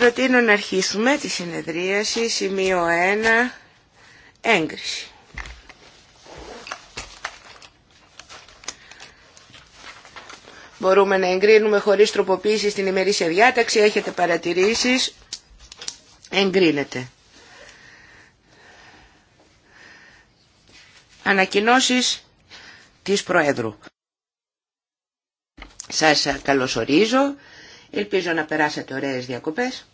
Προτείνω να αρχίσουμε τη συνεδρίαση, σημείο 1, έγκριση. Μπορούμε να εγκρίνουμε χωρίς τροποποίηση στην ημερήσια διάταξη, έχετε παρατηρήσεις, εγκρίνεται. Ανακοινώσεις της Προέδρου. Σας καλωσορίζω. Ελπίζω να περάσατε ωραίες διακοπές.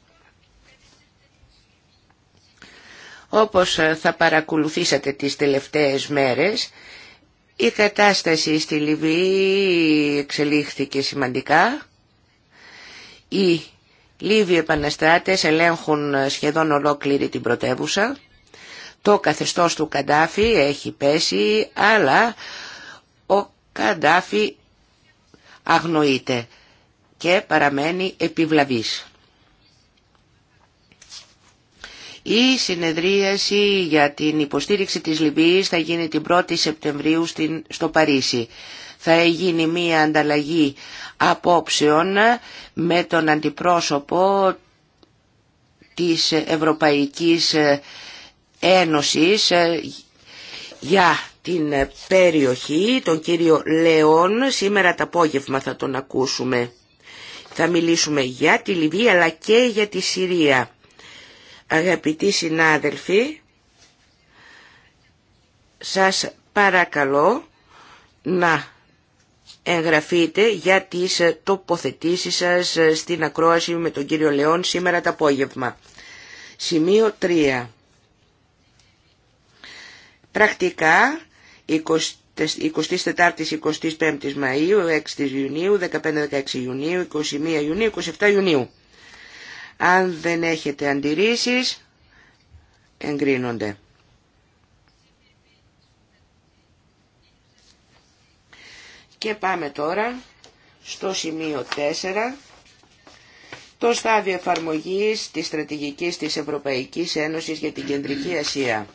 Όπως ε, θα παρακολουθήσατε τις τελευταίες μέρες, η κατάσταση στη Λιβύη εξελίχθηκε σημαντικά. Οι Λίβοι επαναστάτες ελέγχουν ε, σχεδόν ολόκληρη την πρωτεύουσα. Το καθεστώς του Καντάφη έχει πέσει, αλλά ο Καντάφη αγνοείται και παραμένει επιβλαβής. Η συνεδρίαση για την υποστήριξη της Λιβύης θα γίνει την 1η Σεπτεμβρίου στο Παρίσι. Θα γίνει μία ανταλλαγή απόψεων με τον αντιπρόσωπο της Ευρωπαϊκής Ένωσης ε, για την περιοχή, τον κύριο Λεόν. Σήμερα το απόγευμα θα τον ακούσουμε. Θα μιλήσουμε για τη Λιβύη αλλά και για τη Συρία. Αγαπητοί συνάδελφοι, σας παρακαλώ να εγγραφείτε για τις τοποθετήσεις σας στην ακρόαση με τον κύριο Λεόν σήμερα το απόγευμα. Σημείο 3. Πρακτικά 24η-25η Μαΐου, 6 Ιουνίου, 15-16 Ιουνίου, 21 Ιουνίου, 27 Ιουνίου. Αν δεν έχετε αντιρρήσεις, εγκρίνονται. Και πάμε τώρα στο σημείο 4, το στάδιο εφαρμογής της στρατηγικής της Ευρωπαϊκής Ένωσης για την Κεντρική Ασία.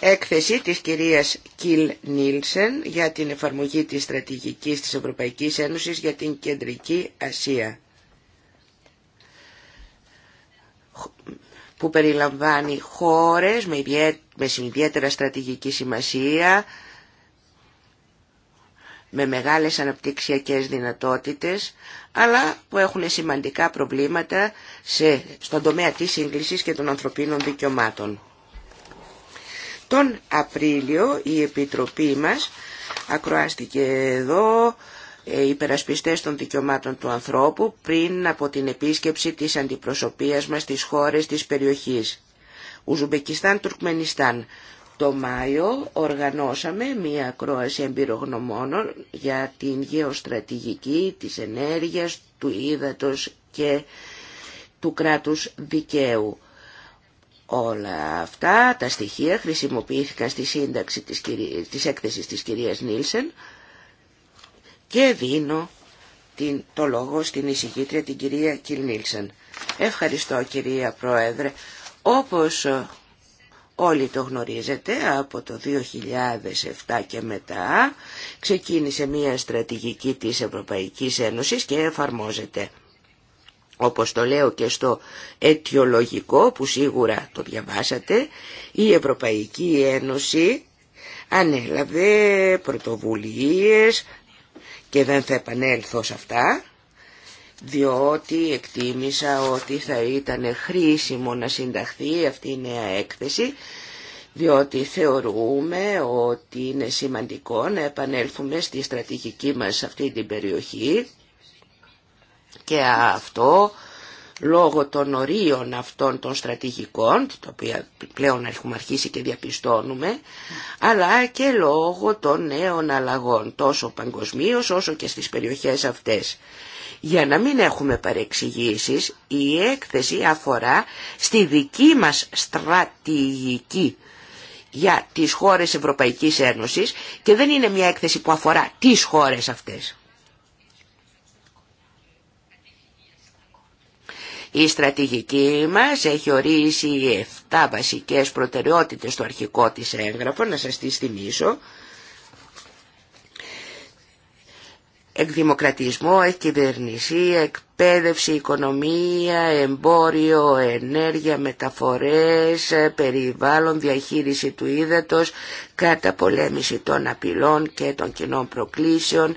έκθεση της κυρίας Κιλ Νίλσεν για την εφαρμογή της στρατηγικής της Ευρωπαϊκής Ένωσης για την Κεντρική Ασία που περιλαμβάνει χώρες με ιδιαίτερα στρατηγική σημασία με μεγάλες αναπτυξιακές δυνατότητες, αλλά που έχουν σημαντικά προβλήματα σε, στον τομέα της σύγκλησης και των ανθρωπίνων δικαιωμάτων. Τον Απρίλιο η Επιτροπή μας ακροάστηκε εδώ ε, υπερασπιστές των δικαιωμάτων του ανθρώπου πριν από την επίσκεψη της αντιπροσωπείας μας στις χώρες της περιοχής. Ουζουμπεκιστάν, Τουρκμενιστάν. Το Μάιο οργανώσαμε μία ακρόαση εμπειρογνωμόνων για την γεωστρατηγική της ενέργειας, του ύδατος και του κράτους δικαίου. Όλα αυτά τα στοιχεία χρησιμοποιήθηκαν στη σύνταξη της, κυρί... της έκθεσης της κυρίας Νίλσεν και δίνω την, το λόγο στην εισηγήτρια την κυρία Κιλ Νίλσεν. Ευχαριστώ κυρία Πρόεδρε. Όπως ε, όλοι το γνωρίζετε από το 2007 και μετά ξεκίνησε μια στρατηγική της Ευρωπαϊκής Ένωσης και εφαρμόζεται. Όπως το λέω και στο αιτιολογικό που σίγουρα το διαβάσατε, η Ευρωπαϊκή Ένωση ανέλαβε πρωτοβουλίες και δεν θα επανέλθω σε αυτά, διότι εκτίμησα ότι θα ήταν χρήσιμο να συνταχθεί αυτή η νέα έκθεση, διότι θεωρούμε ότι είναι σημαντικό να επανέλθουμε στη στρατηγική μας αυτή την περιοχή, και αυτό λόγω των ορίων αυτών των στρατηγικών, τα οποία πλέον έχουμε αρχίσει και διαπιστώνουμε, αλλά και λόγω των νέων αλλαγών, τόσο παγκοσμίως όσο και στις περιοχές αυτές. Για να μην έχουμε παρεξηγήσεις, η έκθεση αφορά στη δική μας στρατηγική για τις χώρες Ευρωπαϊκής Ένωσης και δεν είναι μια έκθεση που αφορά τις χώρες αυτές. Η στρατηγική μας έχει ορίσει 7 βασικές προτεραιότητες στο αρχικό της έγγραφο, να σας τις θυμίσω. Εκδημοκρατισμό, εκκυβερνησία, εκπαίδευση, οικονομία, εμπόριο, ενέργεια, μεταφορές, περιβάλλον, διαχείριση του ύδατος, καταπολέμηση των απειλών και των κοινών προκλήσεων,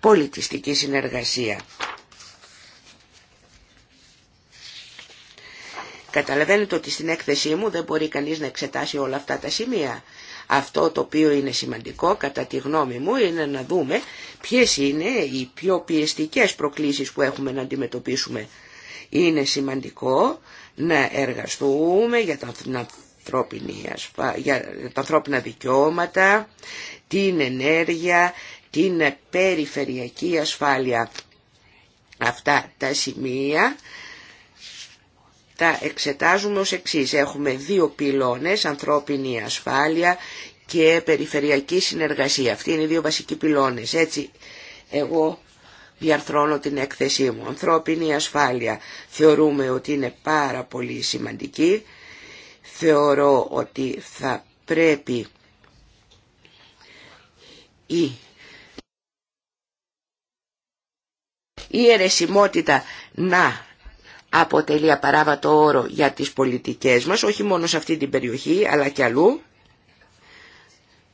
πολιτιστική συνεργασία. Καταλαβαίνετε ότι στην έκθεσή μου δεν μπορεί κανείς να εξετάσει όλα αυτά τα σημεία. Αυτό το οποίο είναι σημαντικό κατά τη γνώμη μου είναι να δούμε ποιες είναι οι πιο πιεστικές προκλήσεις που έχουμε να αντιμετωπίσουμε. Είναι σημαντικό να εργαστούμε για τα για τα ανθρώπινα δικαιώματα, την ενέργεια, την περιφερειακή ασφάλεια. Αυτά τα σημεία τα εξετάζουμε ως εξής. Έχουμε δύο πυλώνες, ανθρώπινη ασφάλεια και περιφερειακή συνεργασία. Αυτοί είναι οι δύο βασικοί πυλώνες. Έτσι εγώ διαρθρώνω την έκθεσή μου. Ανθρώπινη ασφάλεια θεωρούμε ότι είναι πάρα πολύ σημαντική. Θεωρώ ότι θα πρέπει η η αιρεσιμότητα να αποτελεί απαράβατο όρο για τις πολιτικές μας, όχι μόνο σε αυτή την περιοχή αλλά και αλλού.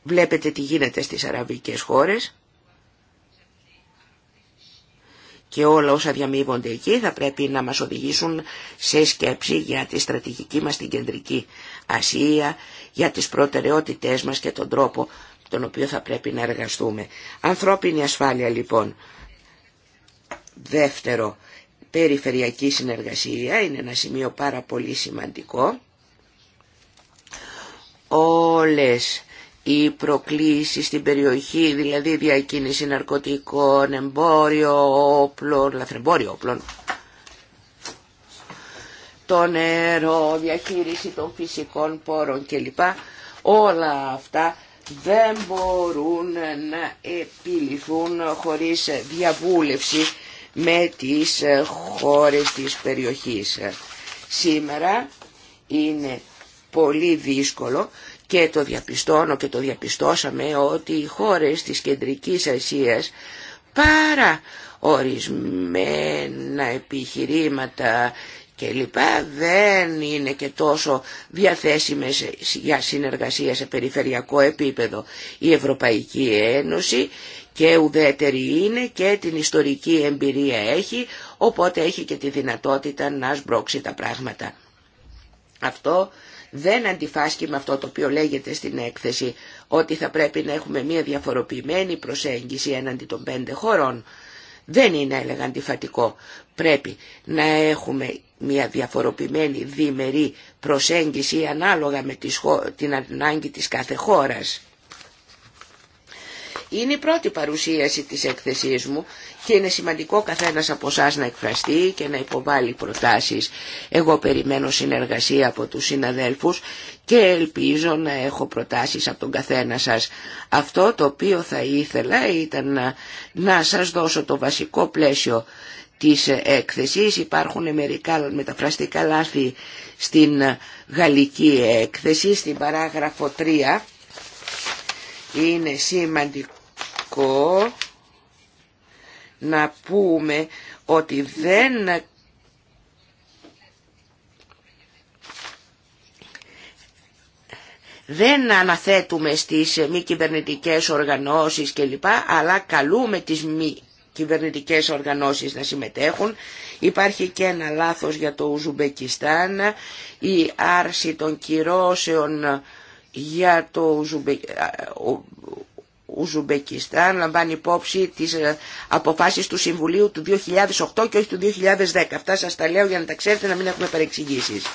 Βλέπετε τι γίνεται στις αραβικές χώρες και όλα όσα διαμείβονται εκεί θα πρέπει να μας οδηγήσουν σε σκέψη για τη στρατηγική μας στην Κεντρική Ασία, για τις προτεραιότητές μας και τον τρόπο τον οποίο θα πρέπει να εργαστούμε. Ανθρώπινη ασφάλεια λοιπόν. Δεύτερο, περιφερειακή συνεργασία είναι ένα σημείο πάρα πολύ σημαντικό. Όλες οι προκλήσεις στην περιοχή, δηλαδή διακίνηση ναρκωτικών, εμπόριο όπλων, λαθρεμπόριο όπλων, το νερό, διαχείριση των φυσικών πόρων κλπ. Όλα αυτά δεν μπορούν να επιληθούν χωρίς διαβούλευση με τις ε, χώρες της περιοχής. Σήμερα είναι πολύ δύσκολο και το διαπιστώνω και το διαπιστώσαμε ότι οι χώρες της Κεντρικής Ασίας παρά ορισμένα επιχειρήματα και λοιπά δεν είναι και τόσο διαθέσιμες για συνεργασία σε περιφερειακό επίπεδο. Η Ευρωπαϊκή Ένωση και ουδέτερη είναι και την ιστορική εμπειρία έχει, οπότε έχει και τη δυνατότητα να σμπρώξει τα πράγματα. Αυτό δεν αντιφάσκει με αυτό το οποίο λέγεται στην έκθεση, ότι θα πρέπει να έχουμε μια διαφοροποιημένη προσέγγιση έναντι των πέντε χωρών. Δεν είναι, έλεγα, αντιφατικό. Πρέπει να έχουμε μια διαφοροποιημένη διμερή προσέγγιση ανάλογα με την ανάγκη της κάθε χώρας. Είναι η πρώτη παρουσίαση της έκθεσής μου και είναι σημαντικό καθένας από εσά να εκφραστεί και να υποβάλει προτάσεις. Εγώ περιμένω συνεργασία από τους συναδέλφους και ελπίζω να έχω προτάσεις από τον καθένα σας. Αυτό το οποίο θα ήθελα ήταν να, να σας δώσω το βασικό πλαίσιο της έκθεσης. Υπάρχουν μερικά μεταφραστικά λάθη στην γαλλική έκθεση, στην παράγραφο 3. Είναι σημαντικό σημαντικό να πούμε ότι δεν δεν αναθέτουμε στις μη κυβερνητικές οργανώσεις κλπ, αλλά καλούμε τις μη κυβερνητικές οργανώσεις να συμμετέχουν. Υπάρχει και ένα λάθος για το Ουζουμπεκιστάν, η άρση των κυρώσεων για το Ουζουμπεκιστάν. Ουζουμπεκιστάν λαμβάνει υπόψη τις ε, αποφάσεις του Συμβουλίου του 2008 και όχι του 2010. Αυτά σας τα λέω για να τα ξέρετε να μην έχουμε παρεξηγήσεις.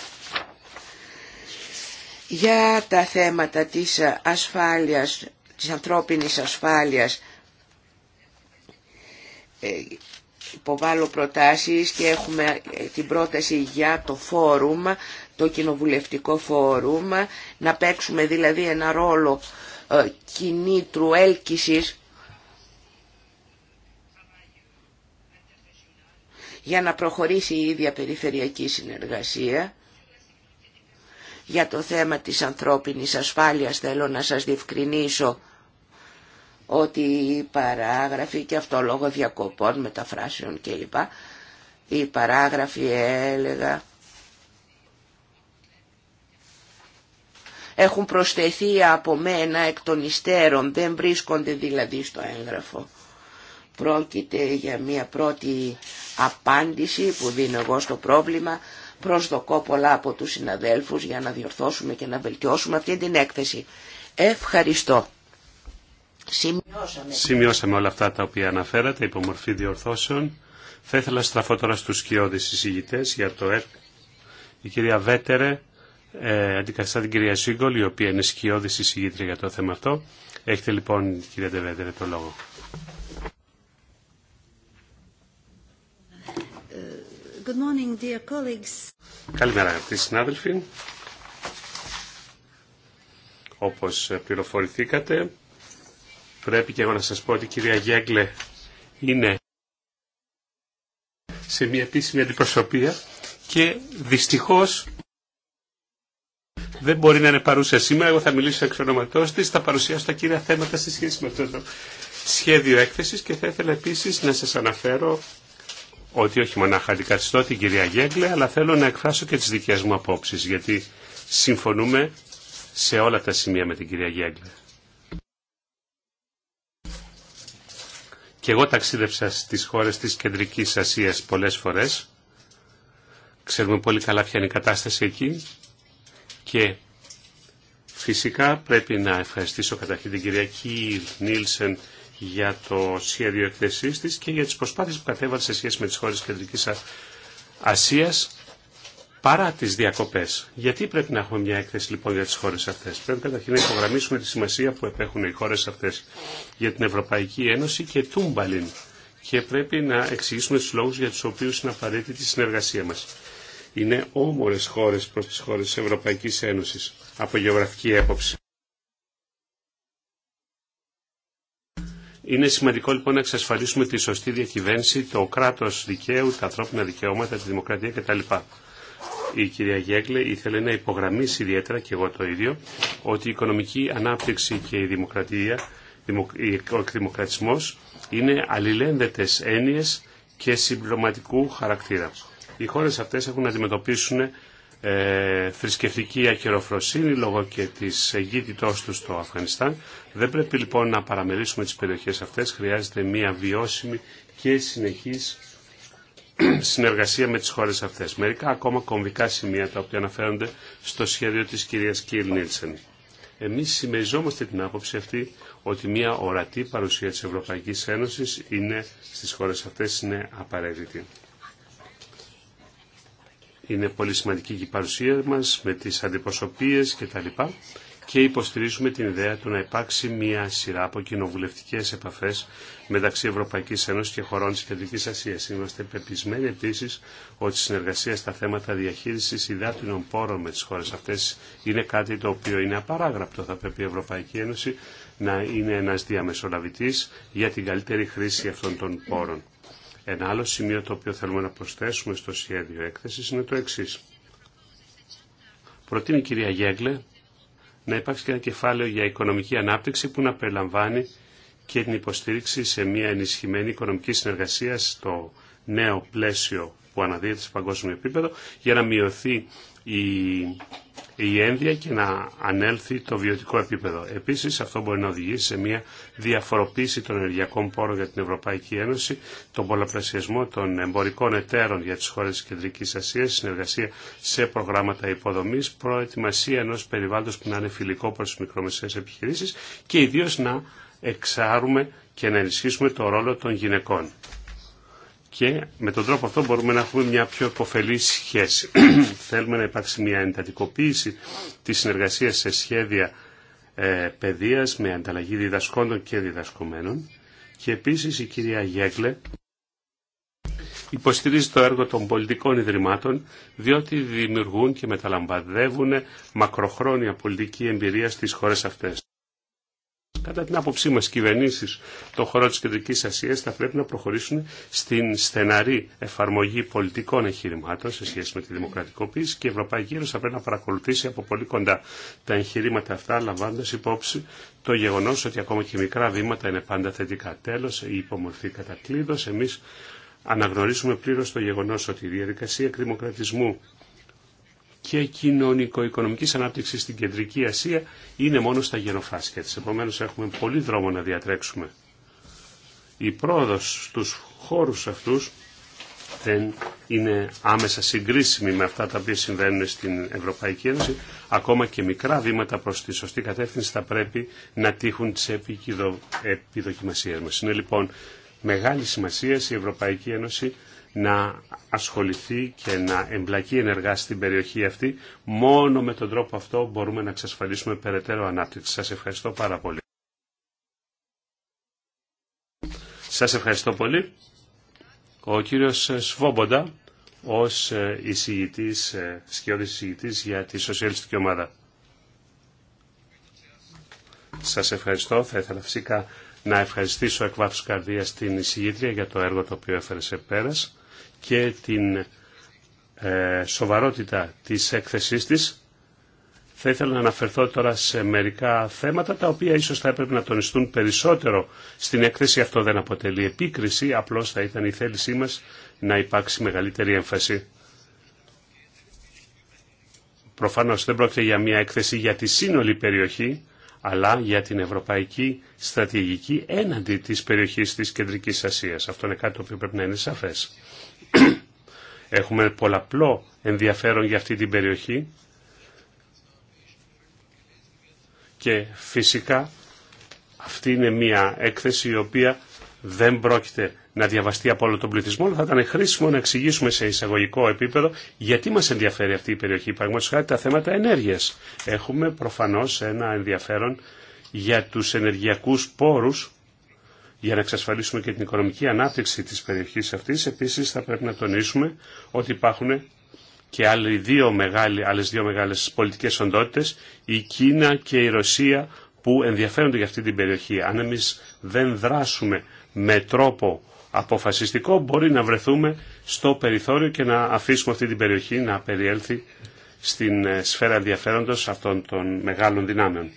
Για τα θέματα της ασφάλειας, της ανθρώπινης ασφάλειας, ε, υποβάλλω προτάσεις και έχουμε ε, την πρόταση για το φόρουμ, το κοινοβουλευτικό φόρουμ, να παίξουμε δηλαδή ένα ρόλο ε, κινήτρου έλκυσης για να προχωρήσει η ίδια περιφερειακή συνεργασία. Για το θέμα της ανθρώπινης ασφάλειας θέλω να σας διευκρινίσω ότι η παράγραφοι και αυτό λόγω διακοπών, μεταφράσεων κλπ. η παράγραφοι έλεγα έχουν προσθεθεί από μένα εκ των υστέρων, δεν βρίσκονται δηλαδή στο έγγραφο. Πρόκειται για μια πρώτη απάντηση που δίνω εγώ στο πρόβλημα, προσδοκώ πολλά από τους συναδέλφους για να διορθώσουμε και να βελτιώσουμε αυτή την έκθεση. Ευχαριστώ. Σημειώσαμε. όλα αυτά τα οποία αναφέρατε, υπομορφή διορθώσεων. Θα ήθελα να στραφώ τώρα στους συζητητές για το ΕΡΚ. Η κυρία Βέτερε ε, αντικαθιστά την κυρία Σίγκολ, η οποία είναι σκιώδη εισηγήτρια για το θέμα αυτό. Έχετε λοιπόν, κυρία Ντεβέντερε, το λόγο. Good morning, dear colleagues. Καλημέρα, αγαπητοί συνάδελφοι. Όπως πληροφορηθήκατε, πρέπει και εγώ να σας πω ότι η κυρία Γέγκλε είναι σε μια επίσημη αντιπροσωπεία και δυστυχώς δεν μπορεί να είναι παρούσα σήμερα. Εγώ θα μιλήσω εξ ονοματό τη. θα παρουσιάσω τα κύρια θέματα στη σχέση με αυτό το σχέδιο έκθεση και θα ήθελα επίση να σα αναφέρω ότι όχι μονάχα αντικαθιστώ την κυρία Γέγκλε, αλλά θέλω να εκφράσω και τι δικές μου απόψει γιατί συμφωνούμε σε όλα τα σημεία με την κυρία Γέγκλε. Και εγώ ταξίδευσα στις χώρες της Κεντρικής Ασίας πολλές φορές. Ξέρουμε πολύ καλά ποια είναι η κατάσταση εκεί. Και φυσικά πρέπει να ευχαριστήσω καταρχήν την κυρία Κιλ Νίλσεν για το σχέδιο εκθεσή τη και για τι προσπάθειε που κατέβαλε σε σχέση με τις χώρες κεντρική Ασίας παρά τι διακοπέ. Γιατί πρέπει να έχουμε μια έκθεση λοιπόν για τι χώρε αυτέ. Πρέπει καταρχήν να υπογραμμίσουμε τη σημασία που επέχουν οι χώρε αυτέ για την Ευρωπαϊκή Ένωση και τούμπαλιν και πρέπει να εξηγήσουμε του λόγου για του οποίου είναι απαραίτητη η συνεργασία μα είναι όμορες χώρες προς τις χώρες της Ευρωπαϊκής Ένωσης από γεωγραφική έποψη. Είναι σημαντικό λοιπόν να εξασφαλίσουμε τη σωστή διακυβέρνηση, το κράτο δικαίου, τα ανθρώπινα δικαιώματα, τη δημοκρατία κτλ. Η κυρία Γέγλε ήθελε να υπογραμμίσει ιδιαίτερα και εγώ το ίδιο ότι η οικονομική ανάπτυξη και η δημοκρατία, ο εκδημοκρατισμό είναι αλληλένδετες έννοιες και συμπληρωματικού χαρακτήρα. Οι χώρες αυτές έχουν να αντιμετωπίσουν ε, θρησκευτική ακεροφροσύνη λόγω και της εγκύτητό τους στο Αφγανιστάν. Δεν πρέπει λοιπόν να παραμερίσουμε τις περιοχές αυτές. Χρειάζεται μια βιώσιμη και συνεχής συνεργασία με τις χώρες αυτές. Μερικά ακόμα κομβικά σημεία τα οποία αναφέρονται στο σχέδιο της κυρίας Κιλ Νίλσεν. Εμείς συμμεριζόμαστε την άποψη αυτή ότι μια ορατή παρουσία της Ευρωπαϊκής Ένωσης είναι, στις χώρες αυτές είναι απαραίτητη. Είναι πολύ σημαντική και η παρουσία μας με τις αντιπροσωπείες και τα λοιπά και υποστηρίζουμε την ιδέα του να υπάρξει μια σειρά από κοινοβουλευτικέ επαφέ μεταξύ Ευρωπαϊκή Ένωση και χωρών τη Κεντρική Ασία. Είμαστε πεπισμένοι επίση ότι η συνεργασία στα θέματα διαχείριση υδάτινων πόρων με τι χώρε αυτέ είναι κάτι το οποίο είναι απαράγραπτο. Θα πρέπει η Ευρωπαϊκή Ένωση να είναι ένα διαμεσολαβητή για την καλύτερη χρήση αυτών των πόρων. Ένα άλλο σημείο το οποίο θέλουμε να προσθέσουμε στο σχέδιο έκθεσης είναι το εξής. Προτείνει η κυρία Γέγλε να υπάρξει και ένα κεφάλαιο για οικονομική ανάπτυξη που να περιλαμβάνει και την υποστήριξη σε μια ενισχυμένη οικονομική συνεργασία στο νέο πλαίσιο που αναδύεται σε παγκόσμιο επίπεδο για να μειωθεί η η ένδια και να ανέλθει το βιωτικό επίπεδο. Επίσης αυτό μπορεί να οδηγήσει σε μια διαφοροποίηση των ενεργειακών πόρων για την Ευρωπαϊκή Ένωση, τον πολλαπλασιασμό των εμπορικών εταίρων για τις χώρες της Κεντρικής Ασίας, συνεργασία σε προγράμματα υποδομής, προετοιμασία ενός περιβάλλοντος που να είναι φιλικό προς τις μικρομεσαίες επιχειρήσεις και ιδίως να εξάρουμε και να ενισχύσουμε το ρόλο των γυναικών και με τον τρόπο αυτό μπορούμε να έχουμε μια πιο υποφελή σχέση. Θέλουμε να υπάρξει μια εντατικοποίηση της συνεργασίας σε σχέδια ε, παιδείας με ανταλλαγή διδασκόντων και διδασκομένων και επίσης η κυρία Γέγλε υποστηρίζει το έργο των πολιτικών ιδρυμάτων διότι δημιουργούν και μεταλαμβαδεύουν μακροχρόνια πολιτική εμπειρία στις χώρες αυτές. Κατά την άποψή μας, κυβερνήσεις των χωρών της Κεντρικής Ασίας θα πρέπει να προχωρήσουν στην στεναρή εφαρμογή πολιτικών εγχειρημάτων σε σχέση με τη δημοκρατικοποίηση και η Ευρωπαϊκή Ένωση θα πρέπει να παρακολουθήσει από πολύ κοντά τα εγχειρήματα αυτά, λαμβάνοντας υπόψη το γεγονός ότι ακόμα και μικρά βήματα είναι πάντα θετικά. Τέλος, η υπομορφή κατακλείδος, εμείς αναγνωρίζουμε πλήρως το γεγονός ότι η διαδικασία εκδημοκρατισμού και κοινωνικο-οικονομικής ανάπτυξης στην Κεντρική Ασία είναι μόνο στα γενοφάσκια της. Επομένως έχουμε πολύ δρόμο να διατρέξουμε. Η πρόοδος στους χώρους αυτούς δεν είναι άμεσα συγκρίσιμη με αυτά τα οποία συμβαίνουν στην Ευρωπαϊκή Ένωση. Ακόμα και μικρά βήματα προς τη σωστή κατεύθυνση θα πρέπει να τύχουν τις επιδοκιμασίες μας. Είναι λοιπόν μεγάλη σημασία η Ευρωπαϊκή Ένωση να ασχοληθεί και να εμπλακεί ενεργά στην περιοχή αυτή. Μόνο με τον τρόπο αυτό μπορούμε να εξασφαλίσουμε περαιτέρω ανάπτυξη. Σας ευχαριστώ πάρα πολύ. Σας ευχαριστώ πολύ. Ο κύριος Σβόμποντα ως ε, εισηγητής, ε, σκιώδης εισηγητής για τη Σοσιαλιστική Ομάδα. Σας ευχαριστώ. Θα ήθελα φυσικά να ευχαριστήσω εκ βάθους καρδίας την εισηγήτρια για το έργο το οποίο έφερε σε πέρας και την ε, σοβαρότητα της έκθεσής της. Θα ήθελα να αναφερθώ τώρα σε μερικά θέματα τα οποία ίσως θα έπρεπε να τονιστούν περισσότερο στην έκθεση. Αυτό δεν αποτελεί επίκριση, απλώς θα ήταν η θέλησή μας να υπάρξει μεγαλύτερη έμφαση. Προφανώς δεν πρόκειται για μια έκθεση για τη σύνολη περιοχή, αλλά για την ευρωπαϊκή στρατηγική έναντι της περιοχής της Κεντρικής Ασίας. Αυτό είναι κάτι το οποίο πρέπει να είναι σαφές. Έχουμε πολλαπλό ενδιαφέρον για αυτή την περιοχή και φυσικά αυτή είναι μια έκθεση η οποία δεν πρόκειται να διαβαστεί από όλο τον πληθυσμό, αλλά θα ήταν χρήσιμο να εξηγήσουμε σε εισαγωγικό επίπεδο γιατί μας ενδιαφέρει αυτή η περιοχή. Παραδείγματο χάρη τα θέματα ενέργειας. Έχουμε προφανώς ένα ενδιαφέρον για του ενεργειακού πόρους για να εξασφαλίσουμε και την οικονομική ανάπτυξη της περιοχής αυτής. Επίσης θα πρέπει να τονίσουμε ότι υπάρχουν και άλλοι δύο μεγάλοι, άλλες δύο μεγάλες πολιτικές οντότητες, η Κίνα και η Ρωσία που ενδιαφέρονται για αυτή την περιοχή. Αν εμείς δεν δράσουμε με τρόπο αποφασιστικό μπορεί να βρεθούμε στο περιθώριο και να αφήσουμε αυτή την περιοχή να περιέλθει στην ε, σφαίρα ενδιαφέροντος αυτών των μεγάλων δυνάμεων.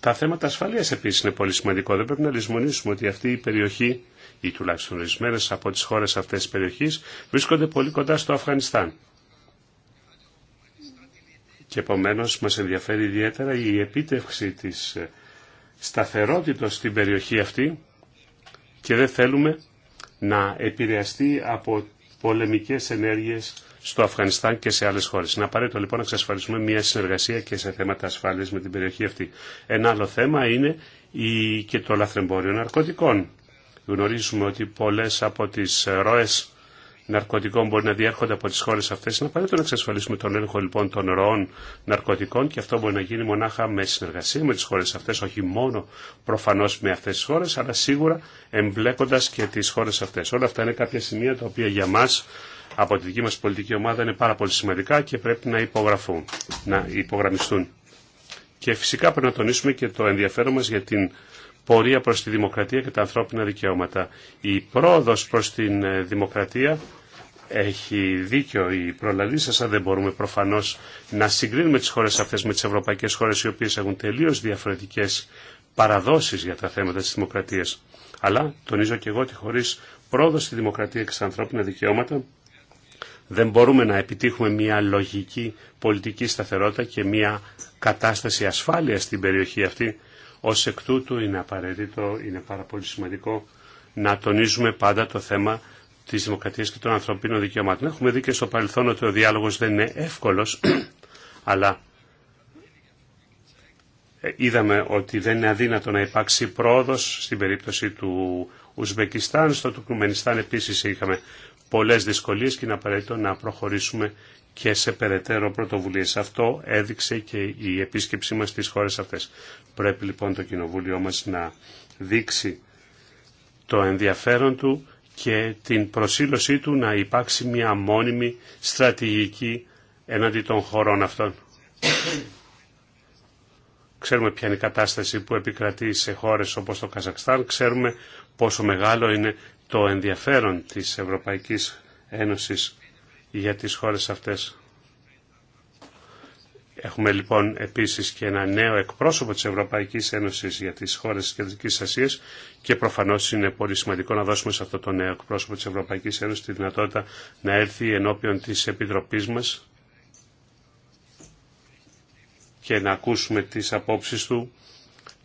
Τα θέματα ασφαλείας επίσης είναι πολύ σημαντικό. Δεν πρέπει να λησμονήσουμε ότι αυτή η περιοχή ή τουλάχιστον ορισμένε από τις χώρες αυτές της περιοχής βρίσκονται πολύ κοντά στο Αφγανιστάν. Και επομένως μας ενδιαφέρει ιδιαίτερα η τουλαχιστον ορισμενε απο τι χωρε αυτες τη περιοχη βρισκονται πολυ κοντα στο αφγανισταν και επομενω μας ενδιαφερει ιδιαιτερα η επιτευξη της ε, σταθερότητα στην περιοχή αυτή και δεν θέλουμε να επηρεαστεί από πολεμικές ενέργειες στο Αφγανιστάν και σε άλλε χώρε. Είναι απαραίτητο λοιπόν να εξασφαλίσουμε μια συνεργασία και σε θέματα ασφάλεια με την περιοχή αυτή. Ένα άλλο θέμα είναι η... και το λαθρεμπόριο ναρκωτικών. Γνωρίζουμε ότι πολλέ από τι ροέ ναρκωτικών μπορεί να διέρχονται από τι χώρε αυτέ, Είναι απαραίτητο να εξασφαλίσουμε τον έλεγχο λοιπόν των ροών ναρκωτικών και αυτό μπορεί να γίνει μονάχα με συνεργασία με τι χώρε αυτέ, όχι μόνο προφανώ με αυτέ τι χώρε, αλλά σίγουρα εμπλέκοντα και τι χώρε αυτέ. Όλα αυτά είναι κάποια σημεία τα οποία για μα από τη δική μας πολιτική ομάδα είναι πάρα πολύ σημαντικά και πρέπει να υπογραφούν, να υπογραμμιστούν. Και φυσικά πρέπει να τονίσουμε και το ενδιαφέρον μας για την πορεία προς τη δημοκρατία και τα ανθρώπινα δικαιώματα. Η πρόοδος προς την ε, δημοκρατία έχει δίκιο η προλαλή σα, αν δεν μπορούμε προφανώ να συγκρίνουμε τι χώρε αυτέ με τι ευρωπαϊκέ χώρε, οι οποίε έχουν τελείω διαφορετικέ παραδόσει για τα θέματα τη δημοκρατία. Αλλά τονίζω και εγώ ότι χωρί πρόοδο στη δημοκρατία και στα ανθρώπινα δικαιώματα δεν μπορούμε να επιτύχουμε μια λογική πολιτική σταθερότητα και μια κατάσταση ασφάλειας στην περιοχή αυτή. Ως εκ τούτου είναι απαραίτητο, είναι πάρα πολύ σημαντικό να τονίζουμε πάντα το θέμα της δημοκρατίας και των ανθρωπίνων δικαιωμάτων. Έχουμε δει και στο παρελθόν ότι ο διάλογος δεν είναι εύκολος, αλλά ε, είδαμε ότι δεν είναι αδύνατο να υπάρξει πρόοδος στην περίπτωση του Ουσβεκιστάν, στο Τουρκουμενιστάν επίσης είχαμε πολλές δυσκολίες και είναι απαραίτητο να προχωρήσουμε και σε περαιτέρω πρωτοβουλίες. Αυτό έδειξε και η επίσκεψή μας στις χώρες αυτές. Πρέπει λοιπόν το Κοινοβούλιο μας να δείξει το ενδιαφέρον του και την προσήλωσή του να υπάρξει μια μόνιμη στρατηγική έναντι των χωρών αυτών. Ξέρουμε ποια είναι η κατάσταση που επικρατεί σε χώρες όπως το Καζακστάν, ξέρουμε πόσο μεγάλο είναι το ενδιαφέρον της Ευρωπαϊκής Ένωσης για τις χώρες αυτές. Έχουμε λοιπόν επίσης και ένα νέο εκπρόσωπο της Ευρωπαϊκής Ένωσης για τις χώρες της Κεντρικής Ασίας και προφανώς είναι πολύ σημαντικό να δώσουμε σε αυτό το νέο εκπρόσωπο της Ευρωπαϊκής Ένωσης τη δυνατότητα να έρθει ενώπιον της Επιτροπής μας και να ακούσουμε τις απόψεις του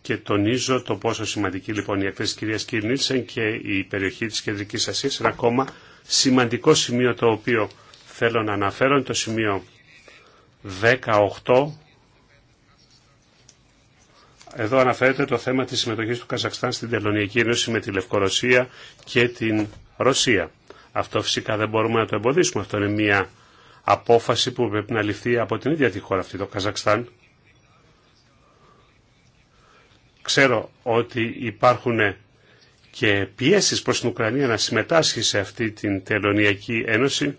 και τονίζω το πόσο σημαντική λοιπόν η έκθεση κυρία κυρίας Κίρνιτσεν και η περιοχή της Κεντρικής Ασίας. Ένα ακόμα σημαντικό σημείο το οποίο θέλω να αναφέρω είναι το σημείο 18. Εδώ αναφέρεται το θέμα της συμμετοχής του Καζακστάν στην Τελωνιακή Ένωση με τη Λευκορωσία και την Ρωσία. Αυτό φυσικά δεν μπορούμε να το εμποδίσουμε. Αυτό είναι μια απόφαση που πρέπει να ληφθεί από την ίδια τη χώρα αυτή, το Καζακστάν. Ξέρω ότι υπάρχουν και πιέσεις προς την Ουκρανία να συμμετάσχει σε αυτή την τελωνιακή ένωση,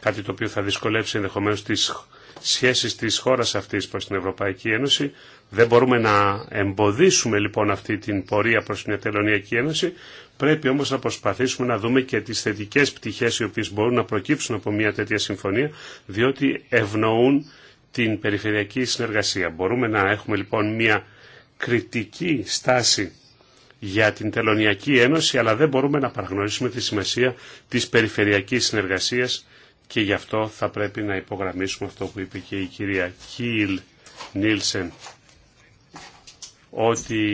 κάτι το οποίο θα δυσκολεύσει ενδεχομένως τις σχέσεις της χώρας αυτής προς την Ευρωπαϊκή Ένωση. Δεν μπορούμε να εμποδίσουμε λοιπόν αυτή την πορεία προς την Τελωνιακή Ένωση. Πρέπει όμως να προσπαθήσουμε να δούμε και τις θετικές πτυχές οι οποίες μπορούν να προκύψουν από μια τέτοια συμφωνία, διότι ευνοούν την περιφερειακή συνεργασία. Μπορούμε να έχουμε λοιπόν μια κριτική στάση για την Τελωνιακή Ένωση, αλλά δεν μπορούμε να παραγνωρίσουμε τη σημασία της περιφερειακής συνεργασίας και γι' αυτό θα πρέπει να υπογραμμίσουμε αυτό που είπε και η κυρία Κίλ Νίλσεν, ότι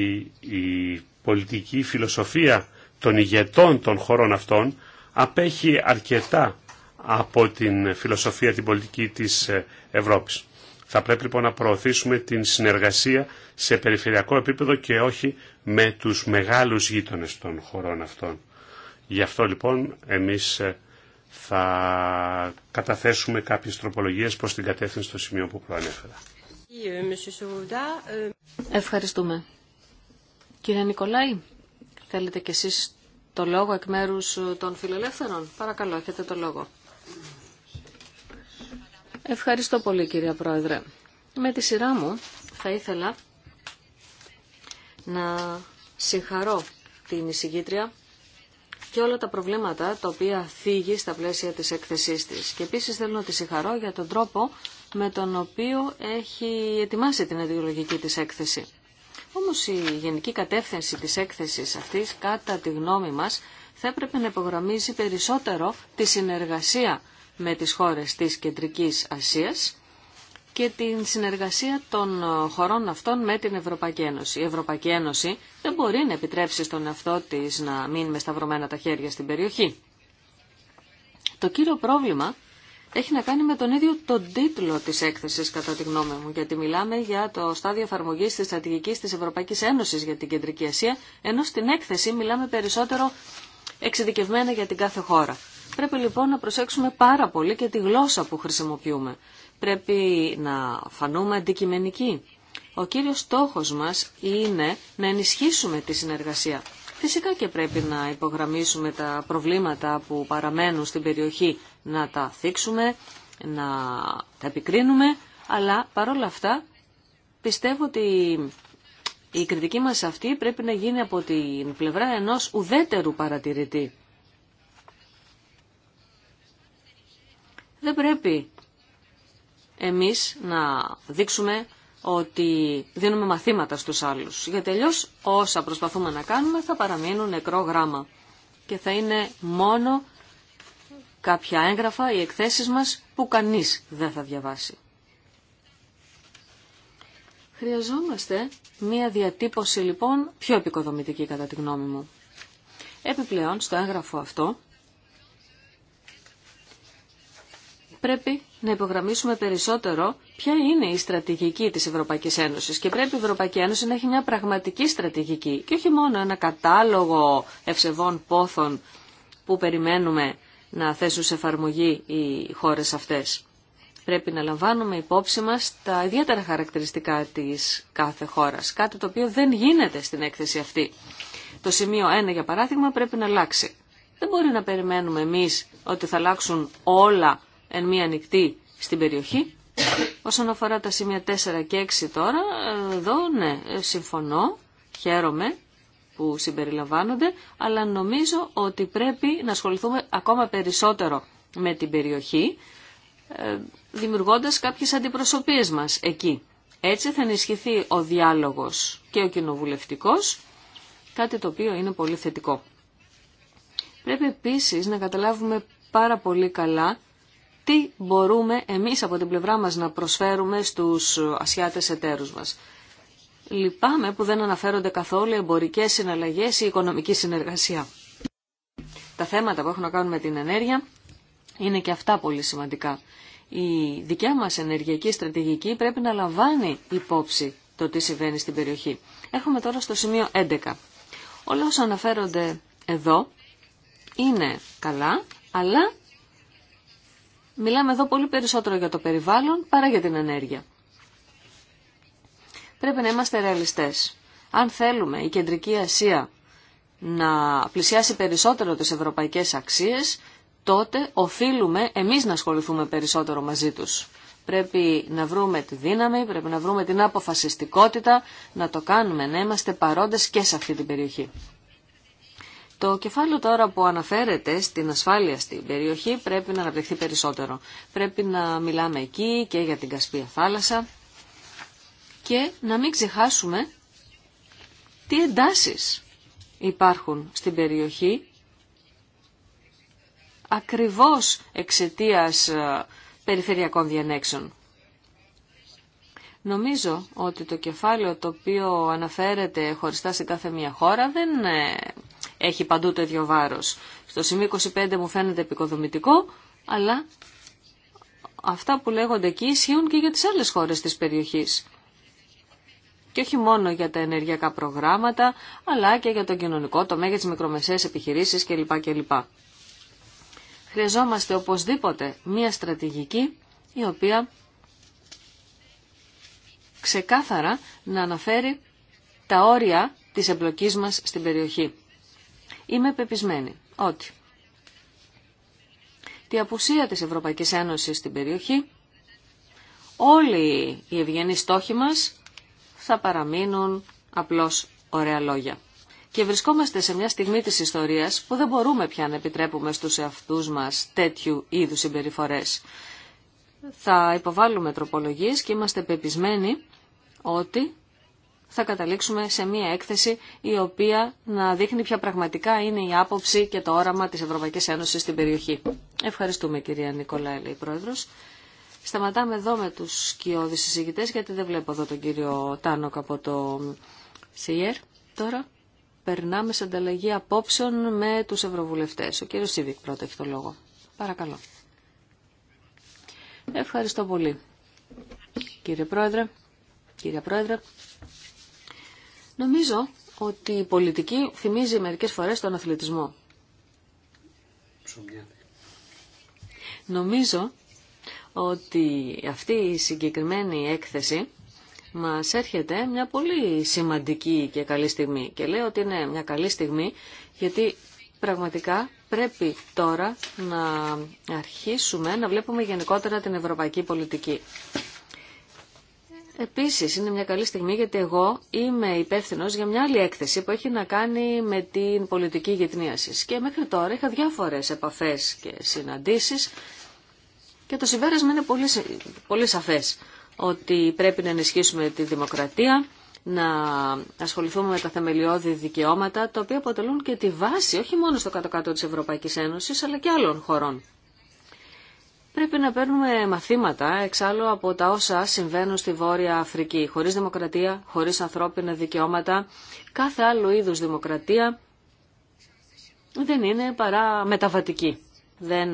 η πολιτική φιλοσοφία των ηγετών των χωρών αυτών απέχει αρκετά από την φιλοσοφία την πολιτική της ε, Ευρώπης. Θα πρέπει λοιπόν να προωθήσουμε την συνεργασία σε περιφερειακό επίπεδο και όχι με τους μεγάλους γείτονες των χωρών αυτών. Γι' αυτό λοιπόν εμείς ε, θα καταθέσουμε κάποιες τροπολογίες προς την κατεύθυνση στο σημείο που προανέφερα. Ευχαριστούμε. Κύριε Νικολάη, θέλετε κι εσείς το λόγο εκ μέρους των φιλελεύθερων. Παρακαλώ, έχετε το λόγο. Ευχαριστώ πολύ κυρία Πρόεδρε. Με τη σειρά μου θα ήθελα να συγχαρώ την εισηγήτρια και όλα τα προβλήματα τα οποία θίγει στα πλαίσια της έκθεσής της. Και επίσης θέλω να τη συγχαρώ για τον τρόπο με τον οποίο έχει ετοιμάσει την αιτιολογική της έκθεση. Όμως η γενική κατεύθυνση της έκθεσης αυτής, κατά τη γνώμη μας, θα έπρεπε να υπογραμμίζει περισσότερο τη συνεργασία με τις χώρες της Κεντρικής Ασίας και την συνεργασία των χωρών αυτών με την Ευρωπαϊκή Ένωση. Η Ευρωπαϊκή Ένωση δεν μπορεί να επιτρέψει στον εαυτό της να μείνει με σταυρωμένα τα χέρια στην περιοχή. Το κύριο πρόβλημα έχει να κάνει με τον ίδιο τον τίτλο της έκθεσης κατά τη γνώμη μου, γιατί μιλάμε για το στάδιο εφαρμογή της στρατηγικής της Ευρωπαϊκής Ένωσης για την Κεντρική Ασία, ενώ στην έκθεση μιλάμε περισσότερο εξειδικευμένα για την κάθε χώρα. Πρέπει λοιπόν να προσέξουμε πάρα πολύ και τη γλώσσα που χρησιμοποιούμε. Πρέπει να φανούμε αντικειμενικοί. Ο κύριος στόχος μας είναι να ενισχύσουμε τη συνεργασία. Φυσικά και πρέπει να υπογραμμίσουμε τα προβλήματα που παραμένουν στην περιοχή, να τα θίξουμε, να τα επικρίνουμε, αλλά παρόλα αυτά πιστεύω ότι η κριτική μας αυτή πρέπει να γίνει από την πλευρά ενός ουδέτερου παρατηρητή. Δεν πρέπει εμείς να δείξουμε ότι δίνουμε μαθήματα στους άλλους. Για τελειώς όσα προσπαθούμε να κάνουμε θα παραμείνουν νεκρό γράμμα και θα είναι μόνο κάποια έγγραφα ή εκθέσεις μας που κανείς δεν θα διαβάσει. Χρειαζόμαστε μία διατύπωση λοιπόν πιο επικοδομητική κατά τη γνώμη μου. Επιπλέον στο έγγραφο αυτό πρέπει να υπογραμμίσουμε περισσότερο ποια είναι η στρατηγική της Ευρωπαϊκής Ένωσης και πρέπει η Ευρωπαϊκή Ένωση να έχει μια πραγματική στρατηγική και όχι μόνο ένα κατάλογο ευσεβών πόθων που περιμένουμε να θέσουν σε εφαρμογή οι χώρες αυτές. Πρέπει να λαμβάνουμε υπόψη μας τα ιδιαίτερα χαρακτηριστικά της κάθε χώρας, κάτι το οποίο δεν γίνεται στην έκθεση αυτή. Το σημείο 1, για παράδειγμα, πρέπει να αλλάξει. Δεν μπορεί να περιμένουμε εμείς ότι θα αλλάξουν όλα εν μία ανοιχτή στην περιοχή. Όσον αφορά τα σημεία 4 και 6 τώρα, εδώ ναι, συμφωνώ, χαίρομαι που συμπεριλαμβάνονται, αλλά νομίζω ότι πρέπει να ασχοληθούμε ακόμα περισσότερο με την περιοχή, ε, δημιουργώντας κάποιες αντιπροσωπείες μας εκεί. Έτσι θα ενισχυθεί ο διάλογος και ο κοινοβουλευτικός, κάτι το οποίο είναι πολύ θετικό. Πρέπει επίσης να καταλάβουμε πάρα πολύ καλά τι μπορούμε εμείς από την πλευρά μας να προσφέρουμε στους ασιάτες εταίρους μας. Λυπάμαι που δεν αναφέρονται καθόλου εμπορικές συναλλαγές ή οικονομική συνεργασία. Τα θέματα που έχουν να κάνουν με την ενέργεια είναι και αυτά πολύ σημαντικά. Η δικιά μας ενεργειακή στρατηγική πρέπει να λαμβάνει υπόψη το τι συμβαίνει στην περιοχή. Έρχομαι τώρα στο σημείο 11. Όλα όσα αναφέρονται εδώ είναι καλά, αλλά Μιλάμε εδώ πολύ περισσότερο για το περιβάλλον παρά για την ενέργεια. Πρέπει να είμαστε ρεαλιστές. Αν θέλουμε η Κεντρική Ασία να πλησιάσει περισσότερο τις ευρωπαϊκές αξίες, τότε οφείλουμε εμείς να ασχοληθούμε περισσότερο μαζί τους. Πρέπει να βρούμε τη δύναμη, πρέπει να βρούμε την αποφασιστικότητα, να το κάνουμε, να είμαστε παρόντες και σε αυτή την περιοχή. Το κεφάλαιο τώρα που αναφέρεται στην ασφάλεια στην περιοχή πρέπει να αναπτυχθεί περισσότερο. Πρέπει να μιλάμε εκεί και για την Κασπία θάλασσα και να μην ξεχάσουμε τι εντάσεις υπάρχουν στην περιοχή ακριβώς εξαιτίας ε, περιφερειακών διανέξεων. Νομίζω ότι το κεφάλαιο το οποίο αναφέρεται χωριστά σε κάθε μία χώρα δεν ε, έχει παντού ίδιο βάρο. Στο σημείο 25 μου φαίνεται επικοδομητικό, αλλά αυτά που λέγονται εκεί ισχύουν και για τις άλλες χώρες της περιοχής. Και όχι μόνο για τα ενεργειακά προγράμματα, αλλά και για το κοινωνικό τομέα, για τι μικρομεσαίες επιχειρήσεις κλπ. κλπ. Χρειαζόμαστε οπωσδήποτε μία στρατηγική η οποία ξεκάθαρα να αναφέρει τα όρια της εμπλοκής μας στην περιοχή. Είμαι πεπισμένη ότι τη απουσία της Ευρωπαϊκής Ένωσης στην περιοχή, όλοι οι ευγενείς στόχοι μας θα παραμείνουν απλώς ωραία λόγια. Και βρισκόμαστε σε μια στιγμή της ιστορίας που δεν μπορούμε πια να επιτρέπουμε στους εαυτούς μας τέτοιου είδους συμπεριφορές. Θα υποβάλουμε τροπολογίες και είμαστε πεπισμένοι ότι θα καταλήξουμε σε μία έκθεση η οποία να δείχνει ποια πραγματικά είναι η άποψη και το όραμα της Ευρωπαϊκής Ένωσης στην περιοχή. Ευχαριστούμε κυρία Νικολάη, πρόεδρος. Σταματάμε εδώ με τους σκιώδεις συζητητές γιατί δεν βλέπω εδώ τον κύριο Τάνοκ από το ΣΥΕΡ. Τώρα περνάμε σε ανταλλαγή απόψεων με τους ευρωβουλευτές. Ο κύριος Σίβικ πρώτα έχει το λόγο. Παρακαλώ. Ευχαριστώ πολύ. Κύριε Πρόεδρε, κύριε Πρόεδρε, Νομίζω ότι η πολιτική θυμίζει μερικές φορές τον αθλητισμό. Νομίζω ότι αυτή η συγκεκριμένη έκθεση μας έρχεται μια πολύ σημαντική και καλή στιγμή. Και λέω ότι είναι μια καλή στιγμή γιατί πραγματικά πρέπει τώρα να αρχίσουμε να βλέπουμε γενικότερα την ευρωπαϊκή πολιτική. Επίσης είναι μια καλή στιγμή γιατί εγώ είμαι υπεύθυνο για μια άλλη έκθεση που έχει να κάνει με την πολιτική γετνίαση. Και μέχρι τώρα είχα διάφορες επαφές και συναντήσεις και το συμπέρασμα είναι πολύ, πολύ σαφές ότι πρέπει να ενισχύσουμε τη δημοκρατία, να ασχοληθούμε με τα θεμελιώδη δικαιώματα, τα οποία αποτελούν και τη βάση όχι μόνο στο κάτω-κάτω της Ευρωπαϊκής Ένωσης, αλλά και άλλων χωρών. Πρέπει να παίρνουμε μαθήματα εξάλλου από τα όσα συμβαίνουν στη Βόρεια Αφρική. Χωρίς δημοκρατία, χωρίς ανθρώπινα δικαιώματα, κάθε άλλο είδους δημοκρατία δεν είναι παρά μεταβατική. Δεν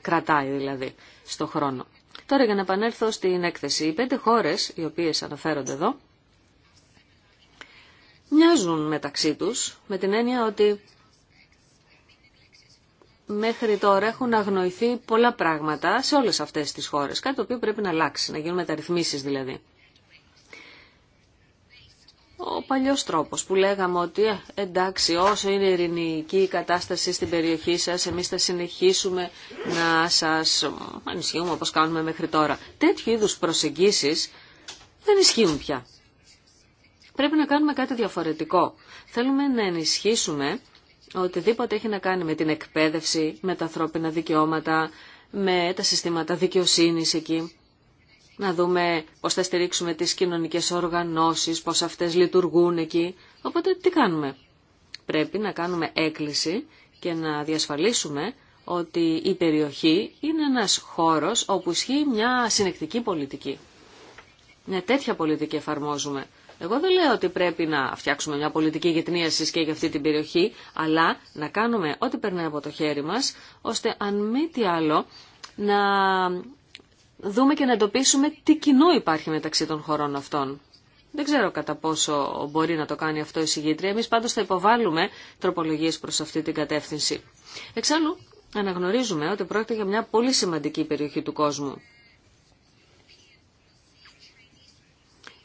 κρατάει δηλαδή στο χρόνο. Τώρα για να επανέλθω στην έκθεση. Οι πέντε χώρες οι οποίες αναφέρονται εδώ μοιάζουν μεταξύ τους με την έννοια ότι μέχρι τώρα έχουν αγνοηθεί πολλά πράγματα σε όλες αυτές τις χώρες, κάτι το οποίο πρέπει να αλλάξει, να γίνουν μεταρρυθμίσεις δηλαδή. Ο παλιός τρόπος που λέγαμε ότι ε, εντάξει όσο είναι ειρηνική η κατάσταση στην περιοχή σας, εμείς θα συνεχίσουμε να σας ανισχύουμε όπως κάνουμε μέχρι τώρα. Τέτοιου είδους προσεγγίσεις δεν ισχύουν πια. Πρέπει να κάνουμε κάτι διαφορετικό. Θέλουμε να ενισχύσουμε οτιδήποτε έχει να κάνει με την εκπαίδευση, με τα ανθρώπινα δικαιώματα, με τα συστήματα δικαιοσύνης εκεί. Να δούμε πώς θα στηρίξουμε τις κοινωνικές οργανώσεις, πώς αυτές λειτουργούν εκεί. Οπότε τι κάνουμε. Πρέπει να κάνουμε έκκληση και να διασφαλίσουμε ότι η περιοχή είναι ένας χώρος όπου ισχύει μια συνεκτική πολιτική. Μια τέτοια πολιτική εφαρμόζουμε. Εγώ δεν λέω ότι πρέπει να φτιάξουμε μια πολιτική γετνίαση και για αυτή την περιοχή, αλλά να κάνουμε ό,τι περνάει από το χέρι μας, ώστε αν μη τι άλλο να δούμε και να εντοπίσουμε τι κοινό υπάρχει μεταξύ των χωρών αυτών. Δεν ξέρω κατά πόσο μπορεί να το κάνει αυτό η συγγήτρια. Εμείς πάντως θα υποβάλουμε τροπολογίες προς αυτή την κατεύθυνση. Εξάλλου, αναγνωρίζουμε ότι πρόκειται για μια πολύ σημαντική περιοχή του κόσμου.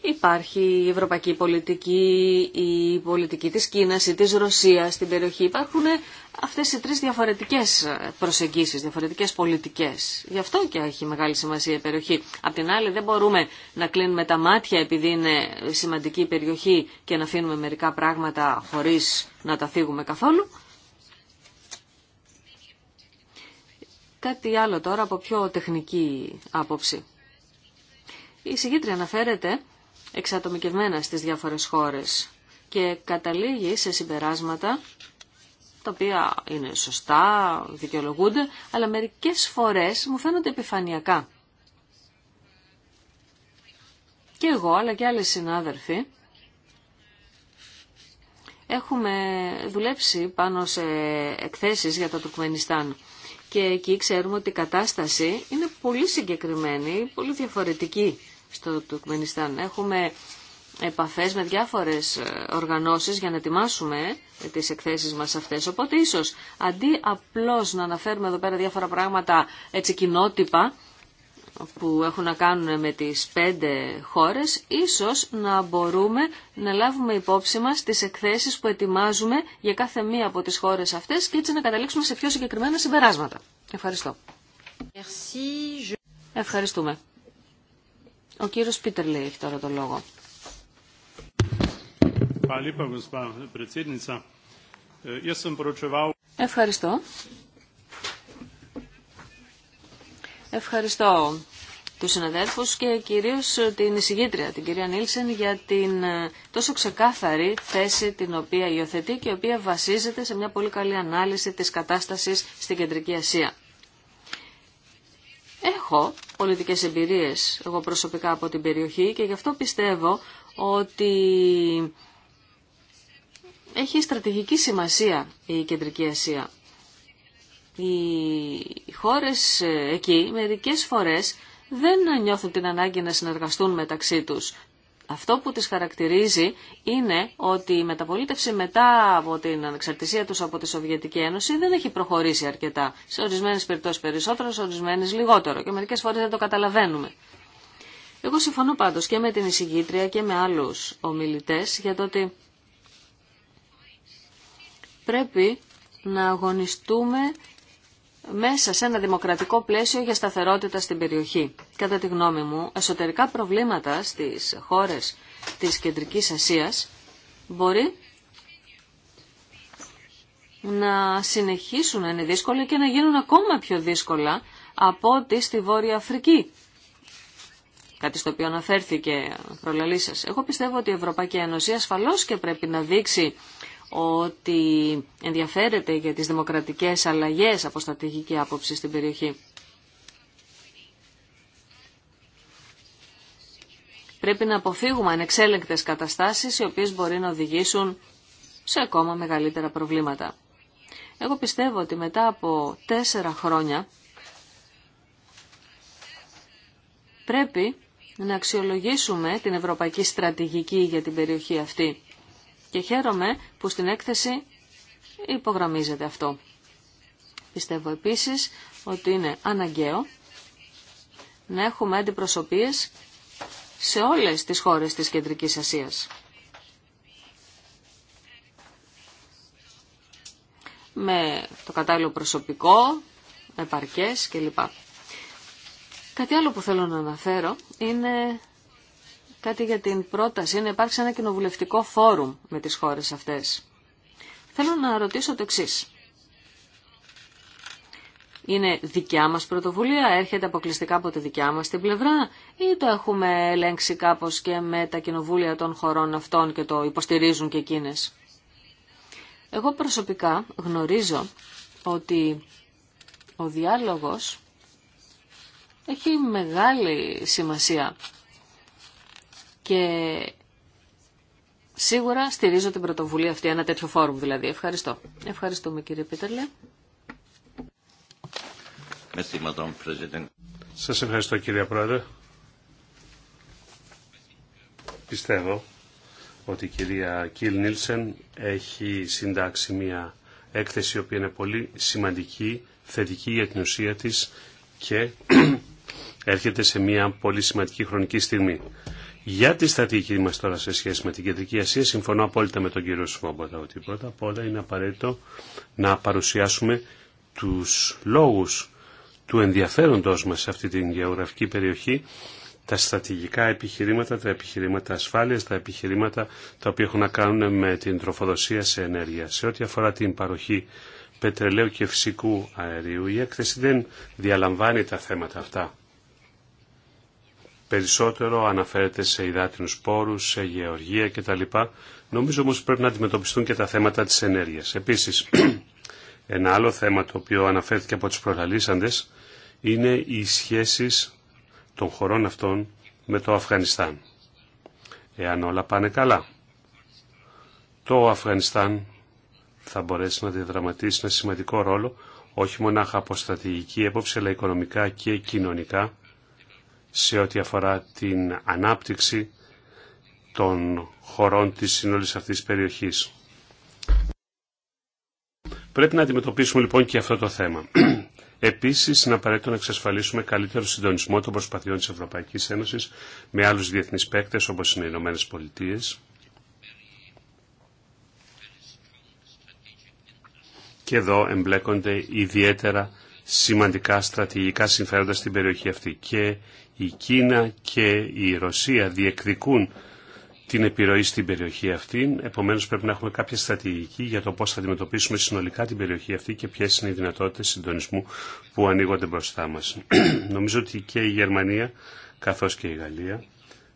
Υπάρχει η ευρωπαϊκή πολιτική, η πολιτική της Κίνας ή της Ρωσίας στην περιοχή. Υπάρχουν αυτές οι τρεις διαφορετικές προσεγγίσεις, διαφορετικές πολιτικές. Γι' αυτό και έχει μεγάλη σημασία η περιοχή. Απ' την άλλη δεν μπορούμε να κλείνουμε τα μάτια επειδή είναι σημαντική η περιοχή και να αφήνουμε μερικά πράγματα χωρίς να τα φύγουμε καθόλου. Κάτι άλλο τώρα από πιο τεχνική άποψη. Η συγκίτρια αναφέρεται εξατομικευμένα στις διάφορες χώρες και καταλήγει σε συμπεράσματα τα οποία είναι σωστά, δικαιολογούνται, αλλά μερικές φορές μου φαίνονται επιφανειακά. Και εγώ, αλλά και άλλοι συνάδελφοι, έχουμε δουλέψει πάνω σε εκθέσεις για το Τουρκμενιστάν. Και εκεί ξέρουμε ότι η κατάσταση είναι πολύ συγκεκριμένη, πολύ διαφορετική στο Τουρκμενιστάν. Έχουμε επαφές με διάφορες ε, οργανώσεις για να ετοιμάσουμε τις εκθέσεις μας αυτές. Οπότε ίσως αντί απλώς να αναφέρουμε εδώ πέρα διάφορα πράγματα έτσι κοινότυπα που έχουν να κάνουν με τις πέντε χώρες, ίσως να μπορούμε να λάβουμε υπόψη μας τις εκθέσεις που ετοιμάζουμε για κάθε μία από τις χώρες αυτές και έτσι να καταλήξουμε σε πιο συγκεκριμένα συμπεράσματα. Ευχαριστώ. Ευχαριστούμε. Ο κύριος Πίτερ λέει έχει τώρα το λόγο. Ε, Ευχαριστώ. Ευχαριστώ τους συναδέλφους και κυρίως την εισηγήτρια, την κυρία Νίλσεν, για την ε, τόσο ξεκάθαρη θέση την οποία υιοθετεί και η οποία βασίζεται σε μια πολύ καλή ανάλυση της κατάστασης στην Κεντρική Ασία. Έχω πολιτικές εμπειρίες εγώ προσωπικά από την περιοχή και γι' αυτό πιστεύω ότι έχει στρατηγική σημασία η Κεντρική Ασία. Οι χώρες ε, εκεί μερικές φορές δεν νιώθουν την ανάγκη να συνεργαστούν μεταξύ τους αυτό που τις χαρακτηρίζει είναι ότι η μεταπολίτευση μετά από την ανεξαρτησία τους από τη Σοβιετική Ένωση δεν έχει προχωρήσει αρκετά. Σε ορισμένες περιπτώσεις περισσότερο, σε ορισμένες λιγότερο και μερικές φορές δεν το καταλαβαίνουμε. Εγώ συμφωνώ πάντως και με την εισηγήτρια και με άλλους ομιλητές για το ότι πρέπει να αγωνιστούμε μέσα σε ένα δημοκρατικό πλαίσιο για σταθερότητα στην περιοχή. Κατά τη γνώμη μου, εσωτερικά προβλήματα στις χώρες της Κεντρικής Ασίας μπορεί να συνεχίσουν να είναι δύσκολα και να γίνουν ακόμα πιο δύσκολα από ό,τι στη Βόρεια Αφρική. Κάτι στο οποίο αναφέρθηκε προλαλή σας. Εγώ πιστεύω ότι η Ευρωπαϊκή Ένωση ασφαλώς και πρέπει να δείξει ότι ενδιαφέρεται για τις δημοκρατικές αλλαγές από στρατηγική άποψη στην περιοχή. Πρέπει να αποφύγουμε ανεξέλεγκτες καταστάσεις οι οποίες μπορεί να οδηγήσουν σε ακόμα μεγαλύτερα προβλήματα. Εγώ πιστεύω ότι μετά από τέσσερα χρόνια πρέπει να αξιολογήσουμε την ευρωπαϊκή στρατηγική για την περιοχή αυτή και χαίρομαι που στην έκθεση υπογραμμίζεται αυτό. Πιστεύω επίσης ότι είναι αναγκαίο να έχουμε αντιπροσωπείες σε όλες τις χώρες της Κεντρικής Ασίας. Με το κατάλληλο προσωπικό, επαρκές κλπ. Κάτι άλλο που θέλω να αναφέρω είναι κάτι για την πρόταση να υπάρξει ένα κοινοβουλευτικό φόρουμ με τις χώρες αυτές. Θέλω να ρωτήσω το εξή. Είναι δικιά μας πρωτοβουλία, έρχεται αποκλειστικά από τη δικιά μας την πλευρά ή το έχουμε ελέγξει κάπως και με τα κοινοβούλια των χωρών αυτών και το υποστηρίζουν και εκείνες. Εγώ προσωπικά γνωρίζω ότι ο διάλογος έχει μεγάλη σημασία και σίγουρα στηρίζω την πρωτοβουλία αυτή, ένα τέτοιο φόρουμ δηλαδή. Ευχαριστώ. Ευχαριστούμε κύριε Πίτερλε. Σας ευχαριστώ κύριε Πρόεδρε. Πιστεύω ότι η κυρία Κιλ Νίλσεν έχει συντάξει μια έκθεση η οποία είναι πολύ σημαντική, θετική για την ουσία της και έρχεται σε μια πολύ σημαντική χρονική στιγμή. Για τη στρατηγική μας τώρα σε σχέση με την Κεντρική Ασία, συμφωνώ απόλυτα με τον κύριο Σφόμποτα ότι πρώτα απ' όλα είναι απαραίτητο να παρουσιάσουμε τους λόγους του ενδιαφέροντός μας σε αυτή την γεωγραφική περιοχή, τα στρατηγικά επιχειρήματα, τα επιχειρήματα ασφάλειας, τα επιχειρήματα τα οποία έχουν να κάνουν με την τροφοδοσία σε ενέργεια. Σε ό,τι αφορά την παροχή πετρελαίου και φυσικού αερίου, η έκθεση δεν διαλαμβάνει τα θέματα αυτά περισσότερο αναφέρεται σε υδάτινους πόρους, σε γεωργία κτλ. Νομίζω όμως πρέπει να αντιμετωπιστούν και τα θέματα της ενέργειας. Επίσης, ένα άλλο θέμα το οποίο αναφέρθηκε από τους προλαλήσαντες είναι οι σχέσεις των χωρών αυτών με το Αφγανιστάν. Εάν όλα πάνε καλά, το Αφγανιστάν θα μπορέσει να διαδραματίσει ένα σημαντικό ρόλο όχι μονάχα από στρατηγική έποψη αλλά οικονομικά και κοινωνικά σε ό,τι αφορά την ανάπτυξη των χωρών της σύνολης αυτής της περιοχής. Πρέπει να αντιμετωπίσουμε λοιπόν και αυτό το θέμα. Επίσης, είναι απαραίτητο να εξασφαλίσουμε καλύτερο συντονισμό των προσπαθειών της Ευρωπαϊκής Ένωσης με άλλους διεθνείς παίκτες όπως είναι οι Ηνωμένε Πολιτείε. Και εδώ εμπλέκονται ιδιαίτερα σημαντικά στρατηγικά συμφέροντα στην περιοχή αυτή. Και η Κίνα και η Ρωσία διεκδικούν την επιρροή στην περιοχή αυτή. Επομένω, πρέπει να έχουμε κάποια στρατηγική για το πώ θα αντιμετωπίσουμε συνολικά την περιοχή αυτή και ποιε είναι οι δυνατότητε συντονισμού που ανοίγονται μπροστά μα. Νομίζω ότι και η Γερμανία, καθώ και η Γαλλία,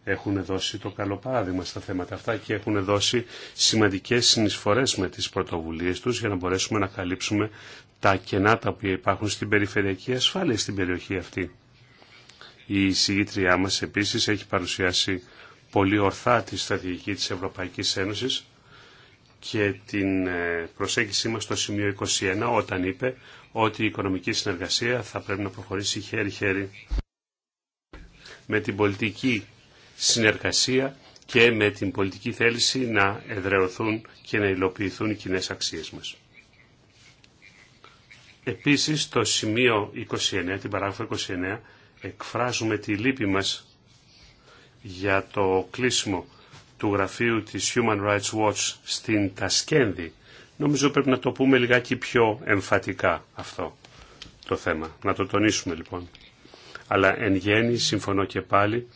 έχουν δώσει το καλό παράδειγμα στα θέματα αυτά και έχουν δώσει σημαντικές συνεισφορές με τις πρωτοβουλίες τους για να μπορέσουμε να καλύψουμε τα κενά τα οποία υπάρχουν στην περιφερειακή ασφάλεια στην περιοχή αυτή. Η συγγήτριά μας επίσης έχει παρουσιάσει πολύ ορθά τη στρατηγική της Ευρωπαϊκής Ένωσης και την ε, προσέγγιση μας στο σημείο 21 όταν είπε ότι η οικονομική συνεργασία θα πρέπει να προχωρήσει χέρι-χέρι με την πολιτική συνεργασία και με την πολιτική θέληση να εδρεωθούν και να υλοποιηθούν οι κοινέ αξίες μας. Επίσης, το σημείο 29, την παράγραφο 29, εκφράζουμε τη λύπη μας για το κλείσιμο του γραφείου της Human Rights Watch στην Τασκένδη. Νομίζω πρέπει να το πούμε λιγάκι πιο εμφατικά αυτό το θέμα. Να το τονίσουμε λοιπόν. Αλλά εν γέννη συμφωνώ και πάλι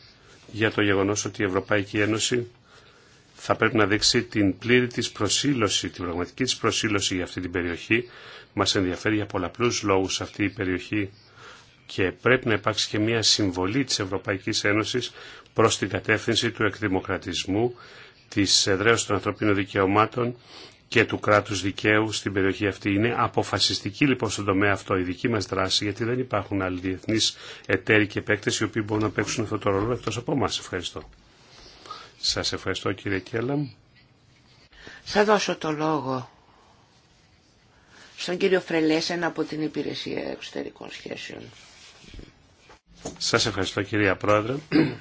για το γεγονός ότι η Ευρωπαϊκή Ένωση θα πρέπει να δείξει την πλήρη της προσήλωση, την πραγματική της προσήλωση για αυτή την περιοχή μας ενδιαφέρει για πολλαπλούς λόγους αυτή η περιοχή και πρέπει να υπάρξει και μια συμβολή της Ευρωπαϊκής Ένωσης προς την κατεύθυνση του εκδημοκρατισμού, της εδραίωσης των ανθρωπίνων δικαιωμάτων και του κράτους δικαίου στην περιοχή αυτή. Είναι αποφασιστική λοιπόν στον τομέα αυτό η δική μας δράση, γιατί δεν υπάρχουν άλλοι διεθνείς εταίροι και παίκτες οι οποίοι μπορούν να παίξουν αυτό το ρόλο εκτός από εμάς. Ευχαριστώ. Σας ευχαριστώ κύριε Κέλλαμ. Θα δώσω το λόγο στον κύριο Φρελέσεν από την Υπηρεσία Εξωτερικών Σχέσεων. Σας ευχαριστώ κυρία Πρόεδρε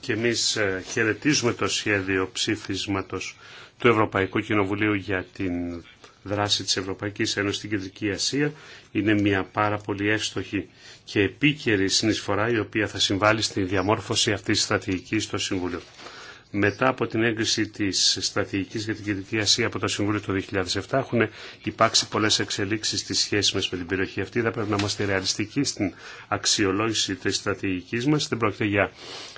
και εμείς ε, χαιρετίζουμε το σχέδιο ψήφισματος του Ευρωπαϊκού Κοινοβουλίου για την δράση της Ευρωπαϊκής Ένωσης στην Κεντρική Ασία. Είναι μια πάρα πολύ εύστοχη και επίκαιρη συνεισφορά η οποία θα συμβάλλει στη διαμόρφωση αυτής της στρατηγικής στο Συμβουλίο μετά από την έγκριση τη Στρατηγική για την Κεντρική Ασία από το Συμβούλιο το 2007 έχουν υπάρξει πολλέ εξελίξει στι σχέσει μα με την περιοχή αυτή. Θα πρέπει να είμαστε ρεαλιστικοί στην αξιολόγηση τη στρατηγική μα, Δεν πρόκειται για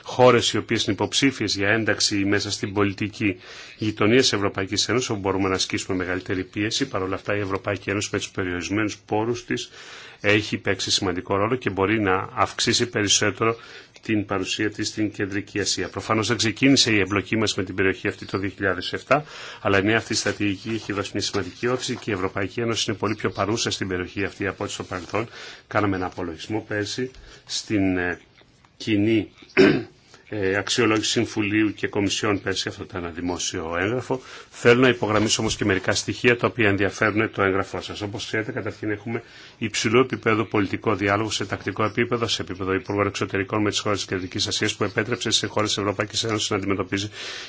χώρε οι οποίε είναι υποψήφίε για ένταξη μέσα στην πολιτική γειτονία τη Ευρωπαϊκή Ένωση. όπου μπορούμε να ασκήσουμε μεγαλύτερη πίεση. Παρ' όλα αυτά η Ευρωπαϊκή Ένωση με του περιορισμένου πόρου τη έχει παίξει σημαντικό ρόλο και μπορεί να αυξήσει περισσότερο την παρουσία της στην Κεντρική Ασία. Προφανώς δεν ξεκίνησε η εμπλοκή μας με την περιοχή αυτή το 2007, αλλά η νέα αυτή στρατηγική έχει δώσει μια σημαντική όψη και η Ευρωπαϊκή Ένωση είναι πολύ πιο παρούσα στην περιοχή αυτή από ό,τι στο παρελθόν. Κάναμε ένα απολογισμό πέρσι στην ε, κοινή ε, αξιολόγηση Συμφουλίου και κομισιών πέρσι, αυτό ήταν ένα δημόσιο έγγραφο. Θέλω να υπογραμμίσω όμω και μερικά στοιχεία τα οποία ενδιαφέρουν το έγγραφό σα. Όπω ξέρετε, καταρχήν έχουμε υψηλό επίπεδο πολιτικό διάλογο σε τακτικό επίπεδο, σε επίπεδο Υπουργών Εξωτερικών με τι χώρε τη Κεντρική Ασία, που επέτρεψε σε χώρε Ευρωπαϊκή Ένωση να αντιμετωπίζει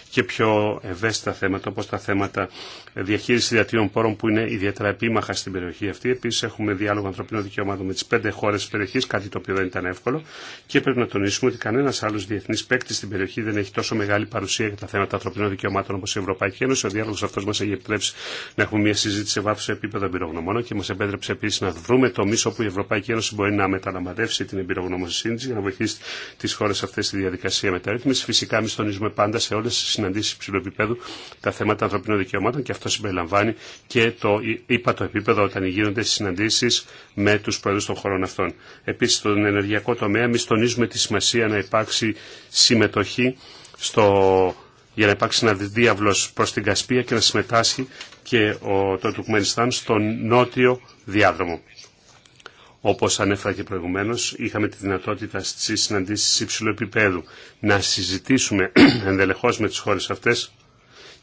και πιο ευαίσθητα θέματα, όπω τα θέματα διαχείριση διατήρων πόρων που είναι ιδιαίτερα επίμαχα στην περιοχή αυτή. Επίση, έχουμε διάλογο ανθρωπίνων δικαιωμάτων με τι πέντε χώρε τη περιοχή, κάτι το οποίο δεν ήταν εύκολο. Και πρέπει να τονίσουμε ότι κανένα άλλο διεθνή παίκτη στην περιοχή δεν έχει τόσο μεγάλη παρουσία για τα θέματα ανθρωπίνων δικαιωμάτων όπω η Ευρωπαϊκή Ένωση. Ο διάλογο αυτό μα έχει επιτρέψει να έχουμε μια συζήτηση σε βάθο επίπεδο εμπειρογνωμόνων και μα επέτρεψε επίση να βρούμε τομεί όπου η Ευρωπαϊκή Ένωση μπορεί να μεταλαμβαδεύσει την εμπειρογνωμοσύνη τη για να βοηθήσει τι χώρε αυτέ στη διαδικασία μεταρρύθμιση. Φυσικά, εμεί τονίζουμε πάντα σε όλε τι συναντήσει υψηλού επίπεδου τα θέματα ανθρωπίνων δικαιωμάτων και αυτό συμπεριλαμβάνει και το είπα το επίπεδο όταν γίνονται συναντήσει με του προέδρου των χωρών αυτών. Επίση, στον ενεργειακό τομέα, εμεί τονίζουμε τη σημασία να υπάρξει συμμετοχή στο, για να υπάρξει ένα διάβλος προς την Κασπία και να συμμετάσχει και ο, το Τουρκμενιστάν στον νότιο διάδρομο. Όπως ανέφερα και προηγουμένως, είχαμε τη δυνατότητα στις συναντήσεις υψηλού επίπεδου να συζητήσουμε ενδελεχώς με τις χώρες αυτές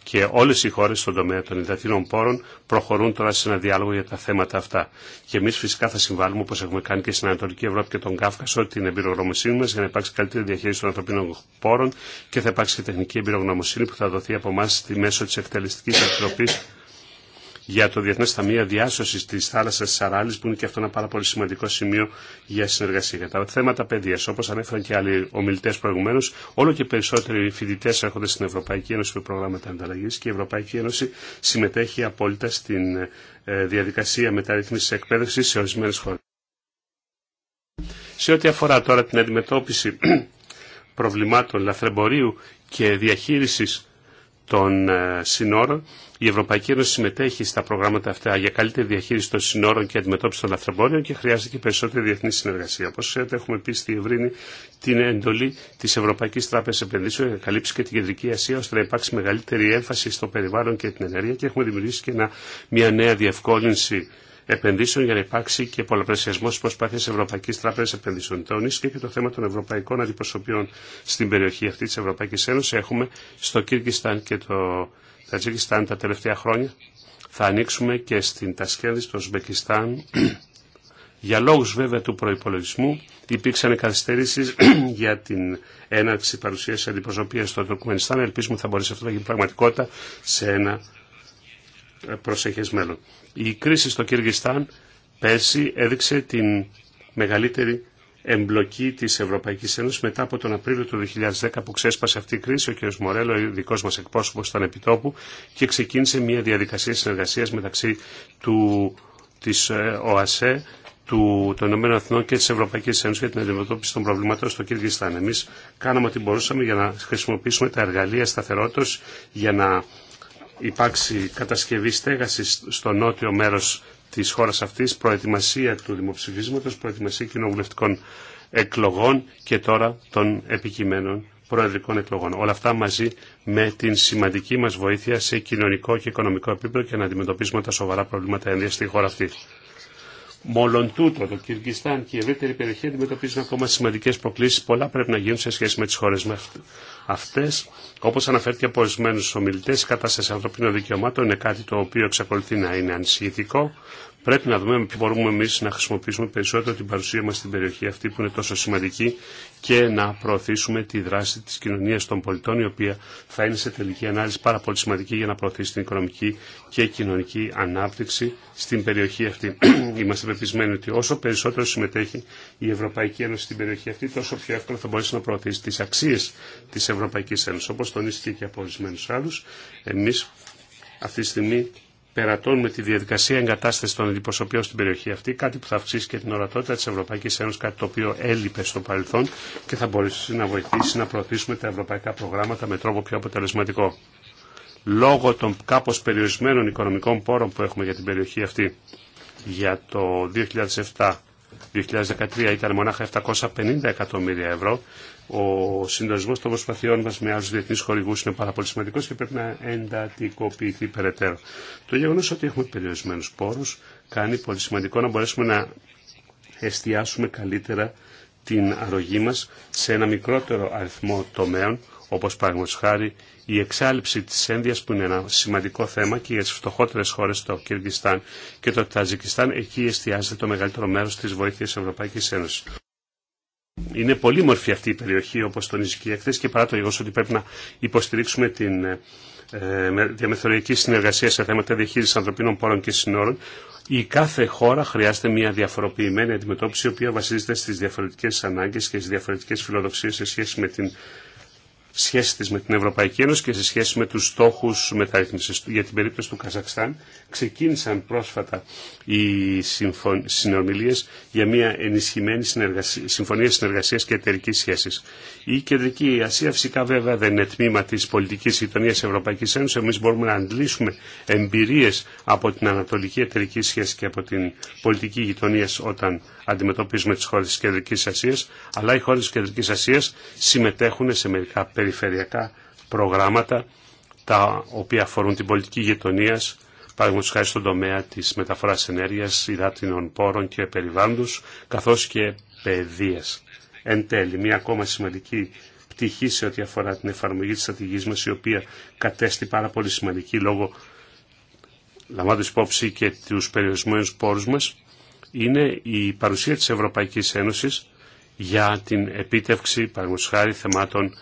και όλες οι χώρες στον τομέα των υδατινών πόρων προχωρούν τώρα σε ένα διάλογο για τα θέματα αυτά. Και εμείς φυσικά θα συμβάλλουμε όπως έχουμε κάνει και στην Ανατολική Ευρώπη και τον Κάφκασο την εμπειρογνωμοσύνη μας για να υπάρξει καλύτερη διαχείριση των ανθρωπίνων πόρων και θα υπάρξει και τεχνική εμπειρογνωμοσύνη που θα δοθεί από εμά στη μέσω της εκτελεστικής εκτροπή για το Διεθνέ Ταμείο Διάσωση τη Θάλασσα τη Αράλη, που είναι και αυτό ένα πάρα πολύ σημαντικό σημείο για συνεργασία. Για τα θέματα παιδεία, όπω ανέφεραν και άλλοι ομιλητέ προηγουμένω, όλο και περισσότεροι φοιτητέ έρχονται στην Ευρωπαϊκή Ένωση με προγράμματα ανταλλαγή και η Ευρωπαϊκή Ένωση συμμετέχει απόλυτα στην ε, διαδικασία μεταρρύθμιση εκπαίδευση σε ορισμένε χώρε. Σε ό,τι αφορά τώρα την αντιμετώπιση προβλημάτων λαθρεμπορίου και διαχείρισης των ε, συνόρων. Η Ευρωπαϊκή Ένωση συμμετέχει στα προγράμματα αυτά για καλύτερη διαχείριση των συνόρων και αντιμετώπιση των λαθρεμπόριων και χρειάζεται και περισσότερη διεθνή συνεργασία. Όπω ξέρετε, έχουμε πει στη Ευρύνη την εντολή τη Ευρωπαϊκή Τράπεζα Επενδύσεων για να καλύψει και την Κεντρική Ασία ώστε να υπάρξει μεγαλύτερη έμφαση στο περιβάλλον και την ενέργεια και έχουμε δημιουργήσει και μια νέα διευκόλυνση επενδύσεων για να υπάρξει και πολλαπλασιασμό τη προσπάθεια Ευρωπαϊκή Τράπεζα Επενδύσεων. Τονίστηκε και το θέμα των ευρωπαϊκών αντιπροσωπείων στην περιοχή αυτή τη Ευρωπαϊκή Ένωση. Έχουμε στο Κύρκισταν και το Τατζικιστάν τα τελευταία χρόνια. Θα ανοίξουμε και στην Τασκένδη, στο Ουσμπεκιστάν. για λόγου βέβαια του προπολογισμού υπήρξαν καθυστερήσει για την έναρξη παρουσίαση αντιπροσωπεία στο Τουρκμενιστάν. Ελπίζουμε θα μπορέσει αυτό να γίνει πραγματικότητα σε ένα προσεχές μέλλον. Η κρίση στο Κυργιστάν πέρσι έδειξε την μεγαλύτερη εμπλοκή της Ευρωπαϊκής Ένωσης μετά από τον Απρίλιο του 2010 που ξέσπασε αυτή η κρίση. Ο κ. Μορέλο, ο δικός μας εκπρόσωπος, ήταν επιτόπου και ξεκίνησε μια διαδικασία συνεργασίας μεταξύ του, της ε, ΟΑΣΕ, του, των Ηνωμένων Εθνών και της Ευρωπαϊκής Ένωσης για την αντιμετώπιση των προβλημάτων στο Κυργιστάν. Εμείς κάναμε ό,τι μπορούσαμε για να χρησιμοποιήσουμε τα εργαλεία σταθερότητα για να υπάρξει κατασκευή στέγασης στο νότιο μέρος της χώρας αυτής, προετοιμασία του δημοψηφίσματος, προετοιμασία κοινοβουλευτικών εκλογών και τώρα των επικειμένων προεδρικών εκλογών. Όλα αυτά μαζί με την σημαντική μας βοήθεια σε κοινωνικό και οικονομικό επίπεδο και να αντιμετωπίσουμε τα σοβαρά προβλήματα ένδυα στη χώρα αυτή. Μόλον τούτο, το Κυργιστάν και η ευρύτερη περιοχή αντιμετωπίζουν ακόμα σημαντικέ προκλήσει. Πολλά πρέπει να γίνουν σε σχέση με τι χώρε αυτέ. Όπω αναφέρθηκε από ορισμένου ομιλητέ, η κατάσταση ανθρωπίνων δικαιωμάτων είναι κάτι το οποίο εξακολουθεί να είναι ανησυχητικό. Πρέπει να δούμε ποιο μπορούμε εμεί να χρησιμοποιήσουμε περισσότερο την παρουσία μα στην περιοχή αυτή που είναι τόσο σημαντική και να προωθήσουμε τη δράση τη κοινωνία των πολιτών, η οποία θα είναι σε τελική ανάλυση πάρα πολύ σημαντική για να προωθήσει την οικονομική και κοινωνική ανάπτυξη στην περιοχή αυτή. Είμαστε πεπισμένοι ότι όσο περισσότερο συμμετέχει η Ευρωπαϊκή Ένωση στην περιοχή αυτή, τόσο πιο εύκολα θα μπορέσει να προωθήσει τι αξίε τη Ευρωπαϊκή Ένωση. Όπω τονίστηκε και από ορισμένου άλλου, εμεί αυτή τη στιγμή με τη διαδικασία εγκατάσταση των αντιπροσωπείων στην περιοχή αυτή, κάτι που θα αυξήσει και την ορατότητα τη Ευρωπαϊκή Ένωση, κάτι το οποίο έλειπε στο παρελθόν και θα μπορέσει να βοηθήσει να προωθήσουμε τα ευρωπαϊκά προγράμματα με τρόπο πιο αποτελεσματικό. Λόγω των κάπω περιορισμένων οικονομικών πόρων που έχουμε για την περιοχή αυτή για το 2007 2013 ήταν μονάχα 750 εκατομμύρια ευρώ. Ο συντονισμό των προσπαθειών μα με άλλου διεθνεί χορηγού είναι πάρα πολύ σημαντικό και πρέπει να εντατικοποιηθεί περαιτέρω. Το γεγονό ότι έχουμε περιορισμένου πόρου κάνει πολύ σημαντικό να μπορέσουμε να εστιάσουμε καλύτερα την αρρωγή μα σε ένα μικρότερο αριθμό τομέων όπως παραγωγός χάρη η εξάλληψη της ένδυας που είναι ένα σημαντικό θέμα και για τις φτωχότερες χώρες το Κυργιστάν και το Ταζικιστάν εκεί εστιάζεται το μεγαλύτερο μέρος της βοήθειας της Ευρωπαϊκής Ένωσης. Είναι πολύ μορφή αυτή η περιοχή όπως τονίζει και η εκθέση και παρά το γεγονός ότι πρέπει να υποστηρίξουμε την ε, διαμεθοριακή συνεργασία σε θέματα διαχείρισης ανθρωπίνων πόρων και συνόρων η κάθε χώρα χρειάζεται μια διαφοροποιημένη αντιμετώπιση η οποία βασίζεται στι διαφορετικές ανάγκες και στις διαφορετικές φιλοδοξίες σε σχέση με την σχέση της με την Ευρωπαϊκή Ένωση και σε σχέση με τους στόχους μεταρρύθμισης. Για την περίπτωση του Καζακστάν ξεκίνησαν πρόσφατα οι συνομιλίες για μια ενισχυμένη συνεργασία, συμφωνία συνεργασίας και εταιρικής σχέσης. Η Κεντρική Ασία φυσικά βέβαια δεν είναι τμήμα της πολιτικής γειτονίας Ευρωπαϊκής Ένωσης. Εμείς μπορούμε να αντλήσουμε εμπειρίες από την ανατολική εταιρική σχέση και από την πολιτική γειτονία όταν αντιμετωπίζουμε τις χώρες της Κεντρικής Ασίας, αλλά οι χώρες της Κεντρικής Ασίας συμμετέχουν σε μερικά περιφερειακά προγράμματα τα οποία αφορούν την πολιτική γειτονία, παραδείγματο χάρη στον τομέα τη μεταφορά ενέργεια, υδάτινων πόρων και περιβάλλοντο, καθώ και παιδεία. Εν τέλει, μια ακόμα σημαντική πτυχή σε ό,τι αφορά την εφαρμογή τη στρατηγική μα, η οποία κατέστη πάρα πολύ σημαντική λόγω λαμβάνοντα υπόψη και του περιορισμένου πόρου μα, είναι η παρουσία της Ευρωπαϊκής Ένωσης για την επίτευξη χάρη, θεμάτων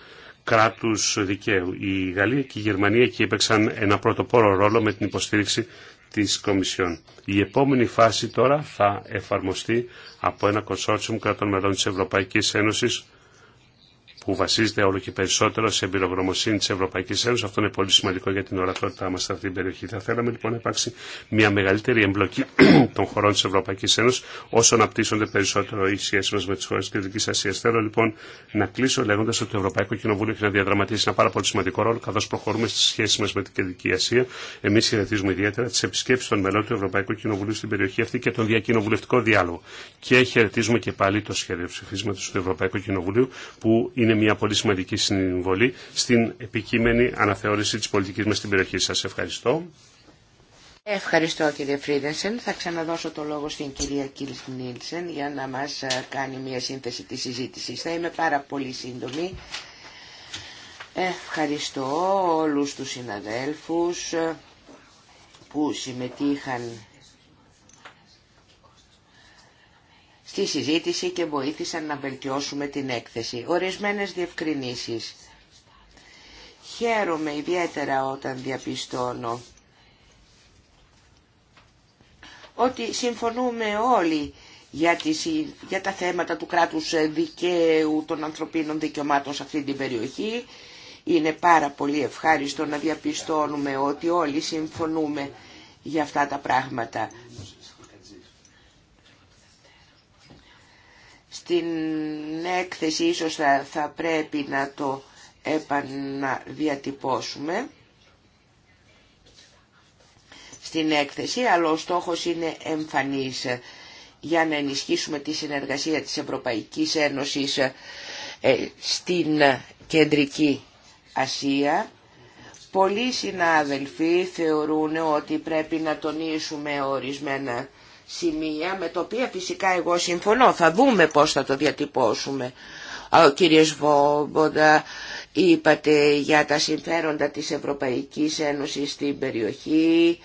κράτους δικαίου. Η Γαλλία και η Γερμανία εκεί έπαιξαν ένα πρωτοπόρο ρόλο με την υποστήριξη της Κομισιόν. Η επόμενη φάση τώρα θα εφαρμοστεί από ένα κονσόρτσιουμ κρατών μελών της Ευρωπαϊκής Ένωσης που βασίζεται όλο και περισσότερο σε εμπειρογνωμοσύνη τη Ευρωπαϊκή Ένωση. Αυτό είναι πολύ σημαντικό για την ορατότητά μα σε αυτή την περιοχή. Θα θέλαμε λοιπόν να υπάρξει μια μεγαλύτερη εμπλοκή των χωρών τη Ευρωπαϊκή Ένωση όσο να πτήσονται περισσότερο οι σχέσει μα με τι χώρε τη Κεντρική Ασία. Θέλω λοιπόν να κλείσω λέγοντα ότι το Ευρωπαϊκό Κοινοβούλιο έχει να διαδραματίσει ένα πάρα πολύ σημαντικό ρόλο καθώ προχωρούμε στι σχέσει μα με την Κεντρική Ασία. Εμεί χαιρετίζουμε ιδιαίτερα τι επισκέψει των μελών του Ευρωπαϊκού Κοινοβουλίου στην περιοχή αυτή και τον διακοινοβουλευτικό διάλογο. Και χαιρετίζουμε και πάλι το σχέδιο ψηφίσματο του Ευρωπαϊκού Κοινοβουλίου που είναι είναι μια πολύ σημαντική συμβολή στην επικείμενη αναθεώρηση της πολιτικής μας στην περιοχή. Σας ευχαριστώ. Ευχαριστώ κύριε Φρίδενσεν. Θα ξαναδώσω το λόγο στην κυρία Κίλς Νίλσεν για να μας ε, κάνει μια σύνθεση της συζήτησης. Θα είμαι πάρα πολύ σύντομη. Ευχαριστώ όλους τους συναδέλφους ε, που συμμετείχαν στη συζήτηση και βοήθησαν να βελτιώσουμε την έκθεση. Ορισμένες διευκρινήσεις. Χαίρομαι ιδιαίτερα όταν διαπιστώνω ότι συμφωνούμε όλοι για, για τα θέματα του κράτους δικαίου των ανθρωπίνων δικαιωμάτων σε αυτή την περιοχή. Είναι πάρα πολύ ευχάριστο να διαπιστώνουμε ότι όλοι συμφωνούμε για αυτά τα πράγματα. στην έκθεση ίσως θα, πρέπει να το επαναδιατυπώσουμε στην έκθεση, αλλά ο στόχος είναι εμφανής για να ενισχύσουμε τη συνεργασία της Ευρωπαϊκής Ένωσης ε, στην Κεντρική Ασία. Πολλοί συνάδελφοι θεωρούν ότι πρέπει να τονίσουμε ορισμένα σημεία με τα οποία φυσικά εγώ συμφωνώ. Θα δούμε πώς θα το διατυπώσουμε. Ο κύριος είπατε για τα συμφέροντα της Ευρωπαϊκής Ένωσης στην περιοχή,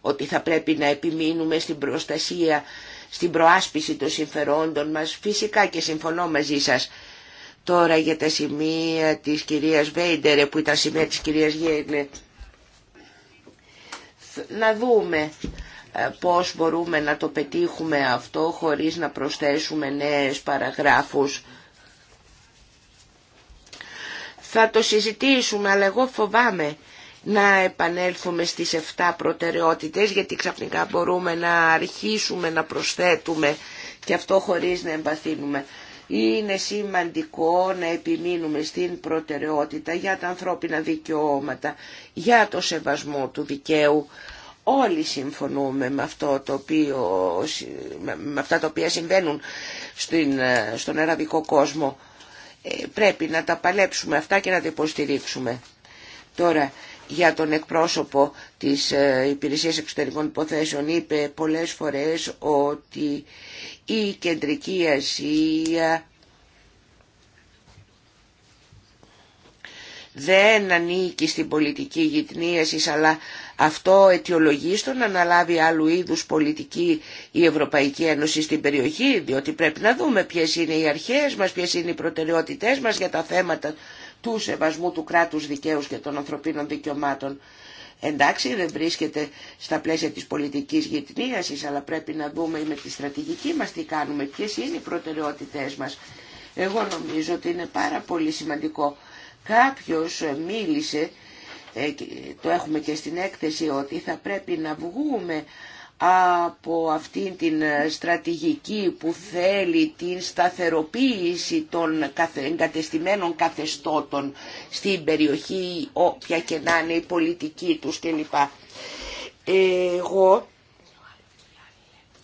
ότι θα πρέπει να επιμείνουμε στην προστασία, στην προάσπιση των συμφερόντων μας, φυσικά και συμφωνώ μαζί σας. Τώρα για τα σημεία της κυρίας Βέιντερε που ήταν σημεία της κυρίας να δούμε ε, πώς μπορούμε να το πετύχουμε αυτό χωρίς να προσθέσουμε νέες παραγράφους. Θα το συζητήσουμε, αλλά εγώ φοβάμαι να επανέλθουμε στις 7 προτεραιότητες, γιατί ξαφνικά μπορούμε να αρχίσουμε να προσθέτουμε και αυτό χωρίς να εμπαθύνουμε. Είναι σημαντικό να επιμείνουμε στην προτεραιότητα για τα ανθρώπινα δικαιώματα, για το σεβασμό του δικαίου. Όλοι συμφωνούμε με, αυτό το οποίο, αυτά τα οποία συμβαίνουν στην, ε, στον αραβικό κόσμο. Ε, πρέπει να τα παλέψουμε αυτά και να τα υποστηρίξουμε. Τώρα, για τον εκπρόσωπο της ε, Υπηρεσίας Εξωτερικών Υποθέσεων είπε πολλές φορές ότι η Κεντρική Ασία δεν ανήκει στην πολιτική γυτνίαση, αλλά αυτό αιτιολογεί στο να αναλάβει άλλου είδους πολιτική η Ευρωπαϊκή Ένωση στην περιοχή, διότι πρέπει να δούμε ποιες είναι οι αρχές μας, ποιες είναι οι προτεραιότητές μας για τα θέματα του σεβασμού του κράτους δικαίου και των ανθρωπίνων δικαιωμάτων. Εντάξει, δεν βρίσκεται στα πλαίσια της πολιτικής γυτνίασης, αλλά πρέπει να δούμε με τη στρατηγική μας τι κάνουμε, ποιες είναι οι προτεραιότητές μας. Εγώ νομίζω ότι είναι πάρα πολύ σημαντικό. Κάποιος μίλησε, ε, το έχουμε και στην έκθεση, ότι θα πρέπει να βγούμε από αυτήν την στρατηγική που θέλει την σταθεροποίηση των εγκατεστημένων καθεστώτων στην περιοχή, όποια και να είναι η πολιτική τους κλπ. Εγώ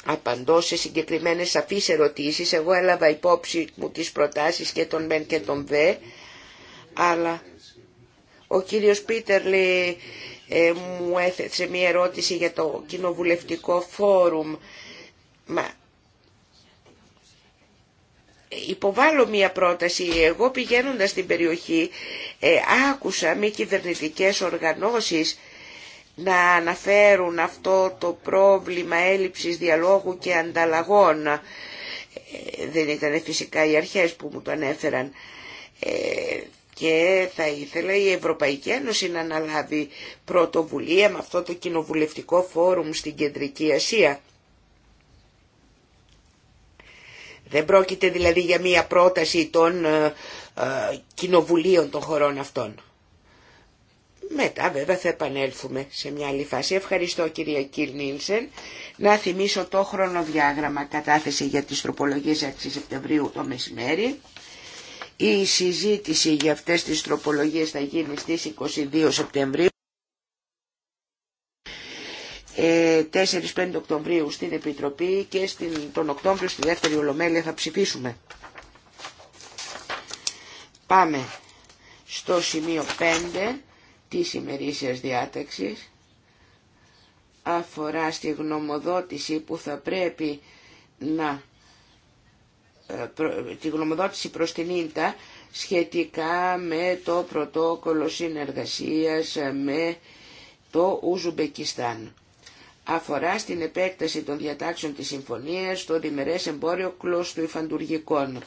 απαντώ σε συγκεκριμένες σαφείς ερωτήσεις, εγώ έλαβα υπόψη μου τις προτάσεις και των ΜΕΝ και των ΒΕ, αλλά ο κύριος Πίτερ λέει ε, μου έθεσε μία ερώτηση για το κοινοβουλευτικό φόρουμ. Μα, υποβάλλω μία πρόταση. Εγώ πηγαίνοντας στην περιοχή ε, άκουσα μη κυβερνητικές οργανώσεις να αναφέρουν αυτό το πρόβλημα έλλειψης διαλόγου και ανταλλαγών. Ε, δεν ήταν φυσικά οι αρχές που μου το ανέφεραν. Ε, και θα ήθελα η Ευρωπαϊκή Ένωση να αναλάβει πρωτοβουλία με αυτό το κοινοβουλευτικό φόρουμ στην Κεντρική Ασία. Δεν πρόκειται δηλαδή για μία πρόταση των ε, ε, κοινοβουλίων των χωρών αυτών. Μετά βέβαια θα επανέλθουμε σε μια άλλη φάση. Ευχαριστώ κυρία Κύρ Να θυμίσω το χρονοδιάγραμμα κατάθεση για τις τροπολογίες 6 Σεπτεμβρίου το μεσημέρι. Η συζήτηση για αυτές τις τροπολογίες θα γίνει στις 22 Σεπτεμβρίου. 4-5 ε, Οκτωβρίου στην Επιτροπή και στην, τον Οκτώβριο στη δεύτερη Ολομέλεια θα ψηφίσουμε. Πάμε στο σημείο 5 της ημερήσιας διάταξης αφορά στη γνωμοδότηση που θα πρέπει να ε, τη γνωμοδότηση προς την Ίντα σχετικά με το πρωτόκολλο συνεργασίας ε, με το Ουζουμπεκιστάν. Αφορά στην επέκταση των διατάξεων της συμφωνίας στο διμερές εμπόριο κλώστου υφαντουργικών.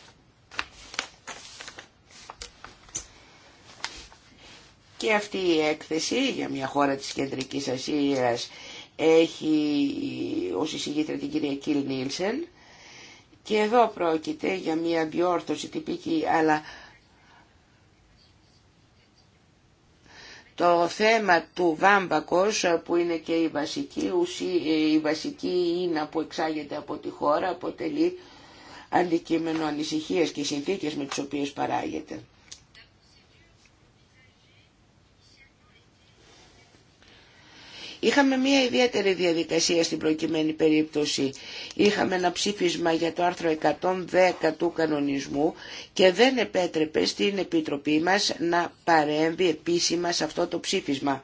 Και αυτή η έκθεση για μια χώρα της Κεντρικής Ασίας έχει ως εισηγήτρια την κυρία Κιλ Νίλσεν και εδώ πρόκειται για μια διόρθωση τυπική, αλλά το θέμα του βάμπακος που είναι και η βασική, η βασική είναι που εξάγεται από τη χώρα αποτελεί αντικείμενο ανησυχίας και συνθήκες με τις οποίες παράγεται. Είχαμε μια ιδιαίτερη διαδικασία στην προκειμένη περίπτωση. Είχαμε ένα ψήφισμα για το άρθρο 110 του κανονισμού και δεν επέτρεπε στην Επιτροπή μας να παρέμβει επίσημα σε αυτό το ψήφισμα.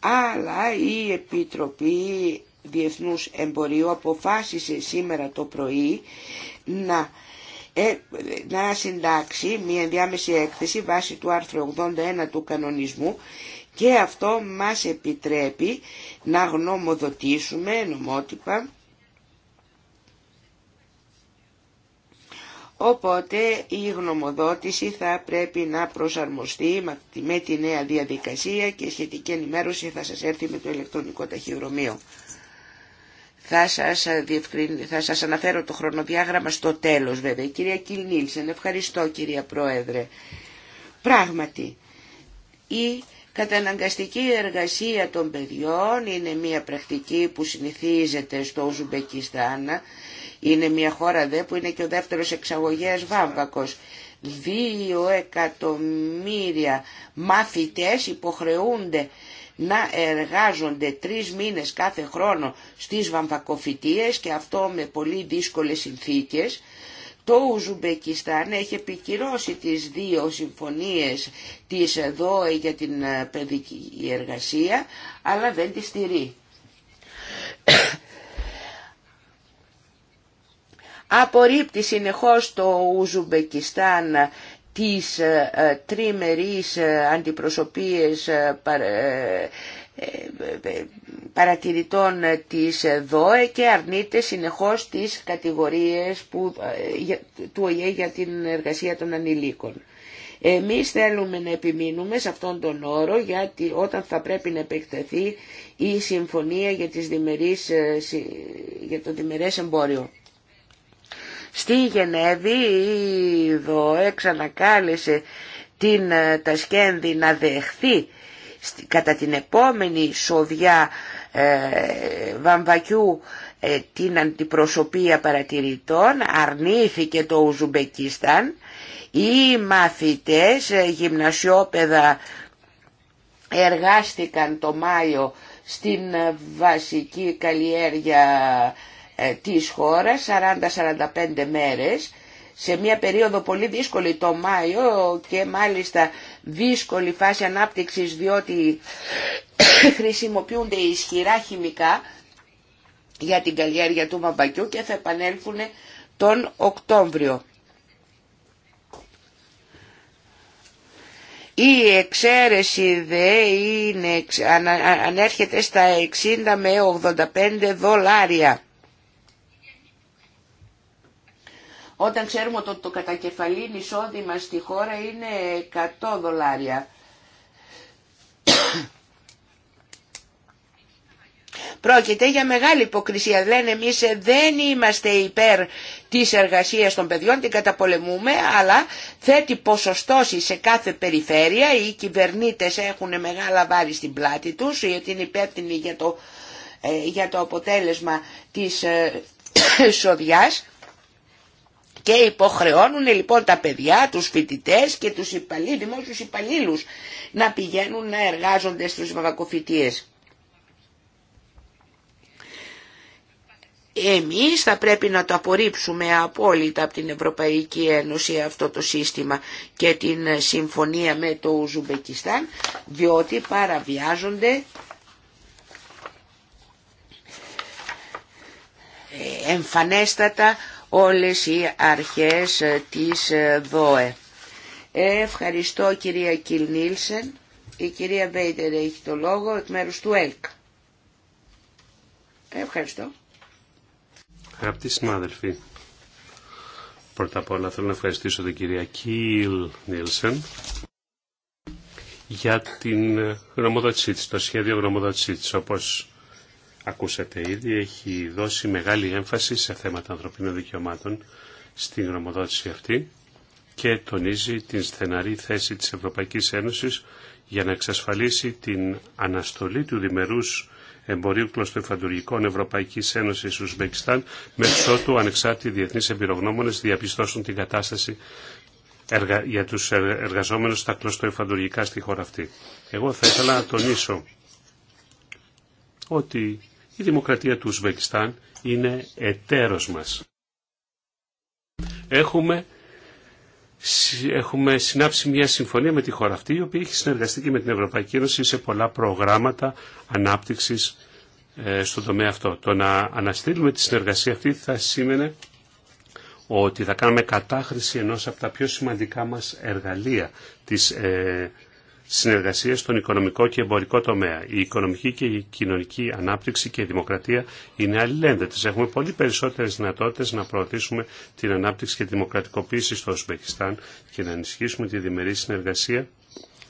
Αλλά η Επιτροπή Διεθνούς Εμπορίου αποφάσισε σήμερα το πρωί να ε, να συντάξει μια διάμεση έκθεση βάσει του άρθρου 81 του κανονισμού και αυτό μας επιτρέπει να γνωμοδοτήσουμε νομότυπα Οπότε η γνωμοδότηση θα πρέπει να προσαρμοστεί με τη νέα διαδικασία και σχετική ενημέρωση θα σας έρθει με το ηλεκτρονικό ταχυδρομείο. Θα σας, θα σας αναφέρω το χρονοδιάγραμμα στο τέλος βέβαια. Κυρία Κιλνίλσεν, ευχαριστώ κυρία Πρόεδρε. Πράγματι, η Καταναγκαστική εργασία των παιδιών είναι μια πρακτική που συνηθίζεται στο Ουζουμπεκιστάν. Είναι μια χώρα δε που είναι και ο δεύτερος εξαγωγέας βάμβακος. Δύο εκατομμύρια μαθητές υποχρεούνται να εργάζονται τρεις μήνες κάθε χρόνο στις βαμβακοφυτίες και αυτό με πολύ δύσκολες συνθήκες το Ουζουμπεκιστάν έχει επικυρώσει τις δύο συμφωνίες της εδώ για την ε, παιδική εργασία, αλλά δεν τη στηρεί. Απορρίπτει συνεχώς το Ουζουμπεκιστάν τις ε, ε, τριμερείς αντιπροσωπείες παρατηρητών της ΔΟΕ και αρνείται συνεχώς τις κατηγορίες που, ε, του ΟΙΕ για την εργασία των ανηλίκων. Εμείς θέλουμε να επιμείνουμε σε αυτόν τον όρο γιατί όταν θα πρέπει να επεκτεθεί η συμφωνία για, τις διμερείς, ε, για το διμερές εμπόριο. Στη Γενέβη η ΔΟΕ ξανακάλεσε την ε, Τασκένδη να δεχθεί κατά την επόμενη σοβιά ε, βαμβακιού ε, την αντιπροσωπεία παρατηρητών αρνήθηκε το Ουζουμπεκίσταν οι μαθητές ε, γυμνασιόπεδα εργάστηκαν το Μάιο στην βασική καλλιέργεια της χώρας 40-45 μέρες σε μια περίοδο πολύ δύσκολη το Μάιο και μάλιστα δύσκολη φάση ανάπτυξης διότι χρησιμοποιούνται ισχυρά χημικά για την καλλιέργεια του Μαμπακιού και θα επανέλθουν τον Οκτώβριο. Η εξαίρεση δε είναι, ανέρχεται στα 60 με 85 δολάρια. Όταν ξέρουμε ότι το κατακεφαλήν εισόδημα στη χώρα είναι 100 δολάρια. Πρόκειται για μεγάλη υποκρισία. Λένε εμείς ε, δεν είμαστε υπέρ της εργασίας των παιδιών, την καταπολεμούμε, αλλά θέτει ποσοστώσει σε κάθε περιφέρεια. Οι κυβερνήτες έχουν μεγάλα βάρη στην πλάτη τους, γιατί είναι υπεύθυνοι για το, ε, για το αποτέλεσμα της ε, σοδιάς και υποχρεώνουν λοιπόν τα παιδιά, τους φοιτητές και τους υπαλλήλους, δημόσιους υπαλλήλους να πηγαίνουν να εργάζονται στους βαβακοφοιτίες. Εμείς θα πρέπει να το απορρίψουμε απόλυτα από την Ευρωπαϊκή Ένωση αυτό το σύστημα και την συμφωνία με το Ουζουμπεκιστάν διότι παραβιάζονται ε, εμφανέστατα όλες οι αρχές της ΔΟΕ. Ευχαριστώ κυρία Κιλ Νίλσεν. Η κυρία Βέιτερ έχει το λόγο εκ μέρους του ΕΛΚ. Ευχαριστώ. Αγαπητοί συνάδελφοι, πρώτα απ' όλα θέλω να ευχαριστήσω την κυρία Κιλ Νίλσεν για την γνωμοδότησή της, το σχέδιο γνωμοδότησή της, όπως ακούσατε ήδη, έχει δώσει μεγάλη έμφαση σε θέματα ανθρωπίνων δικαιωμάτων στην γνωμοδότηση αυτή και τονίζει την στεναρή θέση της Ευρωπαϊκής Ένωσης για να εξασφαλίσει την αναστολή του διμερούς εμπορίου κλωστοεφαντουργικών Ευρωπαϊκής Ένωσης Ουσμπεκιστάν μέχρι ότου ανεξάρτητοι διεθνείς εμπειρογνώμονες διαπιστώσουν την κατάσταση για τους εργαζόμενους στα κλωστοεφαντουργικά στη χώρα αυτή. Εγώ θα ήθελα να τονίσω ότι η δημοκρατία του Ουσβεκιστάν είναι εταίρος μας. Έχουμε, έχουμε συνάψει μια συμφωνία με τη χώρα αυτή, η οποία έχει συνεργαστεί και με την Ευρωπαϊκή Ένωση σε πολλά προγράμματα ανάπτυξης ε, στον τομέα αυτό. Το να αναστείλουμε τη συνεργασία αυτή θα σήμαινε ότι θα κάνουμε κατάχρηση ενός από τα πιο σημαντικά μας εργαλεία της ε, συνεργασία στον οικονομικό και εμπορικό τομέα. Η οικονομική και η κοινωνική ανάπτυξη και η δημοκρατία είναι αλληλένδετες. Έχουμε πολύ περισσότερε δυνατότητε να προωθήσουμε την ανάπτυξη και τη δημοκρατικοποίηση στο Ουσμπεκιστάν και να ενισχύσουμε τη διμερή συνεργασία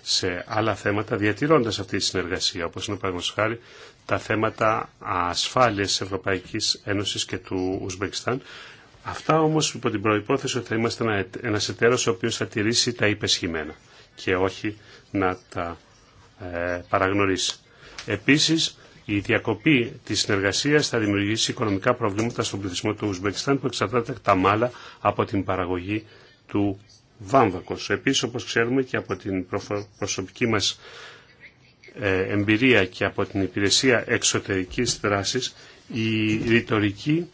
σε άλλα θέματα διατηρώντα αυτή τη συνεργασία, όπω είναι παραδείγματο χάρη τα θέματα ασφάλεια τη Ευρωπαϊκής Ένωσης και του Ουσμπεκιστάν. Αυτά όμως υπό την προϋπόθεση ότι θα είμαστε ένα εταίρος ο οποίο θα τηρήσει τα υπεσχημένα και όχι να τα ε, παραγνωρίσει. Επίσης, η διακοπή της συνεργασίας θα δημιουργήσει οικονομικά προβλήματα στον πληθυσμό του Ουσμπεκιστάν που εξαρτάται τα μάλα από την παραγωγή του βάμβακος. Επίσης, όπως ξέρουμε και από την προσωπική μας ε, εμπειρία και από την υπηρεσία εξωτερικής δράσης, η ρητορική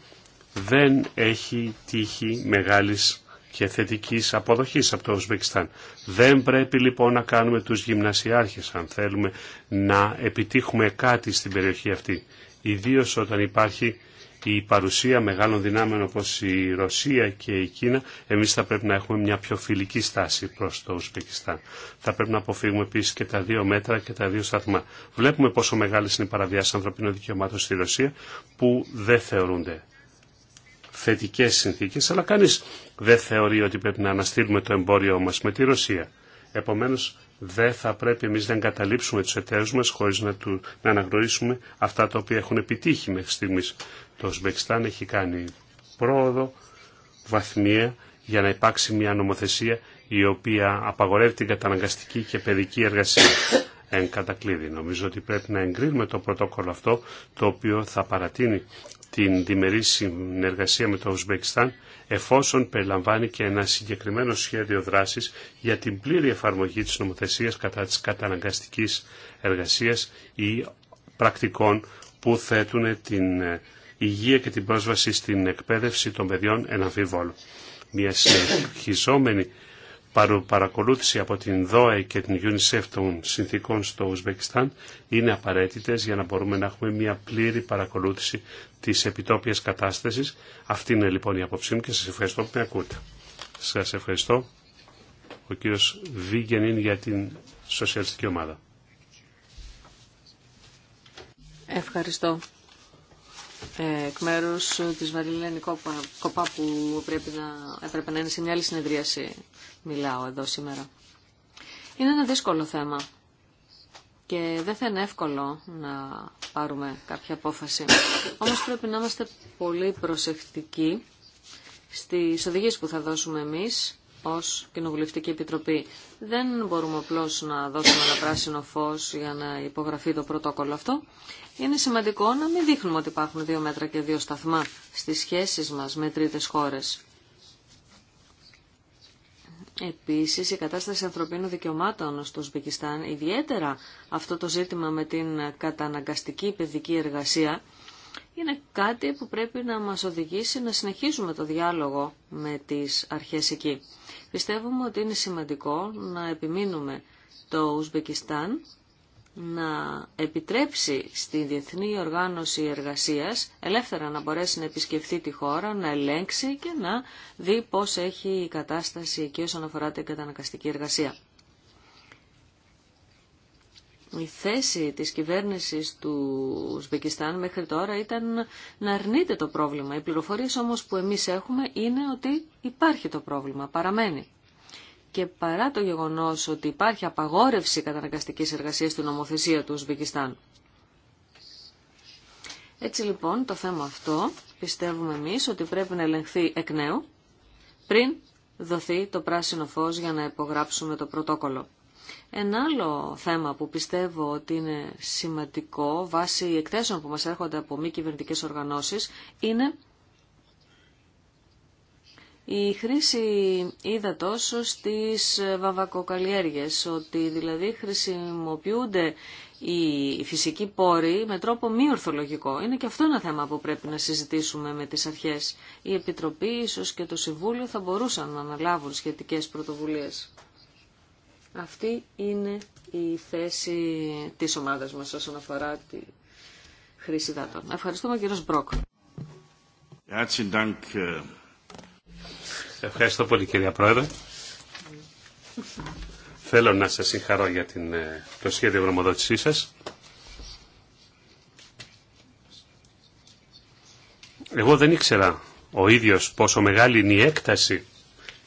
δεν έχει τύχει μεγάλης και θετικής αποδοχής από το Ουσβεκιστάν. Δεν πρέπει λοιπόν να κάνουμε τους γυμνασιάρχες αν θέλουμε να επιτύχουμε κάτι στην περιοχή αυτή. ιδίω όταν υπάρχει η παρουσία μεγάλων δυνάμεων όπως η Ρωσία και η Κίνα, εμείς θα πρέπει να έχουμε μια πιο φιλική στάση προς το Ουσβεκιστάν. Θα πρέπει να αποφύγουμε επίσης και τα δύο μέτρα και τα δύο σταθμά. Βλέπουμε πόσο μεγάλε είναι οι παραβιάσεις ανθρωπίνων δικαιωμάτων στη Ρωσία που δεν θεωρούνται θετικές συνθήκες, αλλά κανείς δεν θεωρεί ότι πρέπει να αναστείλουμε το εμπόριό μας με τη Ρωσία. Επομένως, δεν θα πρέπει εμείς να εγκαταλείψουμε τους εταίρους μας χωρίς να, να αναγνωρίσουμε αυτά τα οποία έχουν επιτύχει μέχρι στιγμής. Το Σμπεκστάν έχει κάνει πρόοδο βαθμία για να υπάρξει μια νομοθεσία η οποία απαγορεύει την καταναγκαστική και παιδική εργασία εν κατακλείδη. Νομίζω ότι πρέπει να εγκρίνουμε το πρωτόκολλο αυτό, το οποίο θα παρατείνει την διμερή συνεργασία με το Ουσμπεκιστάν εφόσον περιλαμβάνει και ένα συγκεκριμένο σχέδιο δράσης για την πλήρη εφαρμογή της νομοθεσίας κατά της καταναγκαστικής εργασίας ή πρακτικών που θέτουν την ε, υγεία και την πρόσβαση στην εκπαίδευση των παιδιών εν Μια συνεχιζόμενη παρακολούθηση από την ΔΟΕ και την UNICEF των συνθήκων στο Ουσβεκιστάν είναι απαραίτητες για να μπορούμε να έχουμε μια πλήρη παρακολούθηση της επιτόπιας κατάστασης. Αυτή είναι λοιπόν η απόψή μου και σας ευχαριστώ που με ακούτε. Σας ευχαριστώ ο κύριος είναι για την σοσιαλιστική ομάδα. Ευχαριστώ εκ μέρου τη Μαριλένη Κοπά που πρέπει να, έπρεπε να είναι σε μια άλλη συνεδρίαση. Μιλάω εδώ σήμερα. Είναι ένα δύσκολο θέμα και δεν θα είναι εύκολο να πάρουμε κάποια απόφαση. Όμως πρέπει να είμαστε πολύ προσεκτικοί στις οδηγίες που θα δώσουμε εμείς ως Κοινοβουλευτική Επιτροπή. Δεν μπορούμε απλώ να δώσουμε ένα πράσινο φως για να υπογραφεί το πρωτόκολλο αυτό. Είναι σημαντικό να μην δείχνουμε ότι υπάρχουν δύο μέτρα και δύο σταθμά στις σχέσεις μας με τρίτες χώρες. Επίσης, η κατάσταση ανθρωπίνων δικαιωμάτων στο Ουσμπεκιστάν, ιδιαίτερα αυτό το ζήτημα με την καταναγκαστική παιδική εργασία, είναι κάτι που πρέπει να μας οδηγήσει να συνεχίζουμε το διάλογο με τις αρχές εκεί. Πιστεύουμε ότι είναι σημαντικό να επιμείνουμε το Ουσμπεκιστάν να επιτρέψει στη Διεθνή Οργάνωση Εργασίας ελεύθερα να μπορέσει να επισκεφθεί τη χώρα, να ελέγξει και να δει πώς έχει η κατάσταση εκεί όσον αφορά την κατανακαστική εργασία η θέση της κυβέρνησης του Ουσβεκιστάν μέχρι τώρα ήταν να αρνείται το πρόβλημα. Οι πληροφορίες όμως που εμείς έχουμε είναι ότι υπάρχει το πρόβλημα, παραμένει. Και παρά το γεγονός ότι υπάρχει απαγόρευση καταναγκαστικής εργασίας στην νομοθεσία του Ουσβεκιστάν. Έτσι λοιπόν το θέμα αυτό πιστεύουμε εμείς ότι πρέπει να ελεγχθεί εκ νέου πριν δοθεί το πράσινο φως για να υπογράψουμε το πρωτόκολλο. Ένα άλλο θέμα που πιστεύω ότι είναι σημαντικό βάσει εκθέσεων που μας έρχονται από μη κυβερνητικέ οργανώσεις είναι η χρήση ύδατος στις βαβακοκαλλιέργειες, ότι δηλαδή χρησιμοποιούνται οι φυσικοί πόροι με τρόπο μη ορθολογικό. Είναι και αυτό ένα θέμα που πρέπει να συζητήσουμε με τις αρχές. Η Επιτροπή, ίσως και το Συμβούλιο θα μπορούσαν να αναλάβουν σχετικές πρωτοβουλίες. Αυτή είναι η θέση της ομάδας μας όσον αφορά τη χρήση δάτων. Ευχαριστούμε κύριο Μπρόκ. Ε, Ευχαριστώ πολύ κυρία Πρόεδρε. Θέλω να σας συγχαρώ για την, ε, το σχέδιο γνωμοδότησή σας. Εγώ δεν ήξερα ο ίδιος πόσο μεγάλη είναι η έκταση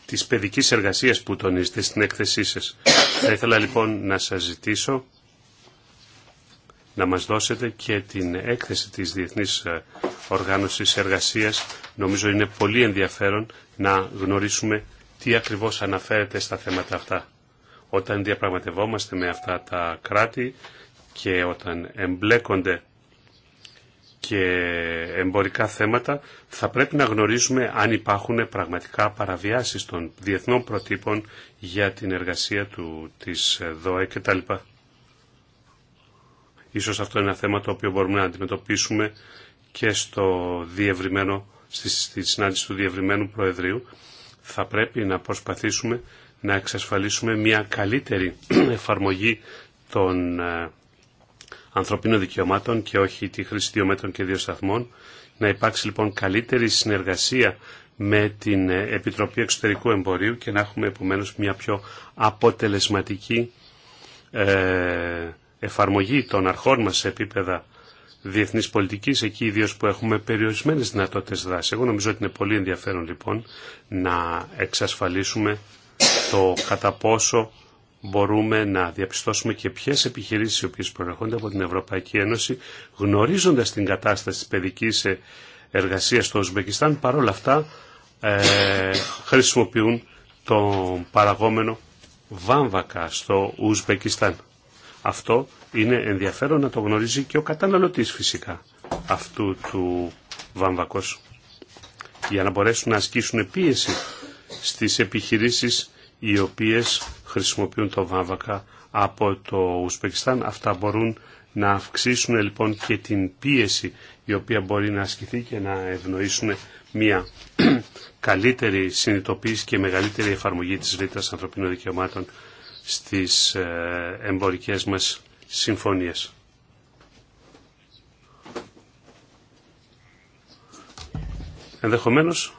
της παιδικής εργασίας που τονίζετε στην έκθεσή σας. Θα ήθελα λοιπόν να σας ζητήσω να μας δώσετε και την έκθεση της Διεθνής ε, Οργάνωσης Εργασίας. Νομίζω είναι πολύ ενδιαφέρον να γνωρίσουμε τι ακριβώς αναφέρεται στα θέματα αυτά. Όταν διαπραγματευόμαστε με αυτά τα κράτη και όταν εμπλέκονται και εμπορικά θέματα θα πρέπει να γνωρίζουμε αν υπάρχουν πραγματικά παραβιάσεις των διεθνών προτύπων για την εργασία του, της ΔΟΕ κτλ. Ίσως αυτό είναι ένα θέμα το οποίο μπορούμε να αντιμετωπίσουμε και στο διευρυμένο, στη, στη συνάντηση του διευρυμένου Προεδρείου. Θα πρέπει να προσπαθήσουμε να εξασφαλίσουμε μια καλύτερη εφαρμογή των ε, ανθρωπίνων δικαιωμάτων και όχι τη χρήση δύο μέτρων και δύο σταθμών. Να υπάρξει λοιπόν καλύτερη συνεργασία με την ε, Επιτροπή Εξωτερικού Εμπορίου και να έχουμε επομένως μια πιο αποτελεσματική ε, εφαρμογή των αρχών μας σε επίπεδα διεθνής πολιτικής, εκεί ιδίω που έχουμε περιορισμένες δυνατότητες δράσης. Εγώ νομίζω ότι είναι πολύ ενδιαφέρον λοιπόν να εξασφαλίσουμε το κατά πόσο μπορούμε να διαπιστώσουμε και ποιε επιχειρήσει οι οποίε προερχόνται από την Ευρωπαϊκή Ένωση, γνωρίζοντα την κατάσταση τη παιδική εργασία στο Ουσμπεκιστάν, παρόλα αυτά ε, χρησιμοποιούν τον παραγόμενο βάμβακα στο Ουσμπεκιστάν. Αυτό είναι ενδιαφέρον να το γνωρίζει και ο καταναλωτής φυσικά αυτού του βάμβακος για να μπορέσουν να ασκήσουν πίεση στις επιχειρήσεις οι οποίες χρησιμοποιούν το βάβακα από το Ουσπεκιστάν. Αυτά μπορούν να αυξήσουν λοιπόν και την πίεση η οποία μπορεί να ασκηθεί και να ευνοήσουν μια καλύτερη συνειδητοποίηση και μεγαλύτερη εφαρμογή της ρήτρας ανθρωπίνων δικαιωμάτων στις ε, εμπορικές μας συμφωνίες. Ενδεχομένως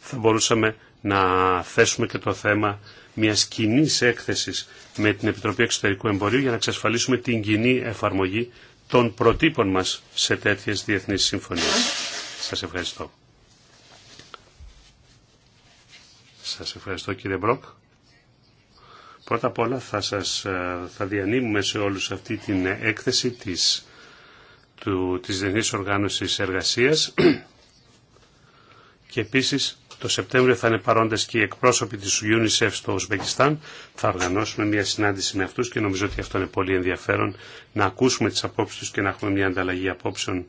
θα μπορούσαμε να θέσουμε και το θέμα μια κοινή έκθεση με την Επιτροπή Εξωτερικού Εμπορίου για να εξασφαλίσουμε την κοινή εφαρμογή των προτύπων μα σε τέτοιε διεθνεί συμφωνίε. Σα ευχαριστώ. Σας ευχαριστώ κύριε Μπρόκ. Πρώτα απ' όλα θα, σας, ε, θα διανύμουμε σε όλους αυτή την έκθεση της, του, της Διεθνής Οργάνωσης Εργασίας και επίσης το Σεπτέμβριο θα είναι παρόντε και οι εκπρόσωποι τη UNICEF στο Ουσβεκιστάν. Θα οργανώσουμε μια συνάντηση με αυτού και νομίζω ότι αυτό είναι πολύ ενδιαφέρον να ακούσουμε τι απόψει του και να έχουμε μια ανταλλαγή απόψεων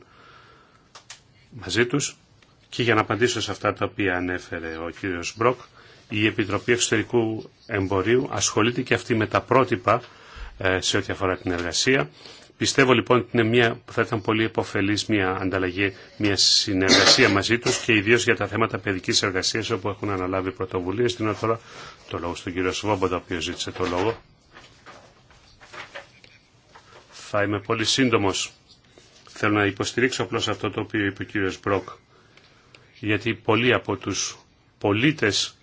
μαζί του. Και για να απαντήσω σε αυτά τα οποία ανέφερε ο κύριο Μπροκ, η Επιτροπή Εξωτερικού Εμπορίου ασχολείται και αυτή με τα πρότυπα ε, σε ό,τι αφορά την εργασία. Πιστεύω λοιπόν ότι είναι μια, θα ήταν πολύ υποφελής μια ανταλλαγή, μια συνεργασία μαζί τους και ιδίως για τα θέματα παιδικής εργασίας όπου έχουν αναλάβει πρωτοβουλίες. Την τώρα το λόγο στον κύριο Σβόμποντα, ο οποίο ζήτησε το λόγο. Θα είμαι πολύ σύντομος. Θέλω να υποστηρίξω απλώς αυτό το οποίο είπε ο κύριος Μπροκ. Γιατί πολλοί από τους πολίτες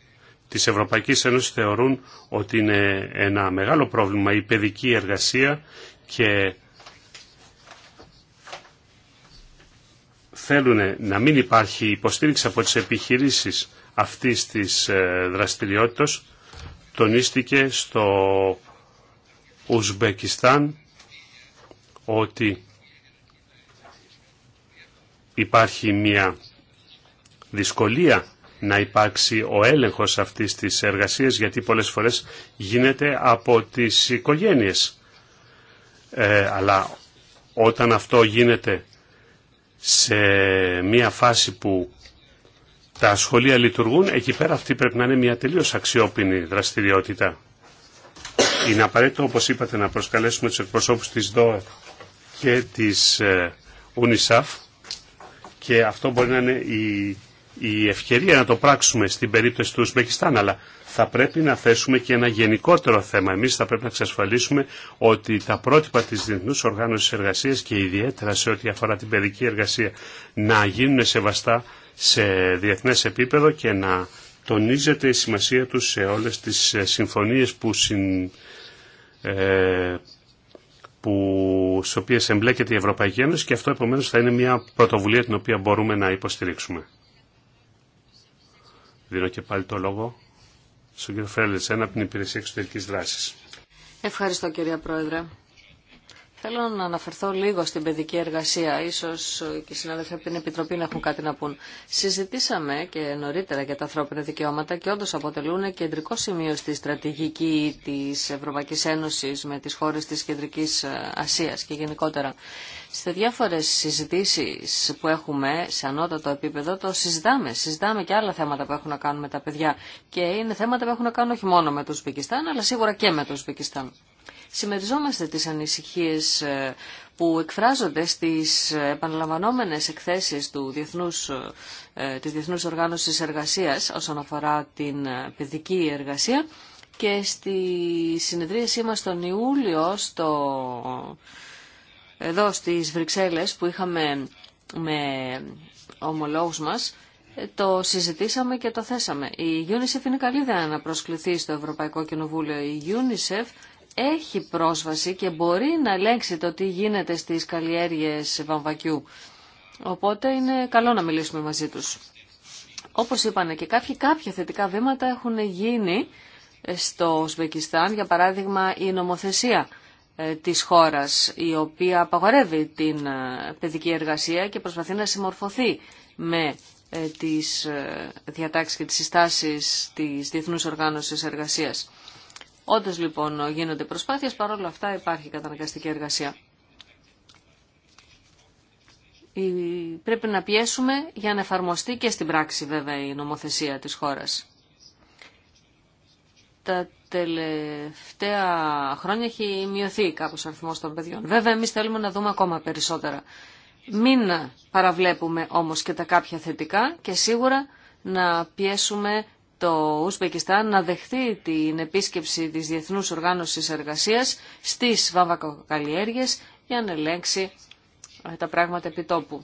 της Ευρωπαϊκής Ένωσης θεωρούν ότι είναι ένα μεγάλο πρόβλημα η παιδική εργασία και θέλουν να μην υπάρχει υποστήριξη από τις επιχειρήσεις αυτής της ε, δραστηριότητας τονίστηκε στο Ουσμπεκιστάν ότι υπάρχει μια δυσκολία να υπάρξει ο έλεγχος αυτής της εργασίας γιατί πολλές φορές γίνεται από τις οικογένειες. Ε, αλλά όταν αυτό γίνεται σε μια φάση που τα σχολεία λειτουργούν, εκεί πέρα αυτή πρέπει να είναι μια τελείως αξιόπινη δραστηριότητα. Είναι απαραίτητο, όπως είπατε, να προσκαλέσουμε τους εκπροσώπους της ΔΟΕ και της ε, UNICEF και αυτό μπορεί να είναι η, η ευκαιρία να το πράξουμε στην περίπτωση του Ουσμπεκιστάν, αλλά θα πρέπει να θέσουμε και ένα γενικότερο θέμα. Εμείς θα πρέπει να εξασφαλίσουμε ότι τα πρότυπα της Διεθνούς Οργάνωσης Εργασίας και ιδιαίτερα σε ό,τι αφορά την παιδική εργασία να γίνουν σεβαστά σε διεθνές επίπεδο και να τονίζεται η σημασία τους σε όλες τις ε, συμφωνίες που, συν, ε, που στις οποίες εμπλέκεται η Ευρωπαϊκή Ένωση και αυτό επομένως θα είναι μια πρωτοβουλία την οποία μπορούμε να υποστηρίξουμε. Δίνω και πάλι το λόγο στον κύριο ένα από την Υπηρεσία Εξωτερικής Δράσης. Ευχαριστώ κυρία Πρόεδρε. Θέλω να αναφερθώ λίγο στην παιδική εργασία. Ίσως και οι συνάδελφοι από την Επιτροπή να έχουν κάτι να πούν. Συζητήσαμε και νωρίτερα για τα ανθρώπινα δικαιώματα και όντω αποτελούν κεντρικό σημείο στη στρατηγική της Ευρωπαϊκής Ένωσης με τις χώρες της Κεντρικής Ασίας και γενικότερα. Σε διάφορες συζητήσεις που έχουμε σε ανώτατο επίπεδο το συζητάμε. Συζητάμε και άλλα θέματα που έχουν να κάνουν με τα παιδιά. Και είναι θέματα που έχουν να κάνουν όχι μόνο με το Ουσπικιστάν, αλλά σίγουρα και με το Ουσπικιστάν. Συμμεριζόμαστε τις ανησυχίες ε, που εκφράζονται στις επαναλαμβανόμενες εκθέσεις του Διεθνούς, ε, της Διεθνούς Οργάνωσης Εργασίας όσον αφορά την ε, παιδική εργασία και στη συνεδρίασή μας τον Ιούλιο στο, εδώ στις Βρυξέλλες που είχαμε με ομολόγους μας το συζητήσαμε και το θέσαμε. Η UNICEF είναι καλή να προσκληθεί στο Ευρωπαϊκό Κοινοβούλιο. Η UNICEF έχει πρόσβαση και μπορεί να ελέγξει το τι γίνεται στις καλλιέργειες βαμβακιού. Οπότε είναι καλό να μιλήσουμε μαζί τους. Όπως είπανε και κάποιοι, κάποια θετικά βήματα έχουν γίνει στο Σβεκιστάν. για παράδειγμα η νομοθεσία ε, της χώρας, η οποία απαγορεύει την ε, παιδική εργασία και προσπαθεί να συμμορφωθεί με ε, τις διατάξεις και τις συστάσεις της Διεθνούς Οργάνωσης Εργασίας. Όντω λοιπόν γίνονται προσπάθειες, παρόλα αυτά υπάρχει καταναγκαστική εργασία. Πρέπει να πιέσουμε για να εφαρμοστεί και στην πράξη βέβαια η νομοθεσία της χώρας. Τα τελευταία χρόνια έχει μειωθεί κάπως ο αριθμός των παιδιών. Βέβαια εμείς θέλουμε να δούμε ακόμα περισσότερα. Μην παραβλέπουμε όμως και τα κάποια θετικά και σίγουρα να πιέσουμε το Ουσπεκιστάν να δεχθεί την επίσκεψη της Διεθνούς Οργάνωσης Εργασίας στις βαμβακοκαλλιέργειες για να ελέγξει ε, τα πράγματα επιτόπου.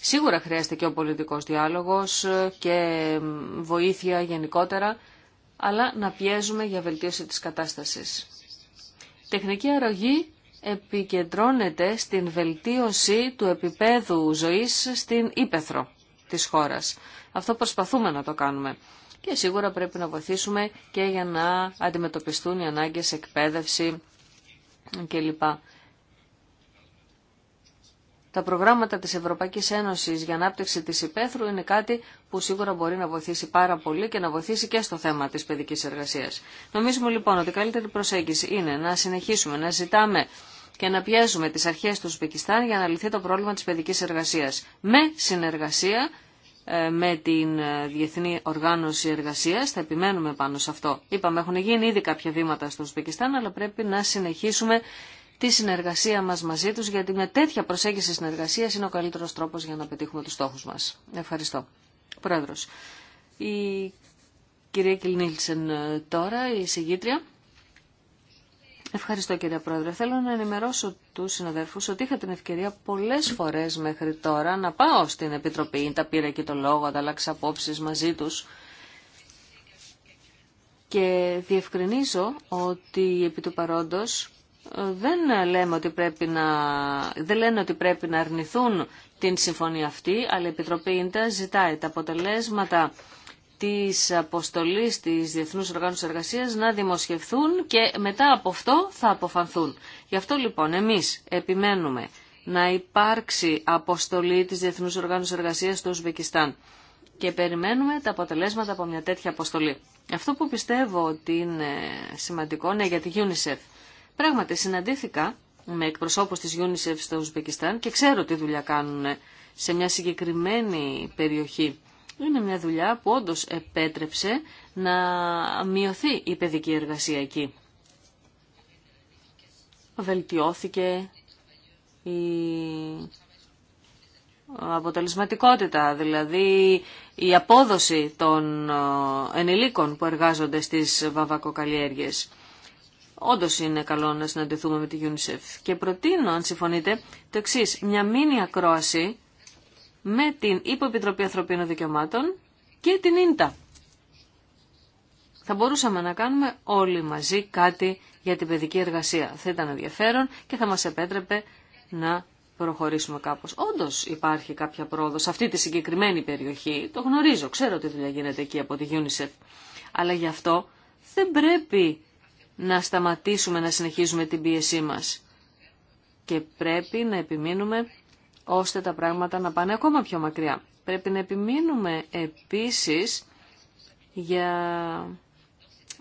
Σίγουρα χρειάζεται και ο πολιτικός διάλογος ε, και βοήθεια γενικότερα, αλλά να πιέζουμε για βελτίωση της κατάστασης. Τεχνική αρρωγή επικεντρώνεται στην βελτίωση του επίπεδου ζωής στην Ήπεθρο της χώρας. Αυτό προσπαθούμε να το κάνουμε και σίγουρα πρέπει να βοηθήσουμε και για να αντιμετωπιστούν οι ανάγκες εκπαίδευση κλπ. Τα προγράμματα της Ευρωπαϊκής Ένωσης για ανάπτυξη της υπαίθρου είναι κάτι που σίγουρα μπορεί να βοηθήσει πάρα πολύ και να βοηθήσει και στο θέμα της παιδικής εργασίας. Νομίζουμε λοιπόν ότι η καλύτερη προσέγγιση είναι να συνεχίσουμε να ζητάμε και να πιέζουμε τις αρχές του Ουσπεκιστάν για να λυθεί το πρόβλημα της παιδικής εργασίας. Με συνεργασία ε, με την ε, Διεθνή Οργάνωση Εργασίας. Θα επιμένουμε πάνω σε αυτό. Είπαμε, έχουν γίνει ήδη κάποια βήματα στο Ουσπεκιστάν, αλλά πρέπει να συνεχίσουμε τη συνεργασία μας μαζί τους, γιατί μια τέτοια προσέγγιση συνεργασία είναι ο καλύτερο τρόπο για να πετύχουμε τους στόχους μας. Ευχαριστώ. Πρόεδρο. Η κυρία Κιλνίλσεν ε, τώρα, η συγγήτρια. Ευχαριστώ κύριε Πρόεδρε. Θέλω να ενημερώσω του συναδέλφους ότι είχα την ευκαιρία πολλές φορές μέχρι τώρα να πάω στην Επιτροπή. Τα πήρα και το λόγο, ανταλλάξα απόψει μαζί τους. Και διευκρινίζω ότι επί του παρόντος ε, δεν, ότι πρέπει να, δεν λένε ότι πρέπει να αρνηθούν την συμφωνία αυτή, αλλά η Επιτροπή Ίντα ζητάει τα αποτελέσματα της αποστολής της Διεθνούς Οργάνωσης Εργασίας να δημοσιευθούν και μετά από αυτό θα αποφανθούν. Γι' αυτό λοιπόν εμείς επιμένουμε να υπάρξει αποστολή της Διεθνούς Οργάνωσης Εργασίας στο Ουσβεκιστάν και περιμένουμε τα αποτελέσματα από μια τέτοια αποστολή. Αυτό που πιστεύω ότι είναι σημαντικό είναι για τη UNICEF. Πράγματι συναντήθηκα με εκπροσώπους της UNICEF στο Ουσβεκιστάν και ξέρω τι δουλειά κάνουν σε μια συγκεκριμένη περιοχή είναι μια δουλειά που όντω επέτρεψε να μειωθεί η παιδική εργασία εκεί. Βελτιώθηκε η αποτελεσματικότητα, δηλαδή η απόδοση των ε, ενηλίκων που εργάζονται στις βαβακοκαλλιέργειες. Όντω είναι καλό να συναντηθούμε με τη UNICEF. Και προτείνω, αν συμφωνείτε, το εξή. Μια μήνυα ακρόαση με την Υποεπιτροπή Ανθρωπίνων Δικαιωμάτων και την ίντα. Θα μπορούσαμε να κάνουμε όλοι μαζί κάτι για την παιδική εργασία. Θα ήταν ενδιαφέρον και θα μας επέτρεπε να προχωρήσουμε κάπως. Όντως υπάρχει κάποια πρόοδος σε αυτή τη συγκεκριμένη περιοχή. Το γνωρίζω, ξέρω ότι δουλειά γίνεται εκεί από τη UNICEF. Αλλά γι' αυτό δεν πρέπει να σταματήσουμε να συνεχίζουμε την πίεσή μας. Και πρέπει να επιμείνουμε ώστε τα πράγματα να πάνε ακόμα πιο μακριά. Πρέπει να επιμείνουμε επίσης για...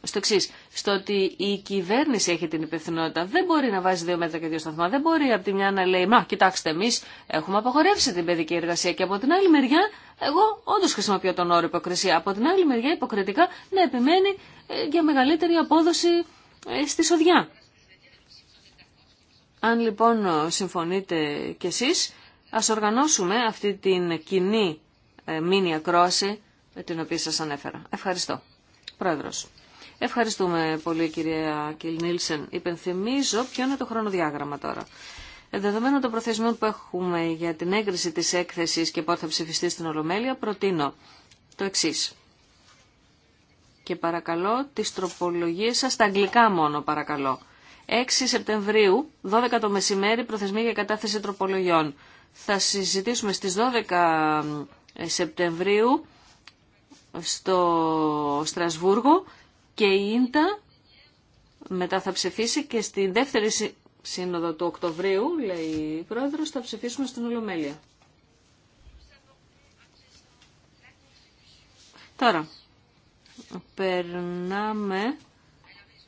στο εξή, στο ότι η κυβέρνηση έχει την υπευθυνότητα. Δεν μπορεί να βάζει δύο μέτρα και δύο σταθμά. Δεν μπορεί από τη μια να λέει, μα κοιτάξτε εμεί έχουμε απαγορεύσει την παιδική εργασία και από την άλλη μεριά, εγώ όντω χρησιμοποιώ τον όρο υποκρισία, από την άλλη μεριά υποκριτικά να επιμένει ε, για μεγαλύτερη απόδοση ε, στη σοδιά. Αν λοιπόν ε, συμφωνείτε κι εσείς, Ας οργανώσουμε αυτή την κοινή ε, μήνυα ακρόαση την οποία σας ανέφερα. Ευχαριστώ. Πρόεδρος. Ευχαριστούμε πολύ κυρία Κιλ Νίλσεν. Υπενθυμίζω ποιο είναι το χρονοδιάγραμμα τώρα. Ε, δεδομένων των προθεσμών που έχουμε για την έγκριση της έκθεσης και πότε θα ψηφιστεί στην Ολομέλεια, προτείνω το εξή. Και παρακαλώ τις τροπολογίες σας, τα αγγλικά μόνο παρακαλώ. 6 Σεπτεμβρίου, 12 το μεσημέρι, προθεσμία για κατάθεση τροπολογιών θα συζητήσουμε στις 12 ε, Σεπτεμβρίου στο Στρασβούργο και η Ίντα μετά θα ψηφίσει και στη δεύτερη σύνοδο του Οκτωβρίου, λέει η Πρόεδρος, θα ψηφίσουμε στην Ολομέλεια. Τώρα, περνάμε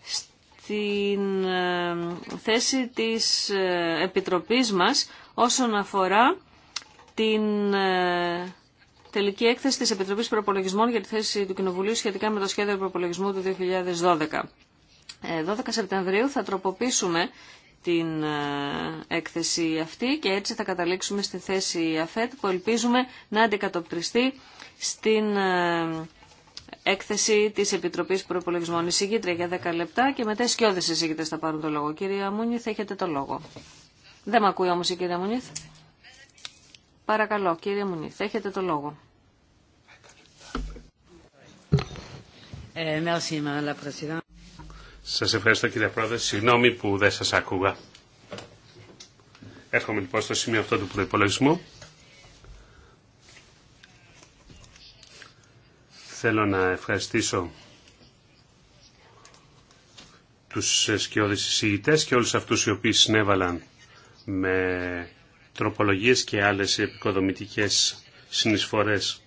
στην ε, θέση της ε, Επιτροπής μας όσον αφορά την ε, τελική έκθεση της Επιτροπής Προπολογισμών για τη θέση του Κοινοβουλίου σχετικά με το σχέδιο προπολογισμού του 2012. 12 ε, Σεπτεμβρίου θα τροποποιήσουμε την ε, έκθεση αυτή και έτσι θα καταλήξουμε στη θέση ΑΦΕΤ που ελπίζουμε να αντικατοπτριστεί στην έκθεση της Επιτροπής Προπολογισμών. Εισηγήτρια για 10 λεπτά και μετά οι σκιώδες εισηγήτες θα πάρουν το λόγο. Κυρία Μούνη, θα έχετε το λόγο. Δεν με ακούει όμως η κυρία Μουνίθ. Παρακαλώ, κύριε Μουνίθ, έχετε το λόγο. Ε, σας ευχαριστώ κύριε Πρόεδρε. Συγγνώμη που δεν σας άκουγα. Έρχομαι λοιπόν στο σημείο αυτό του προϋπολογισμού. Θέλω να ευχαριστήσω τους σκιώδεις εισηγητές και όλους αυτούς οι οποίοι συνέβαλαν με τροπολογίες και άλλες επικοδομητικές συνεισφορές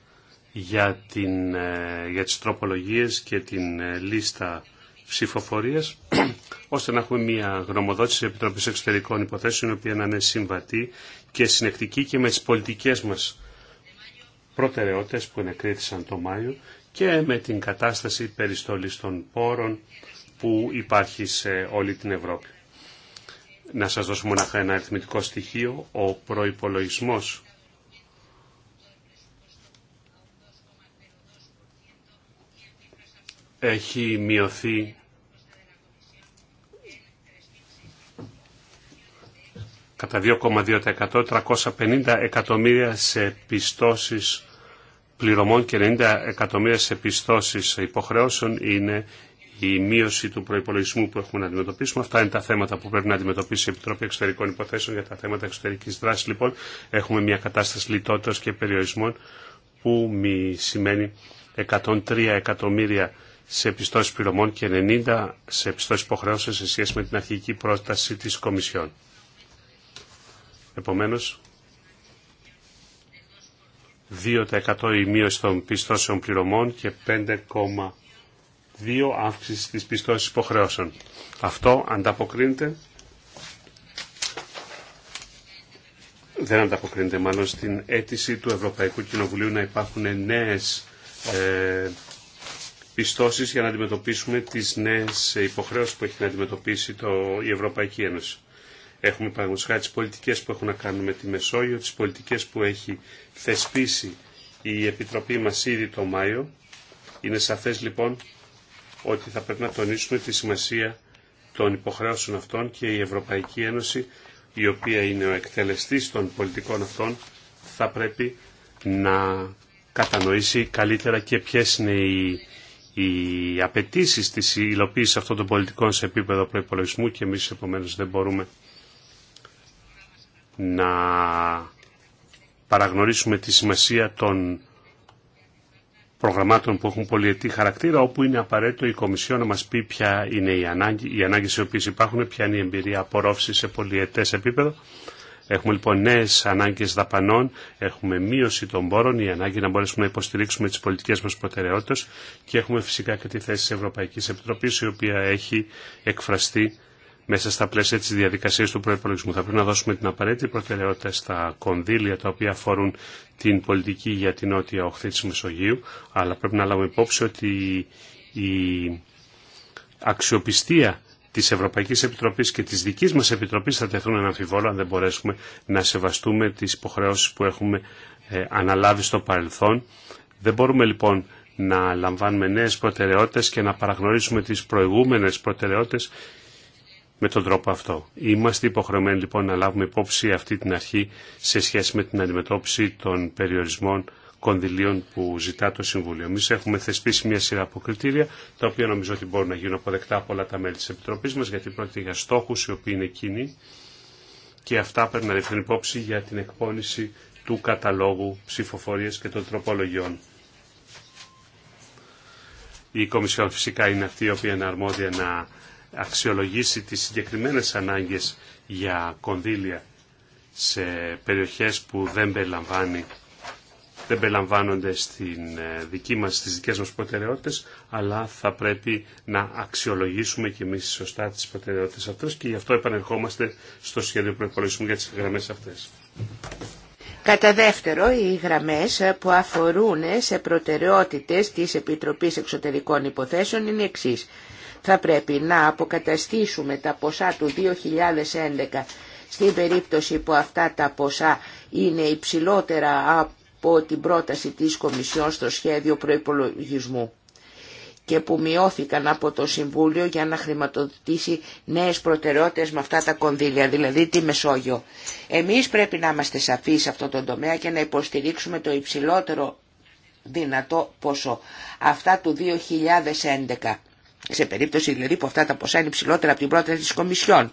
για, την, ε, για τις τροπολογίες και την ε, λίστα ψηφοφορίας, ώστε να έχουμε μια γνωμοδότηση της Επιτροπής Εξωτερικών Υποθέσεων, η οποία να είναι συμβατή και συνεκτική και με τις πολιτικές μας προτεραιότητες που ενεκρίθησαν το Μάιο και με την κατάσταση περιστολής των πόρων που υπάρχει σε όλη την Ευρώπη. Να σας δώσω μονάχα ένα αριθμητικό στοιχείο. Ο προϋπολογισμός έχει μειωθεί κατά 2,2% 350 εκατομμύρια σε πιστώσεις πληρωμών και 90 εκατομμύρια σε πιστώσεις υποχρεώσεων είναι η μείωση του προπολογισμού που έχουμε να αντιμετωπίσουμε. Αυτά είναι τα θέματα που πρέπει να αντιμετωπίσει η Επιτροπή Εξωτερικών Υποθέσεων για τα θέματα εξωτερική δράση. Λοιπόν, έχουμε μια κατάσταση λιτότητα και περιορισμών που σημαίνει 103 εκατομμύρια σε επιστώσει πληρωμών και 90 σε πιστώσει υποχρεώσεων σε σχέση με την αρχική πρόταση τη Κομισιόν. Επομένω, 2% η μείωση των πιστώσεων πληρωμών και 5,5% δύο Αύξηση της πιστώσης υποχρεώσεων. Αυτό ανταποκρίνεται δεν ανταποκρίνεται μάλλον στην αίτηση του Ευρωπαϊκού Κοινοβουλίου να υπάρχουν νέες ε, πιστώσεις για να αντιμετωπίσουμε τις νέες υποχρεώσεις που έχει να αντιμετωπίσει το, η Ευρωπαϊκή Ένωση. Έχουμε παραγωγικά τις πολιτικές που έχουν να κάνουν με τη Μεσόγειο, τις πολιτικές που έχει θεσπίσει η Επιτροπή μας ήδη το Μάιο. Είναι σαφές λοιπόν ότι θα πρέπει να τονίσουμε τη σημασία των υποχρεώσεων αυτών και η Ευρωπαϊκή Ένωση, η οποία είναι ο εκτελεστής των πολιτικών αυτών, θα πρέπει να κατανοήσει καλύτερα και ποιες είναι οι, οι απαιτήσει της υλοποίησης αυτών των πολιτικών σε επίπεδο προϋπολογισμού και εμείς επομένως δεν μπορούμε να παραγνωρίσουμε τη σημασία των προγραμμάτων που έχουν πολιετή χαρακτήρα, όπου είναι απαραίτητο η Κομισιό να μας πει ποια είναι οι ανάγκες οι οποίες υπάρχουν, ποια είναι η εμπειρία απορρόφησης σε πολιετές επίπεδο. Έχουμε λοιπόν νέε ανάγκε δαπανών, έχουμε μείωση των πόρων, η ανάγκη να μπορέσουμε να υποστηρίξουμε τι πολιτικέ μα προτεραιότητε και έχουμε φυσικά και τη θέση τη Ευρωπαϊκή Επιτροπή, η οποία έχει εκφραστεί μέσα στα πλαίσια της διαδικασίας του προϋπολογισμού. Θα πρέπει να δώσουμε την απαραίτητη προτεραιότητα στα κονδύλια τα οποία αφορούν την πολιτική για την νότια οχθή της Μεσογείου, αλλά πρέπει να λάβουμε υπόψη ότι η αξιοπιστία της Ευρωπαϊκής Επιτροπής και της δικής μας Επιτροπής θα τεθούν ένα αμφιβόλο αν δεν μπορέσουμε να σεβαστούμε τις υποχρεώσεις που έχουμε ε, αναλάβει στο παρελθόν. Δεν μπορούμε λοιπόν να λαμβάνουμε νέες προτεραιότητες και να παραγνωρίσουμε τις προηγούμενες προτεραιότητες με τον τρόπο αυτό. Είμαστε υποχρεωμένοι λοιπόν να λάβουμε υπόψη αυτή την αρχή σε σχέση με την αντιμετώπιση των περιορισμών κονδυλίων που ζητά το Συμβούλιο. Εμεί έχουμε θεσπίσει μια σειρά από κριτήρια, τα οποία νομίζω ότι μπορούν να γίνουν αποδεκτά από όλα τα μέλη τη Επιτροπή μα, γιατί πρόκειται για στόχου οι οποίοι είναι εκείνοι και αυτά πρέπει να ληφθούν υπόψη για την εκπόνηση του καταλόγου ψηφοφορία και των τροπολογιών. Η Κομισιόν φυσικά είναι αυτή η οποία είναι αρμόδια να αξιολογήσει τις συγκεκριμένες ανάγκες για κονδύλια σε περιοχές που δεν περιλαμβάνει δεν περιλαμβάνονται στην ε, δική μας, στις δικές μας προτεραιότητες, αλλά θα πρέπει να αξιολογήσουμε και εμείς σωστά τις προτεραιότητες αυτές και γι' αυτό επανερχόμαστε στο σχέδιο που προπολογισμού για τις γραμμές αυτές. Κατά δεύτερο, οι γραμμές που αφορούν σε προτεραιότητες της Επιτροπής Εξωτερικών Υποθέσεων είναι εξής θα πρέπει να αποκαταστήσουμε τα ποσά του 2011 στην περίπτωση που αυτά τα ποσά είναι υψηλότερα από την πρόταση της Κομισιόν στο σχέδιο προϋπολογισμού και που μειώθηκαν από το Συμβούλιο για να χρηματοδοτήσει νέες προτεραιότητες με αυτά τα κονδύλια, δηλαδή τη Μεσόγειο. Εμείς πρέπει να είμαστε σαφείς σε αυτό το τομέα και να υποστηρίξουμε το υψηλότερο δυνατό ποσό, αυτά του 2011 σε περίπτωση δηλαδή που αυτά τα ποσά είναι ψηλότερα από την πρόταση της Κομισιόν.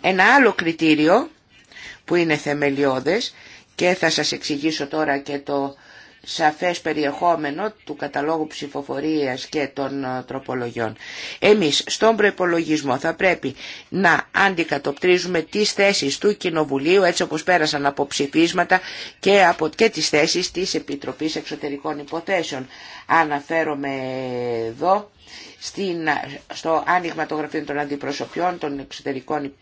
Ένα άλλο κριτήριο που είναι θεμελιώδες και θα σας εξηγήσω τώρα και το σαφές περιεχόμενο του καταλόγου ψηφοφορίας και των ε, τροπολογιών. Εμείς στον προπολογισμό θα πρέπει να αντικατοπτρίζουμε τις θέσεις του Κοινοβουλίου έτσι όπως πέρασαν από ψηφίσματα και, από, και τις θέσεις της Επιτροπής Εξωτερικών Υποθέσεων. Αναφέρομαι εδώ στην, στο άνοιγμα των γραφείων των αντιπροσωπιών των εξωτερικών,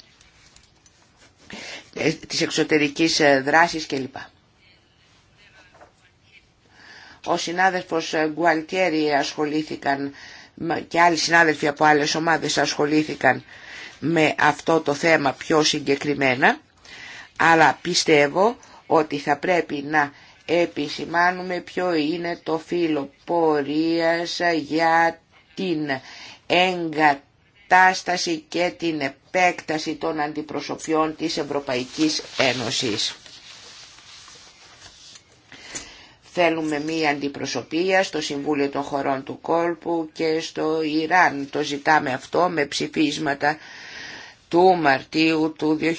ε, της εξωτερικής ε, δράσης κλπ ο συνάδελφος Γκουαλτιέρη ασχολήθηκαν και άλλοι συνάδελφοι από άλλες ομάδες ασχολήθηκαν με αυτό το θέμα πιο συγκεκριμένα αλλά πιστεύω ότι θα πρέπει να επισημάνουμε ποιο είναι το φύλλο πορείας για την εγκατάσταση και την επέκταση των αντιπροσωπιών της Ευρωπαϊκής Ένωσης. Θέλουμε μία αντιπροσωπεία στο Συμβούλιο των Χωρών του Κόλπου και στο Ιράν. Το ζητάμε αυτό με ψηφίσματα του Μαρτίου του 2011.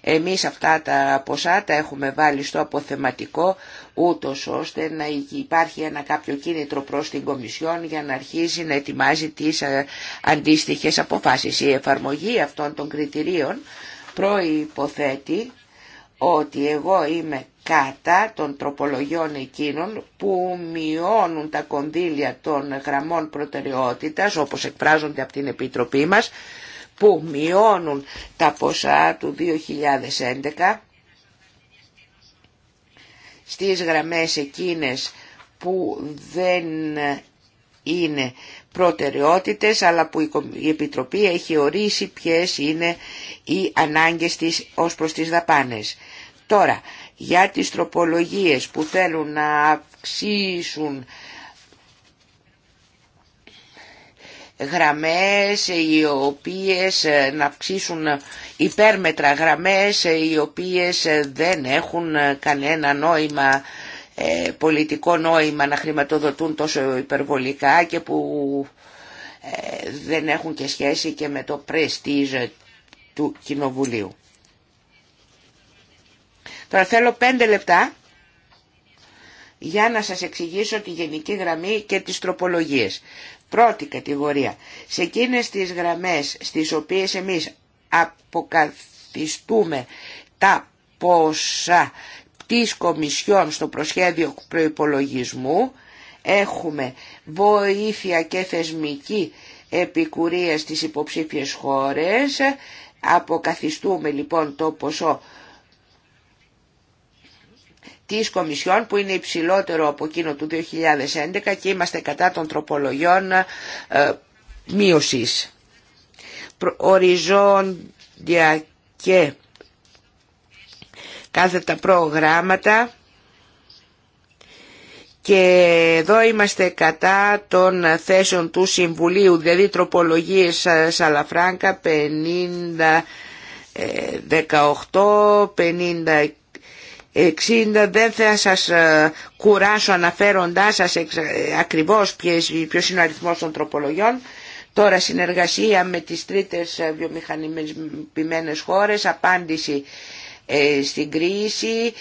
Εμείς αυτά τα ποσά τα έχουμε βάλει στο αποθεματικό ούτω ώστε να υπάρχει ένα κάποιο κίνητρο προς την Κομισιόν για να αρχίσει να ετοιμάζει τις ε, αντίστοιχες αποφάσεις. Η εφαρμογή αυτών των κριτηρίων προϋποθέτει ότι εγώ είμαι κατά των τροπολογιών εκείνων που μειώνουν τα κονδύλια των γραμμών προτεραιότητας, όπως εκφράζονται από την Επιτροπή μας, που μειώνουν τα ποσά του 2011 στις γραμμές εκείνες που δεν είναι προτεραιότητες αλλά που η Επιτροπή έχει ορίσει ποιες είναι οι ανάγκες της ως προς τις δαπάνες. Τώρα, για τις τροπολογίες που θέλουν να αυξήσουν γραμμές οι οποίες να αυξήσουν υπέρμετρα γραμμές οι οποίες δεν έχουν κανένα νόημα ε, πολιτικό νόημα να χρηματοδοτούν τόσο υπερβολικά και που ε, δεν έχουν και σχέση και με το πρεστίζ του Κοινοβουλίου. Τώρα θέλω πέντε λεπτά για να σας εξηγήσω τη γενική γραμμή και τις τροπολογίες. Πρώτη κατηγορία. Σε εκείνες τις γραμμές στις οποίες εμείς αποκαθιστούμε τα ποσά της Κομισιόν στο προσχέδιο προϋπολογισμού έχουμε βοήθεια και θεσμική επικουρία στις υποψήφιες χώρες αποκαθιστούμε λοιπόν το ποσό της Κομισιόν που είναι υψηλότερο από εκείνο του 2011 και είμαστε κατά των τροπολογιών ε, μείωσης. Οριζόντια και τα προγράμματα και εδώ είμαστε κατά των θέσεων του Συμβουλίου, δηλαδή τροπολογίες ε, Σαλαφράγκα 50, 18, 50 δεν θα σας ε, κουράσω αναφέροντάς σας ε, ακριβώς ποιος είναι ο αριθμός των τροπολογιών. Τώρα συνεργασία με τις τρίτες ε, βιομηχανημένες χώρες, απάντηση στην κρίση,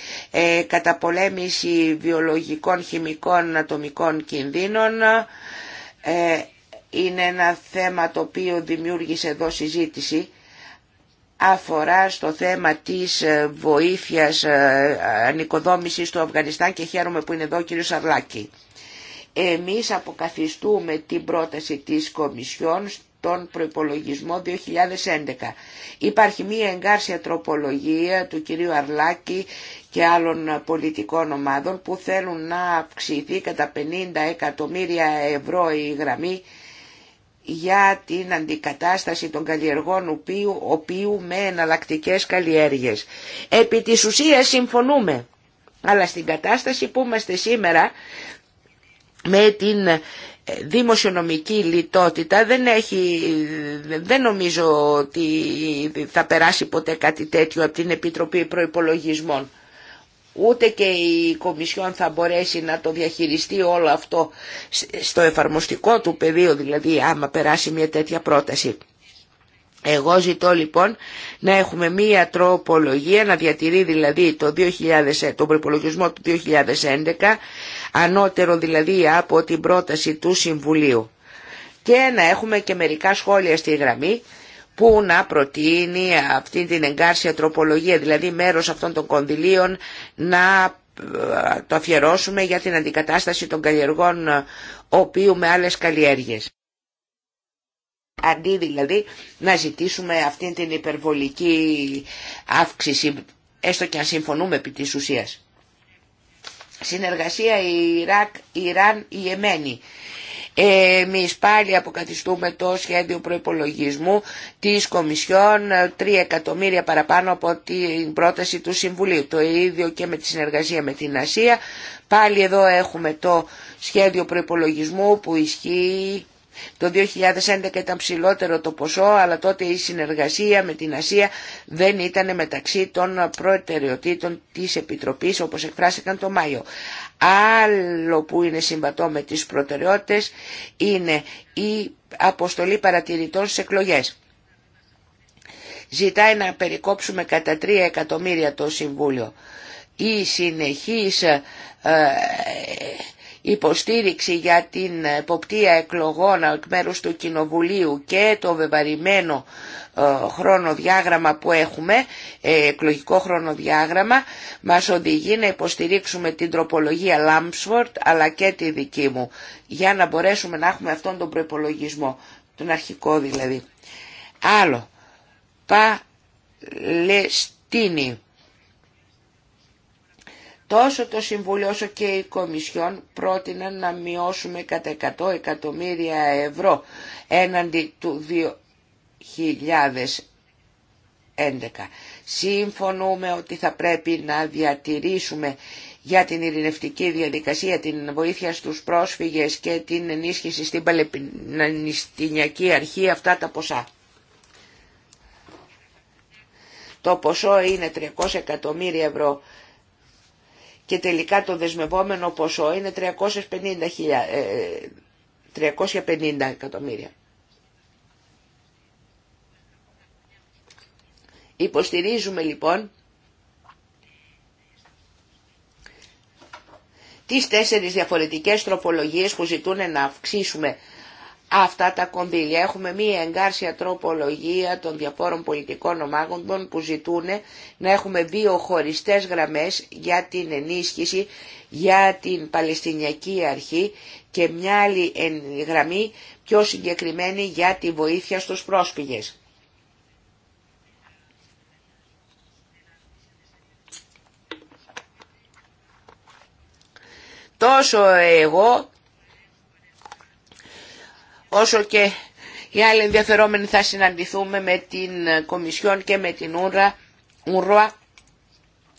καταπολέμηση βιολογικών, χημικών, ατομικών κινδύνων. Είναι ένα θέμα το οποίο δημιούργησε εδώ συζήτηση αφορά στο θέμα της ε, βοήθειας ε, ανοικοδόμησης του Αφγανιστάν και χαίρομαι που είναι εδώ ο κύριος Αρλάκη. Εμείς αποκαθιστούμε την πρόταση της Κομισιόν στον προϋπολογισμό 2011. Υπάρχει μία εγκάρσια τροπολογία του κυρίου Αρλάκη και άλλων πολιτικών ομάδων που θέλουν να αυξηθεί κατά 50 εκατομμύρια ευρώ η γραμμή για την αντικατάσταση των καλλιεργών οποίου, οποίου με εναλλακτικέ καλλιέργειες. Επί της ουσίας συμφωνούμε, αλλά στην κατάσταση που είμαστε σήμερα με την ε, δημοσιονομική λιτότητα δεν, έχει, δεν νομίζω ότι θα περάσει ποτέ κάτι τέτοιο από την Επιτροπή Προϋπολογισμών ούτε και η Κομισιόν θα μπορέσει να το διαχειριστεί όλο αυτό στο εφαρμοστικό του πεδίο, δηλαδή άμα περάσει μια τέτοια πρόταση. Εγώ ζητώ λοιπόν να έχουμε μία τροπολογία, να διατηρεί δηλαδή το 2000, τον προπολογισμό του 2011, ανώτερο δηλαδή από την πρόταση του Συμβουλίου. Και να έχουμε και μερικά σχόλια στη γραμμή που να προτείνει αυτή την εγκάρσια τροπολογία, δηλαδή μέρος αυτών των κονδυλίων να ε, το αφιερώσουμε για την αντικατάσταση των καλλιεργών ε, οποίου με άλλες καλλιέργειες. Αντί δηλαδή να ζητήσουμε αυτή την υπερβολική αύξηση, έστω και αν συμφωνούμε επί της ουσίας. Συνεργασία Ιράκ, Ιράν, Ιεμένη. Εμεί πάλι αποκαθιστούμε το σχέδιο προϋπολογισμού της Κομισιόν 3 ε, εκατομμύρια παραπάνω από την πρόταση του Συμβουλίου. Το ίδιο και με τη συνεργασία με την Ασία. Πάλι εδώ έχουμε το σχέδιο προϋπολογισμού που ισχύει το 2011 ήταν ψηλότερο το ποσό, αλλά τότε η συνεργασία με την Ασία δεν ήταν μεταξύ των προτεραιοτήτων της Επιτροπής, όπως εκφράστηκαν το Μάιο άλλο που είναι συμβατό με τις προτεραιότητες είναι η αποστολή παρατηρητών σε εκλογές. Ζητάει να περικόψουμε κατά 3 εκατομμύρια το Συμβούλιο. Η συνεχής ε, υποστήριξη για την εποπτεία εκλογών εκ μέρους του Κοινοβουλίου και το βεβαρημένο ε, χρονοδιάγραμμα που έχουμε, ε, εκλογικό χρονοδιάγραμμα, μας οδηγεί να υποστηρίξουμε την τροπολογία Λάμψφορτ αλλά και τη δική μου για να μπορέσουμε να έχουμε αυτόν τον προπολογισμό, τον αρχικό δηλαδή. Άλλο, Παλαιστίνη. Τόσο το Συμβούλιο όσο και η Κομισιόν πρότειναν να μειώσουμε κατά 100 εκατομμύρια ευρώ έναντι του 2011. Συμφωνούμε ότι θα πρέπει να διατηρήσουμε για την ειρηνευτική διαδικασία, την βοήθεια στους πρόσφυγες και την ενίσχυση στην Παλαιστινιακή Αρχή αυτά τα ποσά. Το ποσό είναι 300 εκατομμύρια ευρώ και τελικά το δεσμευόμενο ποσό είναι 350, 350 ε, εκατομμύρια. Υποστηρίζουμε λοιπόν τις τέσσερις διαφορετικές τροπολογίες που ζητούν να αυξήσουμε αυτά τα κονδύλια. Έχουμε μία εγκάρσια τροπολογία των διαφόρων πολιτικών ομάδων που ζητούν να έχουμε δύο χωριστές γραμμές για την ενίσχυση για την Παλαιστινιακή Αρχή και μια άλλη γραμμή πιο συγκεκριμένη για τη βοήθεια στους πρόσφυγες. Τόσο εγώ όσο και οι άλλοι ενδιαφερόμενοι θα συναντηθούμε με την Κομισιόν και με την ουρώ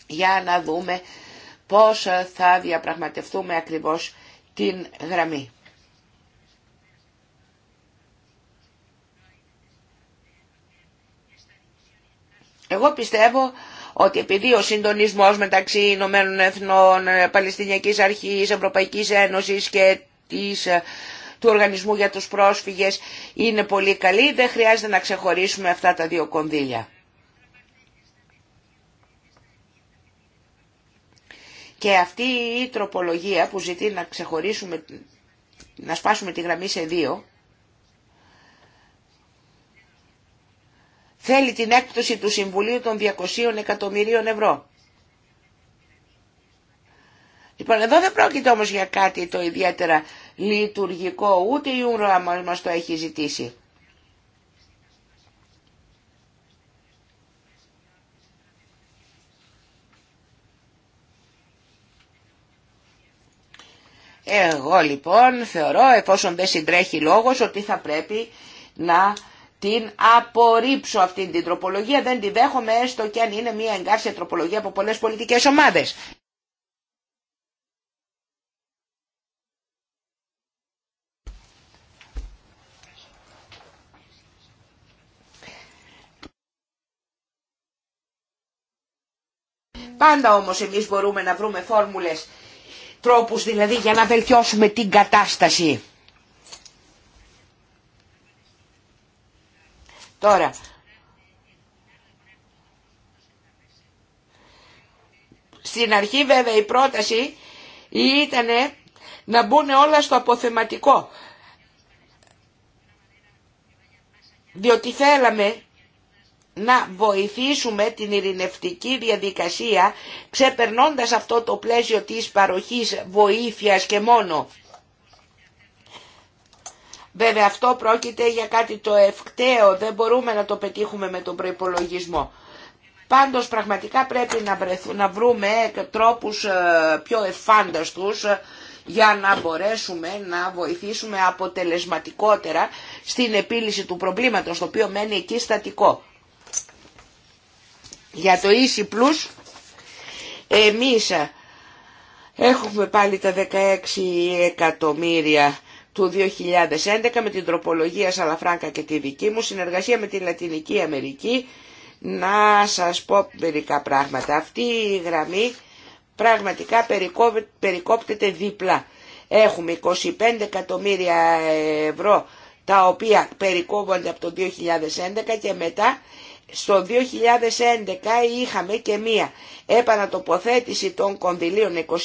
για να δούμε πώς θα διαπραγματευτούμε ακριβώς την γραμμή. Εγώ πιστεύω ότι επειδή ο συντονισμός μεταξύ Ηνωμένων Εθνών, Παλαιστινιακής Αρχής, Ευρωπαϊκής Ένωσης και της του Οργανισμού για τους Πρόσφυγες είναι πολύ καλή. Δεν χρειάζεται να ξεχωρίσουμε αυτά τα δύο κονδύλια. Και αυτή η τροπολογία που ζητεί να ξεχωρίσουμε, να σπάσουμε τη γραμμή σε δύο, θέλει την έκπτωση του Συμβουλίου των 200 εκατομμυρίων ευρώ. Λοιπόν, εδώ δεν πρόκειται όμως για κάτι το ιδιαίτερα λειτουργικό, ούτε η Ούρα μας το έχει ζητήσει. Εγώ λοιπόν θεωρώ, εφόσον δεν συντρέχει λόγος, ότι θα πρέπει να την απορρίψω αυτήν την τροπολογία. Δεν τη δέχομαι έστω και αν είναι μια εγκάρσια τροπολογία από πολλές πολιτικές ομάδες. Πάντα όμως εμείς μπορούμε να βρούμε φόρμουλες, τρόπους δηλαδή για να βελτιώσουμε την κατάσταση. Τώρα, στην αρχή βέβαια η πρόταση ήταν να μπουν όλα στο αποθεματικό. Διότι θέλαμε να βοηθήσουμε την ειρηνευτική διαδικασία ξεπερνώντας αυτό το πλαίσιο της παροχής βοήθειας και μόνο. Βέβαια αυτό πρόκειται για κάτι το ευκταίο, δεν μπορούμε να το πετύχουμε με τον προϋπολογισμό. Πάντως πραγματικά πρέπει να, βρούμε τρόπους ε, πιο εφάνταστους ε, για να μπορέσουμε να βοηθήσουμε αποτελεσματικότερα στην επίλυση του προβλήματος, το οποίο μένει εκεί στατικό. Για το Easy Plus εμείς έχουμε πάλι τα 16 εκατομμύρια του 2011 με την τροπολογία Σαλαφράγκα και τη δική μου συνεργασία με τη Λατινική Αμερική να σας πω μερικά πράγματα. Αυτή η γραμμή πραγματικά περικόπτεται δίπλα. Έχουμε 25 εκατομμύρια ευρώ τα οποία περικόβονται από το 2011 και μετά στο 2011 είχαμε και μία επανατοποθέτηση των κονδυλίων 26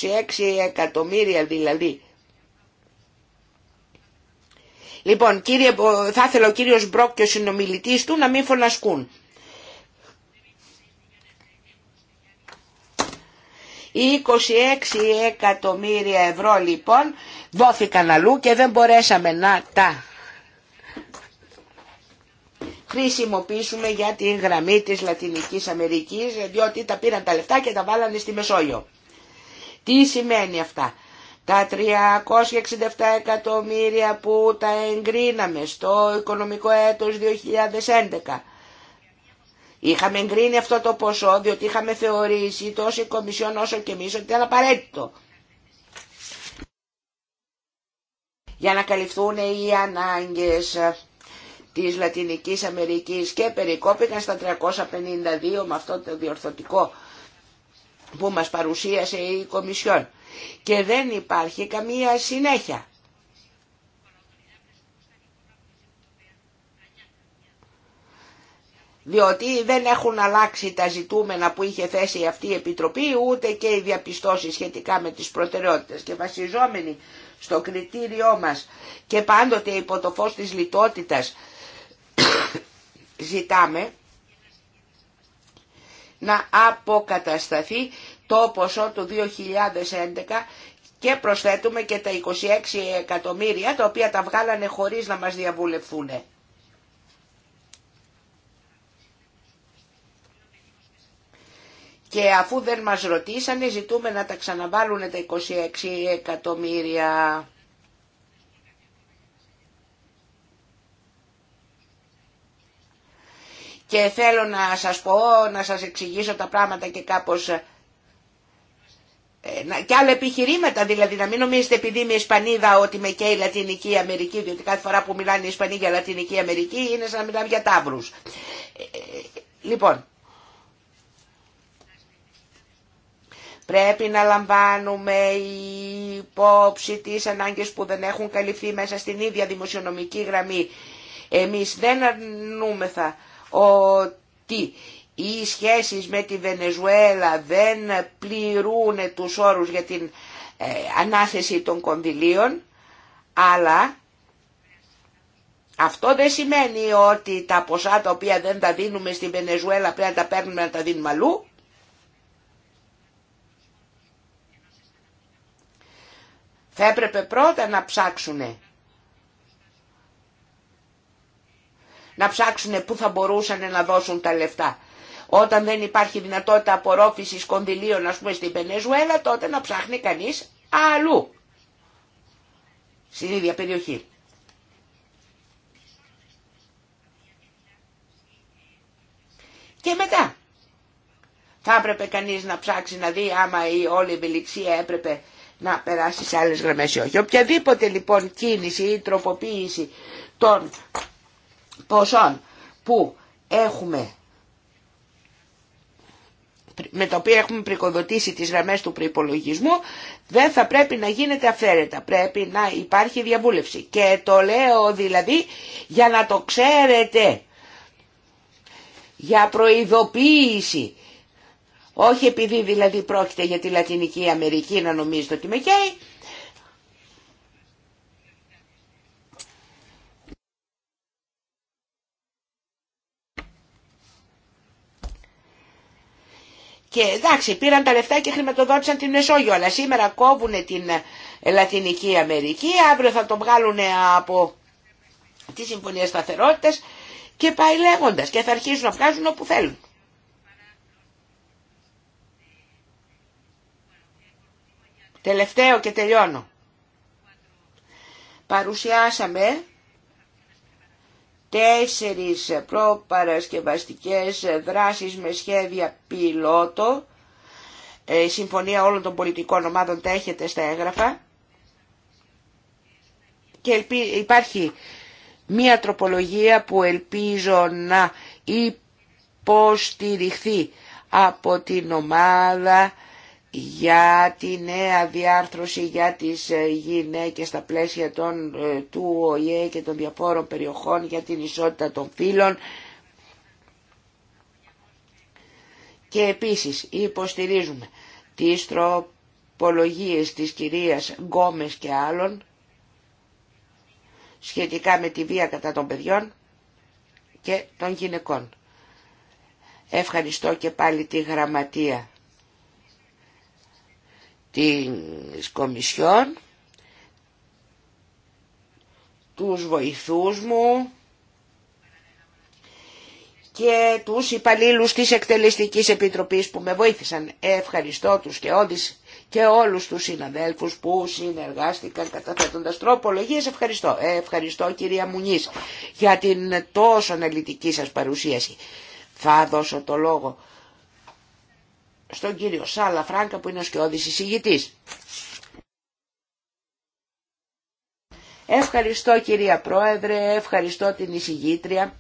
εκατομμύρια δηλαδή. Λοιπόν, κύριε, θα ήθελα ο κύριος Μπρόκ και ο συνομιλητής του να μην φωνασκούν. Οι 26 εκατομμύρια ευρώ λοιπόν δόθηκαν αλλού και δεν μπορέσαμε να τα χρησιμοποιήσουμε για τη γραμμή της Λατινικής Αμερικής, διότι τα πήραν τα λεφτά και τα βάλανε στη Μεσόγειο. Τι σημαίνει αυτά. Τα 367 εκατομμύρια που τα εγκρίναμε στο οικονομικό έτος 2011. Είχαμε εγκρίνει αυτό το ποσό διότι είχαμε θεωρήσει τόσο η Κομισιόν όσο και εμείς ότι ήταν απαραίτητο. Για να καλυφθούν οι ανάγκες της Λατινικής Αμερικής και περικόπηκαν στα 352 με αυτό το διορθωτικό που μας παρουσίασε η Κομισιόν. Και δεν υπάρχει καμία συνέχεια. διότι δεν έχουν αλλάξει τα ζητούμενα που είχε θέσει αυτή η Επιτροπή, ούτε και οι διαπιστώσεις σχετικά με τις προτεραιότητες. Και βασιζόμενοι στο κριτήριό μας και πάντοτε υπό το φως της λιτότητας ζητάμε να αποκατασταθεί το ποσό του 2011 και προσθέτουμε και τα 26 εκατομμύρια τα οποία τα βγάλανε χωρίς να μας διαβουλευθούν. Και αφού δεν μας ρωτήσανε ζητούμε να τα ξαναβάλουν τα 26 εκατομμύρια. και θέλω να σας πω, να σας εξηγήσω τα πράγματα και κάπως ε, και άλλα επιχειρήματα δηλαδή να μην νομίζετε επειδή είμαι Ισπανίδα ότι με καίει η Λατινική Αμερική διότι κάθε φορά που μιλάνε οι Ισπανοί για Λατινική Αμερική είναι σαν να μιλάμε για τάβρους ε, λοιπόν πρέπει να λαμβάνουμε υπόψη τις ανάγκες που δεν έχουν καλυφθεί μέσα στην ίδια δημοσιονομική γραμμή εμείς δεν αρνούμεθα ότι οι σχέσεις με τη Βενεζουέλα δεν πληρούν τους όρους για την ε, ανάθεση των κονδυλίων, αλλά αυτό δεν σημαίνει ότι τα ποσά τα οποία δεν τα δίνουμε στη Βενεζουέλα πρέπει να τα παίρνουμε να τα δίνουμε αλλού. Θα έπρεπε πρώτα να ψάξουνε να ψάξουν πού θα μπορούσαν να δώσουν τα λεφτά. Όταν δεν υπάρχει δυνατότητα απορρόφησης κονδυλίων, ας πούμε, στην Πενεζουέλα, τότε να ψάχνει κανείς αλλού, στην ίδια περιοχή. Και μετά, θα έπρεπε κανείς να ψάξει να δει άμα η όλη ευελιξία έπρεπε να περάσει σε άλλες γραμμές ή όχι. Οποιαδήποτε λοιπόν κίνηση ή τροποποίηση των ποσών που έχουμε με το οποίο έχουμε πρικοδοτήσει τις γραμμές του προϋπολογισμού, δεν θα πρέπει να γίνεται αφερετα Πρέπει να υπάρχει διαβούλευση. Και το λέω δηλαδή για να το ξέρετε, για προειδοποίηση. Όχι επειδή δηλαδή πρόκειται για τη Λατινική Αμερική να νομίζετε ότι με καίει, Και εντάξει, πήραν τα λεφτά και χρηματοδότησαν την Μεσόγειο, αλλά σήμερα κόβουν την ε, Λατινική Αμερική, αύριο θα το βγάλουν από τη Συμφωνία σταθερότητα και πάει λέγοντας και θα αρχίσουν να βγάζουν όπου θέλουν. Τελευταίο και τελειώνω. Παρουσιάσαμε τέσσερις προπαρασκευαστικές δράσεις με σχέδια πιλότο. Η ε, συμφωνία όλων των πολιτικών ομάδων τα έχετε στα έγγραφα. Και υπάρχει μία τροπολογία που ελπίζω να υποστηριχθεί από την ομάδα για τη νέα διάρθρωση για τις ε, γυναίκες στα πλαίσια των, ε, του ΟΗΕ και των διαφόρων περιοχών για την ισότητα των φύλων και επίσης υποστηρίζουμε τις τροπολογίες της κυρίας Γκόμες και άλλων σχετικά με τη βία κατά των παιδιών και των γυναικών. Ευχαριστώ και πάλι τη γραμματεία της Κομισιόν, τους βοηθούς μου και τους υπαλλήλους της Εκτελεστικής Επιτροπής που με βοήθησαν. Ευχαριστώ τους και, και όλους τους συναδέλφους που συνεργάστηκαν καταθέτοντας τροπολογίες. Ευχαριστώ. Ε, ευχαριστώ κυρία Μουνής για την τόσο αναλυτική σας παρουσίαση. Θα δώσω το λόγο στον κύριο Σάλα Φράγκα που είναι ο σκιώδης εισηγητής. Ευχαριστώ κυρία Πρόεδρε, ευχαριστώ την εισηγήτρια.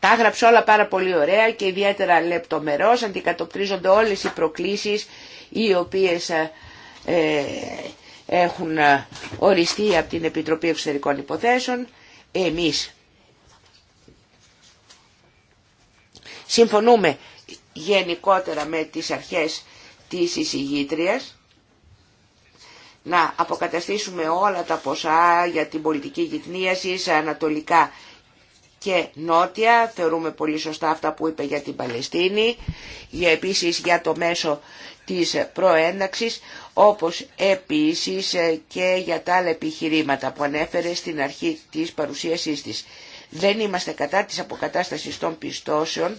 Τα έγραψε όλα πάρα πολύ ωραία και ιδιαίτερα λεπτομερώς, αντικατοπτρίζονται όλες οι προκλήσεις οι οποίες ε, ε, έχουν ε, οριστεί από την Επιτροπή Εξωτερικών Υποθέσεων. Εμείς συμφωνούμε γενικότερα με τις αρχές της εισηγήτριας, να αποκαταστήσουμε όλα τα ποσά για την πολιτική γυκνίαση σε ανατολικά και νότια, θεωρούμε πολύ σωστά αυτά που είπε για την Παλαιστίνη, για επίσης για το μέσο της προέναξης, όπως επίσης και για τα άλλα επιχειρήματα που ανέφερε στην αρχή της παρουσίασής της. Δεν είμαστε κατά της αποκατάστασης των πιστώσεων,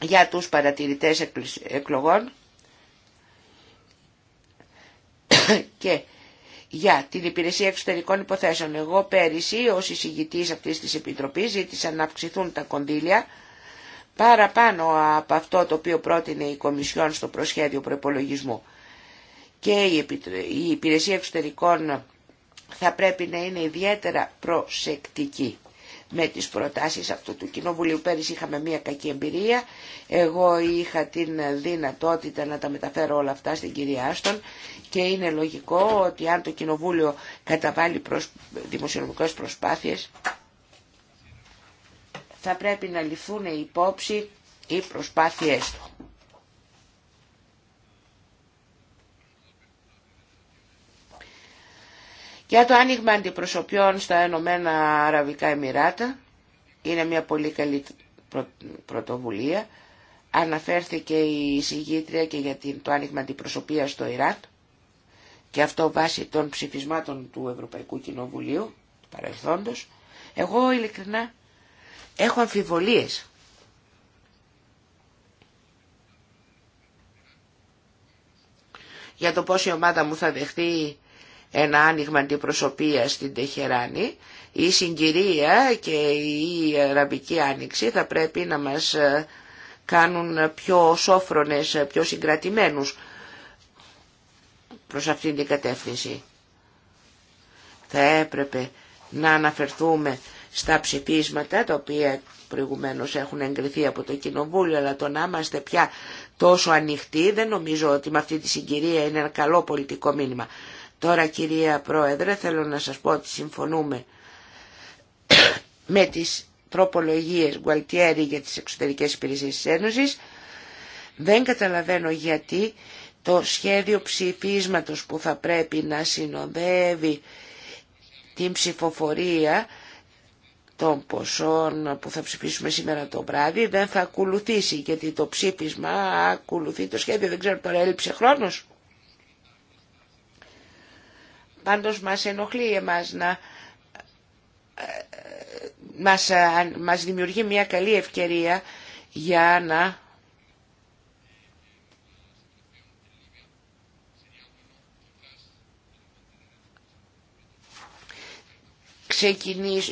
για τους παρατηρητές εκλογών και για την Υπηρεσία Εξωτερικών Υποθέσεων. Εγώ πέρυσι ως εισηγητής αυτής της Επιτροπής ζήτησα να αυξηθούν τα κονδύλια παραπάνω από αυτό το οποίο πρότεινε η Κομισιόν στο προσχέδιο προπολογισμού. Και η Υπηρεσία Εξωτερικών θα πρέπει να είναι ιδιαίτερα προσεκτική με τις προτάσεις αυτού του Κοινοβουλίου. Πέρυσι είχαμε μια κακή εμπειρία. Εγώ είχα την δυνατότητα να τα μεταφέρω όλα αυτά στην κυρία Άστον και είναι λογικό ότι αν το Κοινοβούλιο καταβάλει δημοσιονομικές προσπάθειες θα πρέπει να ληφθούν υπόψη οι προσπάθειές του. Για το άνοιγμα αντιπροσωπιών στα Ενωμένα Αραβικά Εμμυράτα, είναι μια πολύ καλή πρωτοβουλία. Αναφέρθηκε η συγγήτρια και για το άνοιγμα αντιπροσωπεία στο Ιράκ και αυτό βάσει των ψηφισμάτων του Ευρωπαϊκού Κοινοβουλίου παρελθόντος. Εγώ ειλικρινά έχω αμφιβολίες. Για το πώς η ομάδα μου θα δεχτεί ένα άνοιγμα αντιπροσωπεία στην Τεχεράνη, η συγκυρία και η Αραβική Άνοιξη θα πρέπει να μας ε, κάνουν πιο σόφρονες, ε, πιο συγκρατημένους προς αυτήν την κατεύθυνση. Θα έπρεπε να αναφερθούμε στα ψηφίσματα τα οποία προηγουμένως έχουν εγκριθεί από το Κοινοβούλιο αλλά το να είμαστε πια τόσο ανοιχτοί δεν νομίζω ότι με αυτή τη συγκυρία είναι ένα καλό πολιτικό μήνυμα. Τώρα κυρία Πρόεδρε θέλω να σας πω ότι συμφωνούμε με τις τροπολογίες Γκουαλτιέρη για τις εξωτερικές υπηρεσίες της Ένωσης. Δεν καταλαβαίνω γιατί το σχέδιο ψηφίσματος που θα πρέπει να συνοδεύει την ψηφοφορία των ποσών που θα ψηφίσουμε σήμερα το βράδυ δεν θα ακολουθήσει γιατί το ψήφισμα ακολουθεί το σχέδιο. Δεν ξέρω τώρα έλειψε χρόνος. Πάντως μας ενοχλεί εμάς να ε, μας, ε, μας δημιουργεί μια καλή ευκαιρία για να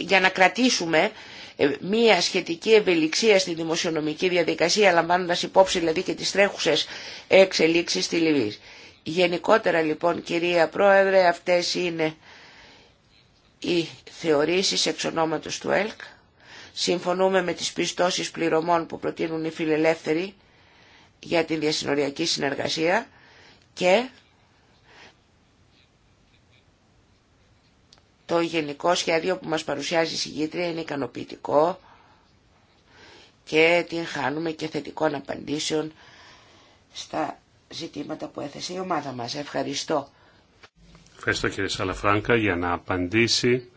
για να κρατήσουμε ε, μία σχετική ευελιξία στη δημοσιονομική διαδικασία, λαμβάνοντας υπόψη δηλαδή και τις τρέχουσες εξελίξεις στη Λιβύη. Γενικότερα λοιπόν κυρία Πρόεδρε αυτές είναι οι θεωρήσεις εξ του ΕΛΚ. Συμφωνούμε με τις πιστώσεις πληρωμών που προτείνουν οι φιλελεύθεροι για την διασυνοριακή συνεργασία και το γενικό σχέδιο που μας παρουσιάζει η συγκήτρια είναι ικανοποιητικό και την χάνουμε και θετικών απαντήσεων στα ζητήματα που έθεσε η ομάδα μας. Ευχαριστώ. Ευχαριστώ κύριε Σαλαφράγκα για να απαντήσει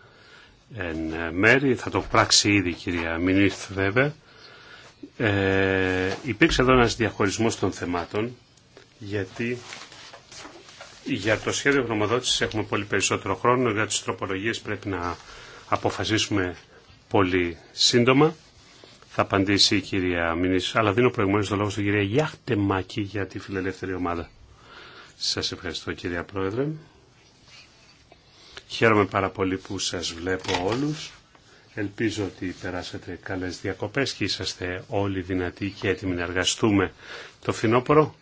εν ε, μέρη. Θα το πράξει ήδη κυρία Μινίθ βέβαια. Ε, υπήρξε εδώ ένας διαχωρισμός των θεμάτων γιατί για το σχέδιο γνωμοδότησης έχουμε πολύ περισσότερο χρόνο, για τις τροπολογίες πρέπει να αποφασίσουμε πολύ σύντομα θα απαντήσει η κυρία Μινής. Αλλά δίνω προηγουμένως το λόγο στην κυρία Γιάχτεμάκη για τη φιλελεύθερη ομάδα. Σας ευχαριστώ κυρία Πρόεδρε. Χαίρομαι πάρα πολύ που σας βλέπω όλους. Ελπίζω ότι περάσατε καλές διακοπές και είσαστε όλοι δυνατοί και έτοιμοι να εργαστούμε το φινόπωρο.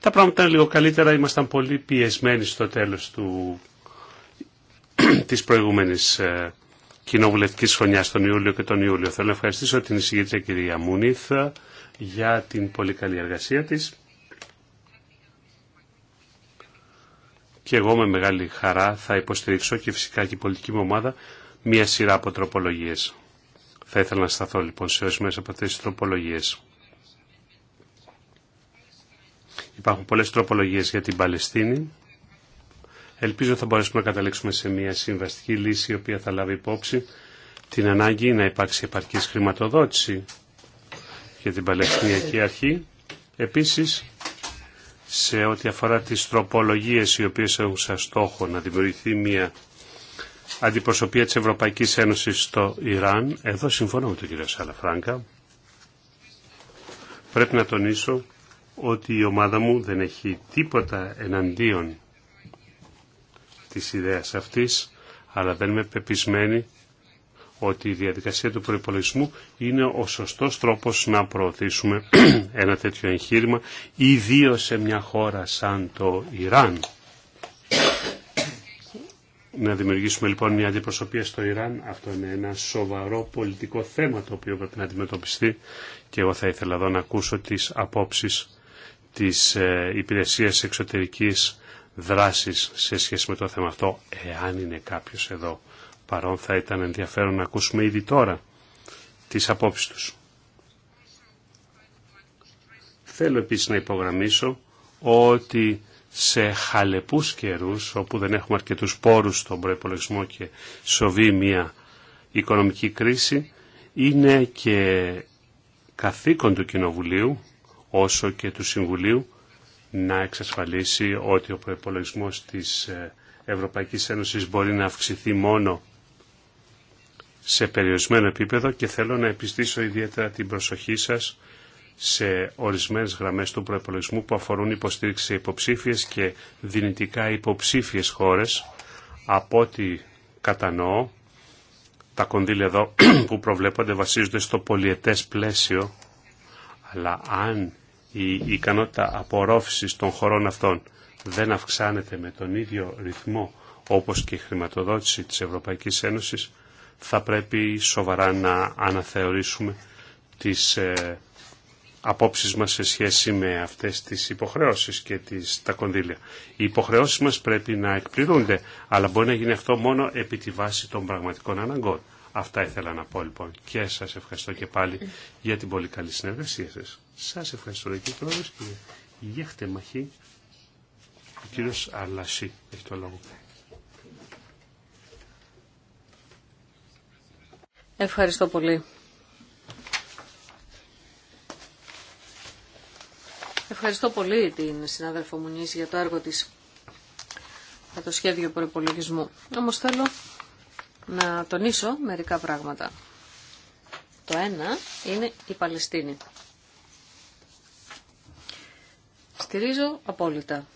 Τα πράγματα ήταν λίγο καλύτερα, ήμασταν πολύ πιεσμένοι στο τέλος του, της προηγούμενης ε, κοινοβουλευτική χρονιά τον Ιούλιο και τον Ιούλιο. Θέλω να ευχαριστήσω την εισηγήτρια κυρία Μούνιθ για την πολύ καλή εργασία της. Και εγώ με μεγάλη χαρά θα υποστηρίξω και φυσικά και η πολιτική μου ομάδα μία σειρά από τροπολογίες. Θα ήθελα να σταθώ λοιπόν σε μέσα από αυτές τις τροπολογίες. Υπάρχουν πολλές τροπολογίες για την Παλαιστίνη. Ελπίζω θα μπορέσουμε να καταλήξουμε σε μια συμβαστική λύση η οποία θα λάβει υπόψη την ανάγκη να υπάρξει επαρκής χρηματοδότηση για την Παλαιστινιακή Αρχή. Επίσης, σε ό,τι αφορά τις τροπολογίες οι οποίες έχουν σαν στόχο να δημιουργηθεί μια αντιπροσωπεία της Ευρωπαϊκής Ένωσης στο Ιράν, εδώ συμφωνώ με τον κύριο Σαλαφράγκα, πρέπει να τονίσω ότι η ομάδα μου δεν έχει τίποτα εναντίον της ιδέας αυτής, αλλά δεν είμαι πεπισμένη ότι η διαδικασία του προϋπολογισμού είναι ο σωστός τρόπος να προωθήσουμε ένα τέτοιο εγχείρημα, ιδίω σε μια χώρα σαν το Ιράν. Να δημιουργήσουμε λοιπόν μια αντιπροσωπεία στο Ιράν, αυτό είναι ένα σοβαρό πολιτικό θέμα το οποίο πρέπει να αντιμετωπιστεί και εγώ θα ήθελα εδώ να ακούσω τις απόψεις της ε, Υπηρεσίας Εξωτερικής δράσεις σε σχέση με το θέμα αυτό, εάν είναι κάποιος εδώ παρόν θα ήταν ενδιαφέρον να ακούσουμε ήδη τώρα τις απόψεις τους. Θέλω επίσης να υπογραμμίσω ότι σε χαλεπούς καιρούς, όπου δεν έχουμε αρκετούς πόρους στον προϋπολογισμό και σοβεί μια οικονομική κρίση, είναι και καθήκον του Κοινοβουλίου, όσο και του Συμβουλίου, να εξασφαλίσει ότι ο προπολογισμό της ε, Ευρωπαϊκής Ένωσης μπορεί να αυξηθεί μόνο σε περιορισμένο επίπεδο και θέλω να επιστήσω ιδιαίτερα την προσοχή σας σε ορισμένες γραμμές του προπολογισμού που αφορούν υποστήριξη σε υποψήφιες και δυνητικά υποψήφιες χώρες. Από ό,τι κατανοώ, τα κονδύλια εδώ που προβλέπονται βασίζονται στο πολιετές πλαίσιο, αλλά αν η ικανότητα απορρόφησης των χωρών αυτών δεν αυξάνεται με τον ίδιο ρυθμό όπως και η χρηματοδότηση της Ευρωπαϊκής Ένωσης, θα πρέπει σοβαρά να αναθεωρήσουμε τις ε, απόψεις μας σε σχέση με αυτές τις υποχρεώσεις και τις, τα κονδύλια. Οι υποχρεώσεις μας πρέπει να εκπληρούνται, αλλά μπορεί να γίνει αυτό μόνο επί τη βάση των πραγματικών αναγκών. Αυτά ήθελα να πω λοιπόν και σας ευχαριστώ και πάλι για την πολύ καλή συνεργασία σας. Σας ευχαριστώ, και Πρόεδρος, και ε, Γιέχτε Μαχή. Ο κύριος Αλασί έχει το λόγο. Ευχαριστώ πολύ. Ευχαριστώ πολύ την συνάδελφο Μουνής για το έργο της για το σχέδιο προπολογισμού. Όμως θέλω να τονίσω μερικά πράγματα. Το ένα είναι η Παλαιστίνη. Στηρίζω απόλυτα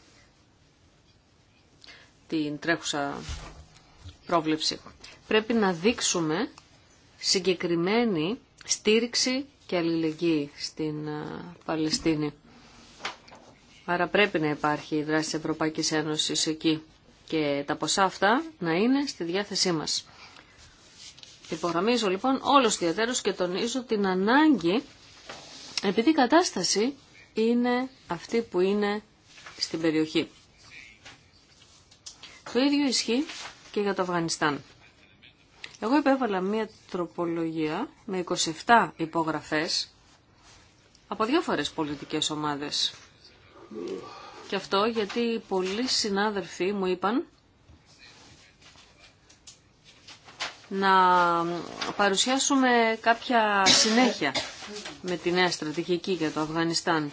την τρέχουσα πρόβλεψη. Πρέπει να δείξουμε συγκεκριμένη στήριξη και αλληλεγγύη στην Παλαιστίνη. Άρα πρέπει να υπάρχει η δράση της Ευρωπαϊκής Ένωσης εκεί και τα ποσά αυτά να είναι στη διάθεσή μας. Υπογραμμίζω λοιπόν όλος ιδιαίτερος και τονίζω την ανάγκη επειδή η κατάσταση είναι αυτοί που είναι στην περιοχή. Το ίδιο ισχύει και για το Αφγανιστάν. Εγώ υπέβαλα μία τροπολογία με 27 υπογραφές από διάφορες πολιτικές ομάδες. Και αυτό γιατί πολλοί συνάδελφοί μου είπαν να παρουσιάσουμε κάποια συνέχεια με τη νέα στρατηγική για το Αφγανιστάν.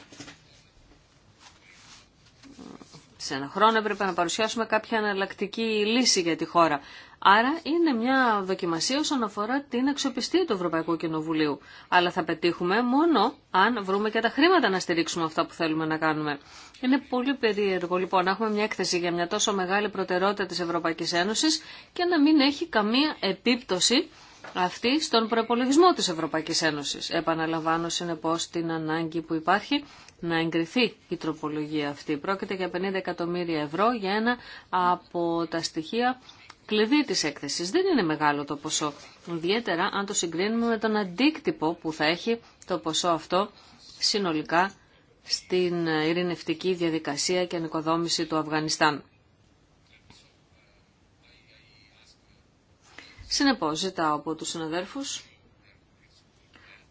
Σε ένα χρόνο έπρεπε να παρουσιάσουμε κάποια αναλλακτική λύση για τη χώρα. Άρα είναι μια δοκιμασία όσον αφορά την αξιοπιστία του Ευρωπαϊκού Κοινοβουλίου. Αλλά θα πετύχουμε μόνο αν βρούμε και τα χρήματα να στηρίξουμε αυτά που θέλουμε να κάνουμε. Είναι πολύ περίεργο λοιπόν να έχουμε μια έκθεση για μια τόσο μεγάλη προτεραιότητα της Ευρωπαϊκής Ένωσης και να μην έχει καμία επίπτωση αυτή στον προπολογισμό της Ευρωπαϊκής Ένωσης. Επαναλαμβάνω συνεπώς την ανάγκη που υπάρχει να εγκριθεί η τροπολογία αυτή. Πρόκειται για 50 εκατομμύρια ευρώ για ένα από τα στοιχεία κλειδί της έκθεσης. Δεν είναι μεγάλο το ποσό, ιδιαίτερα αν το συγκρίνουμε με τον αντίκτυπο που θα έχει το ποσό αυτό συνολικά στην ειρηνευτική διαδικασία και ανοικοδόμηση του Αφγανιστάν. Συνεπώς ζητάω από τους συναδέρφους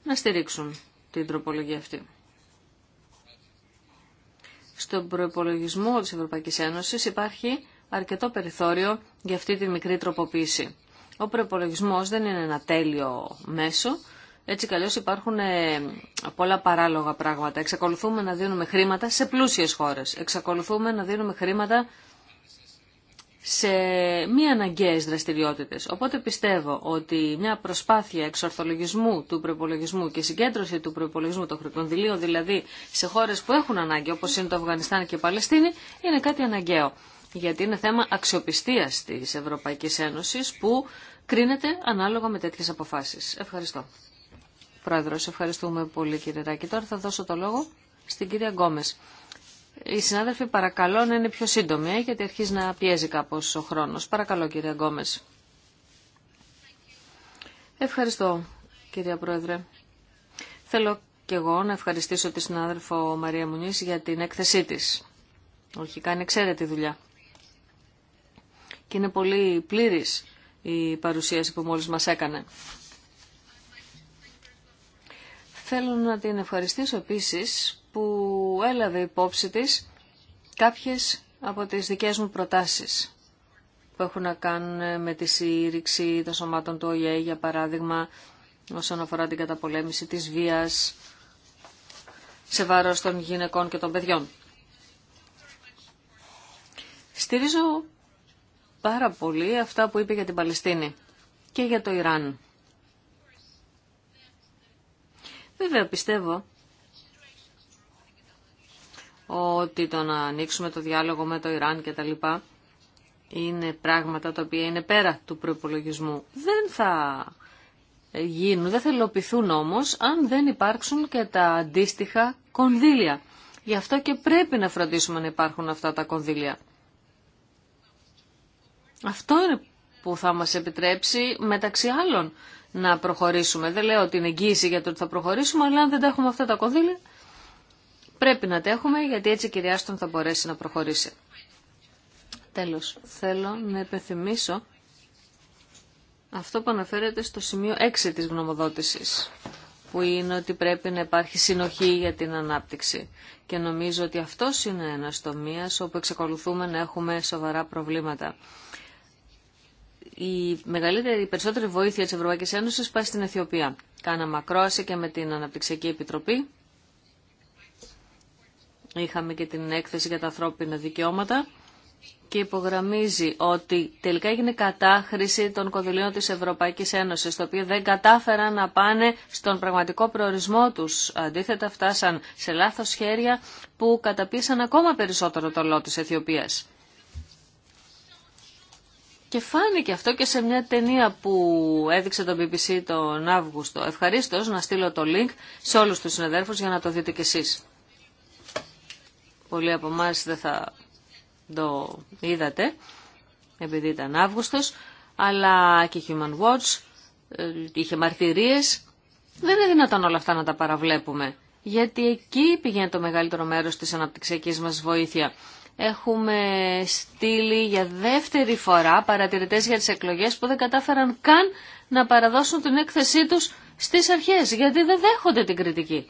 να στηρίξουν την τροπολογία αυτή. Στον προπολογισμό της Ευρωπαϊκής Ένωσης υπάρχει αρκετό περιθώριο για αυτή τη μικρή τροποποίηση. Ο προπολογισμό δεν είναι ένα τέλειο μέσο. Έτσι καλώ υπάρχουν ε, πολλά παράλογα πράγματα. Εξακολουθούμε να δίνουμε χρήματα σε πλούσιες χώρες. Εξακολουθούμε να δίνουμε χρήματα σε μη αναγκαίε δραστηριοτητε Οπότε πιστεύω ότι μια προσπάθεια εξορθολογισμού του προπολογισμού και συγκέντρωση του προπολογισμού των χρηκονδυλίων, δηλαδή σε χώρε που έχουν ανάγκη όπω είναι το Αφγανιστάν και η Παλαιστίνη, είναι κάτι αναγκαίο. Γιατί είναι θέμα αξιοπιστία τη Ευρωπαϊκή Ένωση που κρίνεται ανάλογα με τέτοιε αποφάσει. Ευχαριστώ. Πρόεδρο, ευχαριστούμε πολύ κύριε Ράκη. Τώρα θα δώσω το λόγο στην κυρία Γκόμες. Οι συνάδελφοι παρακαλώ να είναι πιο σύντομοι, ε, γιατί αρχίζει να πιέζει κάπως ο χρόνος. Παρακαλώ κύριε Γκόμες. Ευχαριστώ κυρία Πρόεδρε. Θέλω και εγώ να ευχαριστήσω τη συνάδελφο Μαρία Μουνής για την έκθεσή της. Όχι, κάνει εξαίρετη δουλειά. Και είναι πολύ πλήρης η παρουσίαση που μόλις μας έκανε. Θέλω να την ευχαριστήσω επίσης που έλαβε υπόψη της κάποιες από τις δικές μου προτάσεις που έχουν να κάνουν με τη σύρρηξη των σωμάτων του ΟΙΕ για παράδειγμα, όσον αφορά την καταπολέμηση της βίας σε βάρος των γυναικών και των παιδιών. Στηρίζω πάρα πολύ αυτά που είπε για την Παλαιστίνη και για το Ιράν. Βέβαια πιστεύω ότι το να ανοίξουμε το διάλογο με το Ιράν και τα λοιπά είναι πράγματα τα οποία είναι πέρα του προπολογισμού. Δεν θα γίνουν, δεν θα υλοποιηθούν όμως αν δεν υπάρξουν και τα αντίστοιχα κονδύλια. Γι' αυτό και πρέπει να φροντίσουμε να υπάρχουν αυτά τα κονδύλια. Αυτό είναι που θα μας επιτρέψει μεταξύ άλλων να προχωρήσουμε. Δεν λέω την εγγύηση για το ότι θα προχωρήσουμε, αλλά αν δεν έχουμε αυτά τα κονδύλια Πρέπει να τα έχουμε γιατί έτσι η κυρία Άστον θα μπορέσει να προχωρήσει. Τέλος, θέλω να υπενθυμίσω αυτό που αναφέρεται στο σημείο 6 της γνωμοδότησης που είναι ότι πρέπει να υπάρχει συνοχή για την ανάπτυξη. Και νομίζω ότι αυτό είναι ένα τομέα όπου εξακολουθούμε να έχουμε σοβαρά προβλήματα. Η μεγαλύτερη, η περισσότερη βοήθεια της Ευρωπαϊκής Ένωσης πάει στην Αιθιοπία. Κάναμε ακρόαση και με την Αναπτυξιακή Επιτροπή Είχαμε και την έκθεση για τα ανθρώπινα δικαιώματα και υπογραμμίζει ότι τελικά έγινε κατάχρηση των κονδυλίων της Ευρωπαϊκής Ένωσης, το οποίο δεν κατάφεραν να πάνε στον πραγματικό προορισμό τους. Αντίθετα φτάσαν σε λάθος χέρια που καταπίσαν ακόμα περισσότερο το λόγο της Αιθιοπίας. Και φάνηκε αυτό και σε μια ταινία που έδειξε το BBC τον Αύγουστο. Ευχαρίστως να στείλω το link σε όλους τους συναδέρφους για να το δείτε κι εσείς πολλοί από εμά δεν θα το είδατε, επειδή ήταν Αύγουστος, αλλά και Human Watch ε, είχε μαρτυρίες. Δεν είναι δυνατόν όλα αυτά να τα παραβλέπουμε, γιατί εκεί πηγαίνει το μεγαλύτερο μέρος της αναπτυξιακής μας βοήθεια. Έχουμε στείλει για δεύτερη φορά παρατηρητές για τις εκλογές που δεν κατάφεραν καν να παραδώσουν την έκθεσή τους στις αρχές, γιατί δεν δέχονται την κριτική.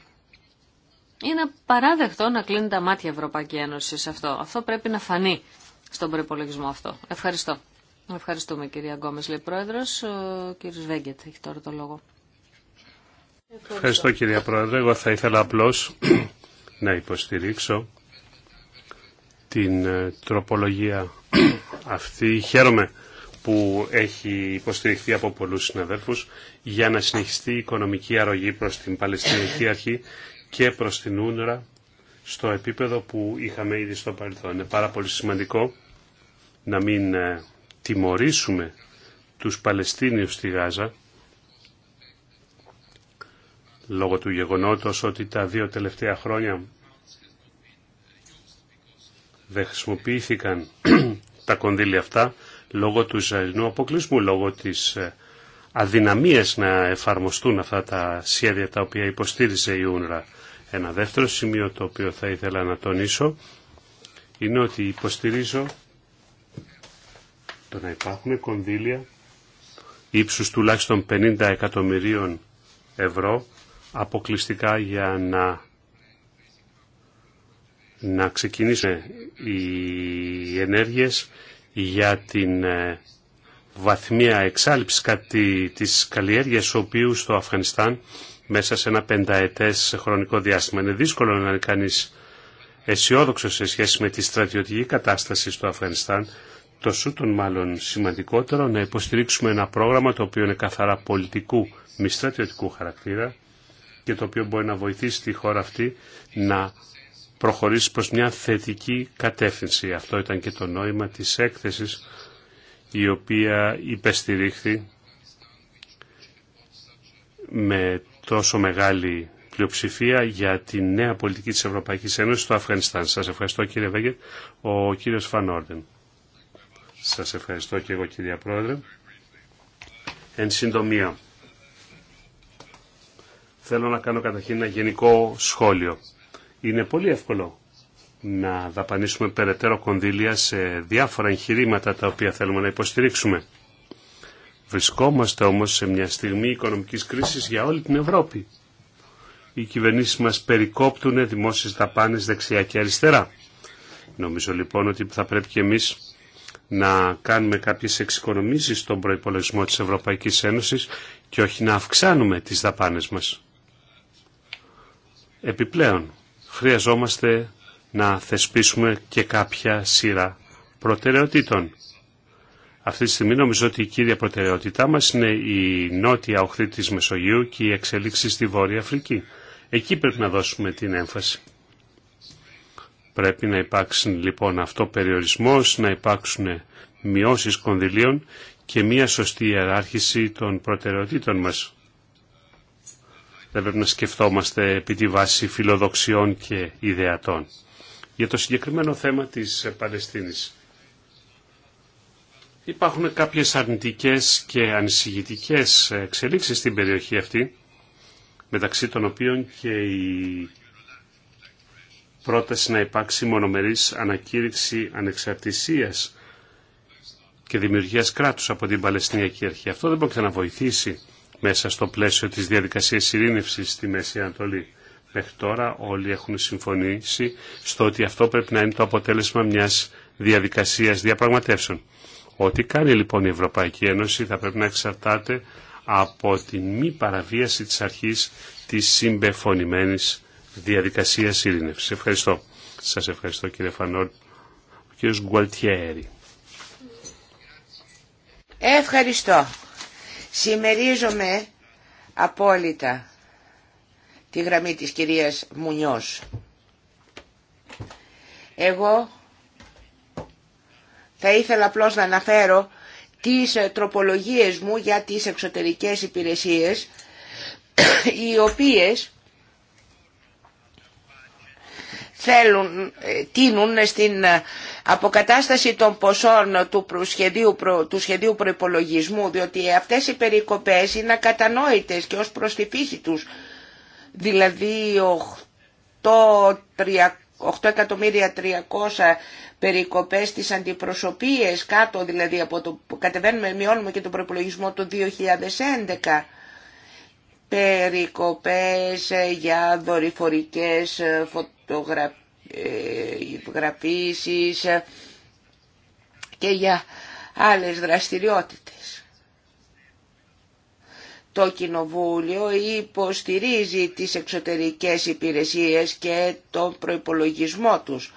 Είναι παράδεκτο να κλείνει τα μάτια η Ευρωπαϊκή Ένωση σε αυτό. Αυτό πρέπει να φανεί στον προπολογισμό αυτό. Ευχαριστώ. Ευχαριστούμε κυρία Γκόμες, λέει πρόεδρος. Ο κύριος Βέγκετ έχει τώρα το λόγο. Ευχαριστώ, Ευχαριστώ κυρία πρόεδρε. Εγώ θα ήθελα απλώς να υποστηρίξω την ε, τροπολογία αυτή. Χαίρομαι που έχει υποστηριχθεί από πολλούς συναδέλφους για να συνεχιστεί η οικονομική αρρωγή προς την Παλαιστινική Αρχή και προς την Ούνρα στο επίπεδο που είχαμε ήδη στο παρελθόν. Είναι πάρα πολύ σημαντικό να μην ε, τιμωρήσουμε τους Παλαιστίνιους στη Γάζα λόγω του γεγονότος ότι τα δύο τελευταία χρόνια δεν χρησιμοποιήθηκαν τα κονδύλια αυτά λόγω του Ισραηλινού αποκλεισμού, λόγω της ε, αδυναμίας να εφαρμοστούν αυτά τα σχέδια τα οποία υποστήριζε η Ούνρα. Ένα δεύτερο σημείο το οποίο θα ήθελα να τονίσω είναι ότι υποστηρίζω το να υπάρχουν κονδύλια ύψους τουλάχιστον 50 εκατομμυρίων ευρώ αποκλειστικά για να, να ξεκινήσουν οι ενέργειες για την ε, βαθμία εξάλληψη της καλλιέργειας οποίου στο Αφγανιστάν μέσα σε ένα πενταετές χρονικό διάστημα. Είναι δύσκολο να είναι κανείς αισιόδοξο σε σχέση με τη στρατιωτική κατάσταση στο Αφγανιστάν, τόσο τον μάλλον σημαντικότερο να υποστηρίξουμε ένα πρόγραμμα το οποίο είναι καθαρά πολιτικού μη στρατιωτικού χαρακτήρα και το οποίο μπορεί να βοηθήσει τη χώρα αυτή να προχωρήσει προς μια θετική κατεύθυνση. Αυτό ήταν και το νόημα της έκθεσης η οποία υπεστηρίχθη με τόσο μεγάλη πλειοψηφία για τη νέα πολιτική της Ευρωπαϊκής Ένωσης στο Αφγανιστάν. Σας ευχαριστώ κύριε Βέγγερ, ο κύριος Φανόρντεν. Σας ευχαριστώ και εγώ κύριε Πρόεδρε. Εν συντομία, θέλω να κάνω καταρχήν ένα γενικό σχόλιο. Είναι πολύ εύκολο να δαπανίσουμε περαιτέρω κονδύλια σε διάφορα εγχειρήματα τα οποία θέλουμε να υποστηρίξουμε. Βρισκόμαστε όμως σε μια στιγμή οικονομικής κρίσης για όλη την Ευρώπη. Οι κυβερνήσεις μας περικόπτουν δημόσιες δαπάνες δεξιά και αριστερά. Νομίζω λοιπόν ότι θα πρέπει και εμείς να κάνουμε κάποιες εξοικονομήσεις στον προϋπολογισμό της Ευρωπαϊκής Ένωσης και όχι να αυξάνουμε τις δαπάνες μας. Επιπλέον, χρειαζόμαστε να θεσπίσουμε και κάποια σειρά προτεραιοτήτων. Αυτή τη στιγμή νομίζω ότι η κύρια προτεραιότητά μας είναι η νότια οχθή της Μεσογείου και η εξελίξη στη Βόρεια Αφρική. Εκεί πρέπει να δώσουμε την έμφαση. Πρέπει να υπάρξει λοιπόν αυτό περιορισμός, να υπάρξουν μειώσεις κονδυλίων και μια σωστή ιεράρχηση των προτεραιοτήτων μας. Δεν πρέπει να σκεφτόμαστε επί τη βάση φιλοδοξιών και ιδεατών. Για το συγκεκριμένο θέμα της Παλαιστίνης. Υπάρχουν κάποιες αρνητικές και ανησυχητικές εξελίξεις στην περιοχή αυτή, μεταξύ των οποίων και η πρόταση να υπάρξει μονομερής ανακήρυξη ανεξαρτησίας και δημιουργίας κράτους από την Παλαιστινιακή Αρχή. Αυτό δεν μπορεί να βοηθήσει μέσα στο πλαίσιο της διαδικασίας ειρήνευσης στη Μέση Ανατολή. Μέχρι τώρα όλοι έχουν συμφωνήσει στο ότι αυτό πρέπει να είναι το αποτέλεσμα μιας διαδικασίας διαπραγματεύσεων. Ό,τι κάνει λοιπόν η Ευρωπαϊκή Ένωση θα πρέπει να εξαρτάται από τη μη παραβίαση της αρχής της συμπεφωνημένης διαδικασίας ειρήνευσης. Ευχαριστώ. Σας ευχαριστώ κύριε Φανόρ. Ο κύριος Γκουαλτιέρη. Ευχαριστώ. Σημερίζομαι απόλυτα τη γραμμή της κυρίας Μουνιός. Εγώ θα ήθελα απλώς να αναφέρω τις ε, τροπολογίες μου για τις εξωτερικές υπηρεσίες, οι οποίες θέλουν, ε, τίνουν στην ε, αποκατάσταση των ποσών του, σχεδίου, του σχεδίου προϋπολογισμού, διότι αυτές οι περικοπές είναι ακατανόητες και ως προς τη φύση τους. Δηλαδή 8.300.000 περικοπές στις αντιπροσωπείες κάτω δηλαδή από το κατεβαίνουμε μειώνουμε και τον προπολογισμό του 2011 περικοπές ε, για δορυφορικές ε, φωτογραφίσεις ε, και για άλλες δραστηριότητες το Κοινοβούλιο υποστηρίζει τις εξωτερικές υπηρεσίες και τον προϋπολογισμό τους.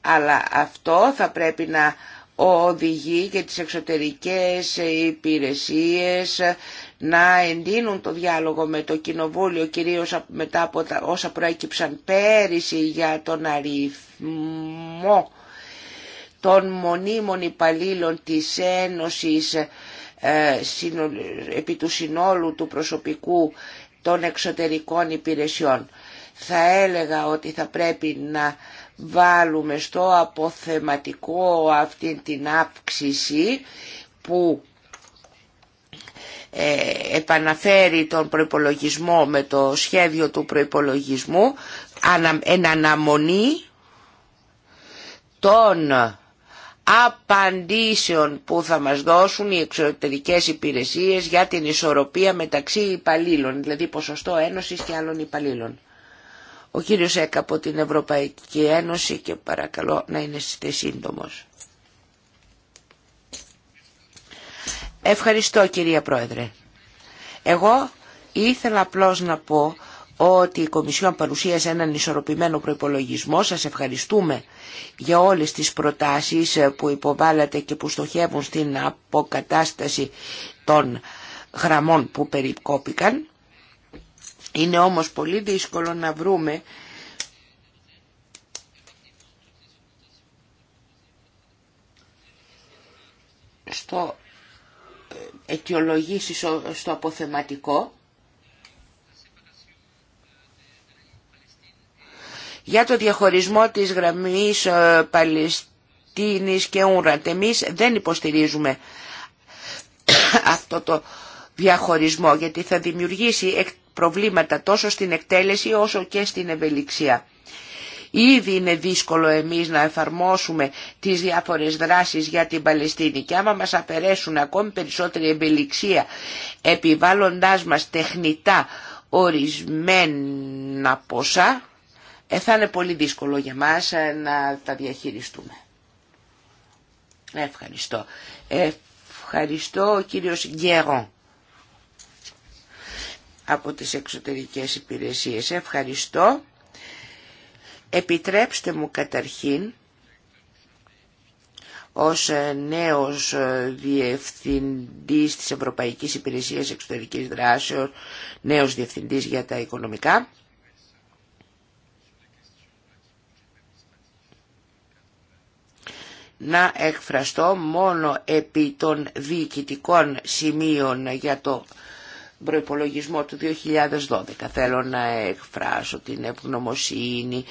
Αλλά αυτό θα πρέπει να οδηγεί και τις εξωτερικές υπηρεσίες να εντείνουν το διάλογο με το Κοινοβούλιο, κυρίως μετά από τα, όσα προέκυψαν πέρυσι για τον αριθμό των μονίμων υπαλλήλων της Ένωσης ε, επί του συνόλου του προσωπικού των εξωτερικών υπηρεσιών. Θα έλεγα ότι θα πρέπει να βάλουμε στο αποθεματικό αυτή την αύξηση που ε, επαναφέρει τον προϋπολογισμό με το σχέδιο του προϋπολογισμού εν αναμονή των απαντήσεων που θα μας δώσουν οι εξωτερικές υπηρεσίες για την ισορροπία μεταξύ υπαλλήλων, δηλαδή ποσοστό ένωσης και άλλων υπαλλήλων. Ο κύριος Έκα από την Ευρωπαϊκή Ένωση και παρακαλώ να είναι σύντομος. Ευχαριστώ κυρία Πρόεδρε. Εγώ ήθελα απλώς να πω ότι η Κομισιόν παρουσίασε έναν ισορροπημένο προϋπολογισμό. Σας ευχαριστούμε για όλες τις προτάσεις ε, που υποβάλλατε και που στοχεύουν στην αποκατάσταση των γραμμών που περικόπηκαν. Είναι όμως πολύ δύσκολο να βρούμε στο ε, αιτιολογήσεις στο αποθεματικό Για το διαχωρισμό της γραμμής ε, Παλαιστίνης και Ούρατ, εμείς δεν υποστηρίζουμε αυτό το διαχωρισμό, γιατί θα δημιουργήσει προβλήματα τόσο στην εκτέλεση όσο και στην ευελιξία. Ήδη είναι δύσκολο εμείς να εφαρμόσουμε τις διάφορες δράσεις για την Παλαιστίνη και άμα μας αφαιρέσουν ακόμη περισσότερη ευελιξία επιβάλλοντάς μας τεχνητά ορισμένα ποσά ε, θα είναι πολύ δύσκολο για μας ε, να τα διαχειριστούμε. Ευχαριστώ. Ευχαριστώ ο κύριος Γκέρον από τις εξωτερικές υπηρεσίες. Ευχαριστώ. Επιτρέψτε μου καταρχήν ως ε, νέος διευθυντής της Ευρωπαϊκής Υπηρεσίας Εξωτερικής Δράσεως, νέος διευθυντής για τα οικονομικά, να εκφραστώ μόνο επί των διοικητικών σημείων για το προϋπολογισμό του 2012. Θέλω να εκφράσω την ευγνωμοσύνη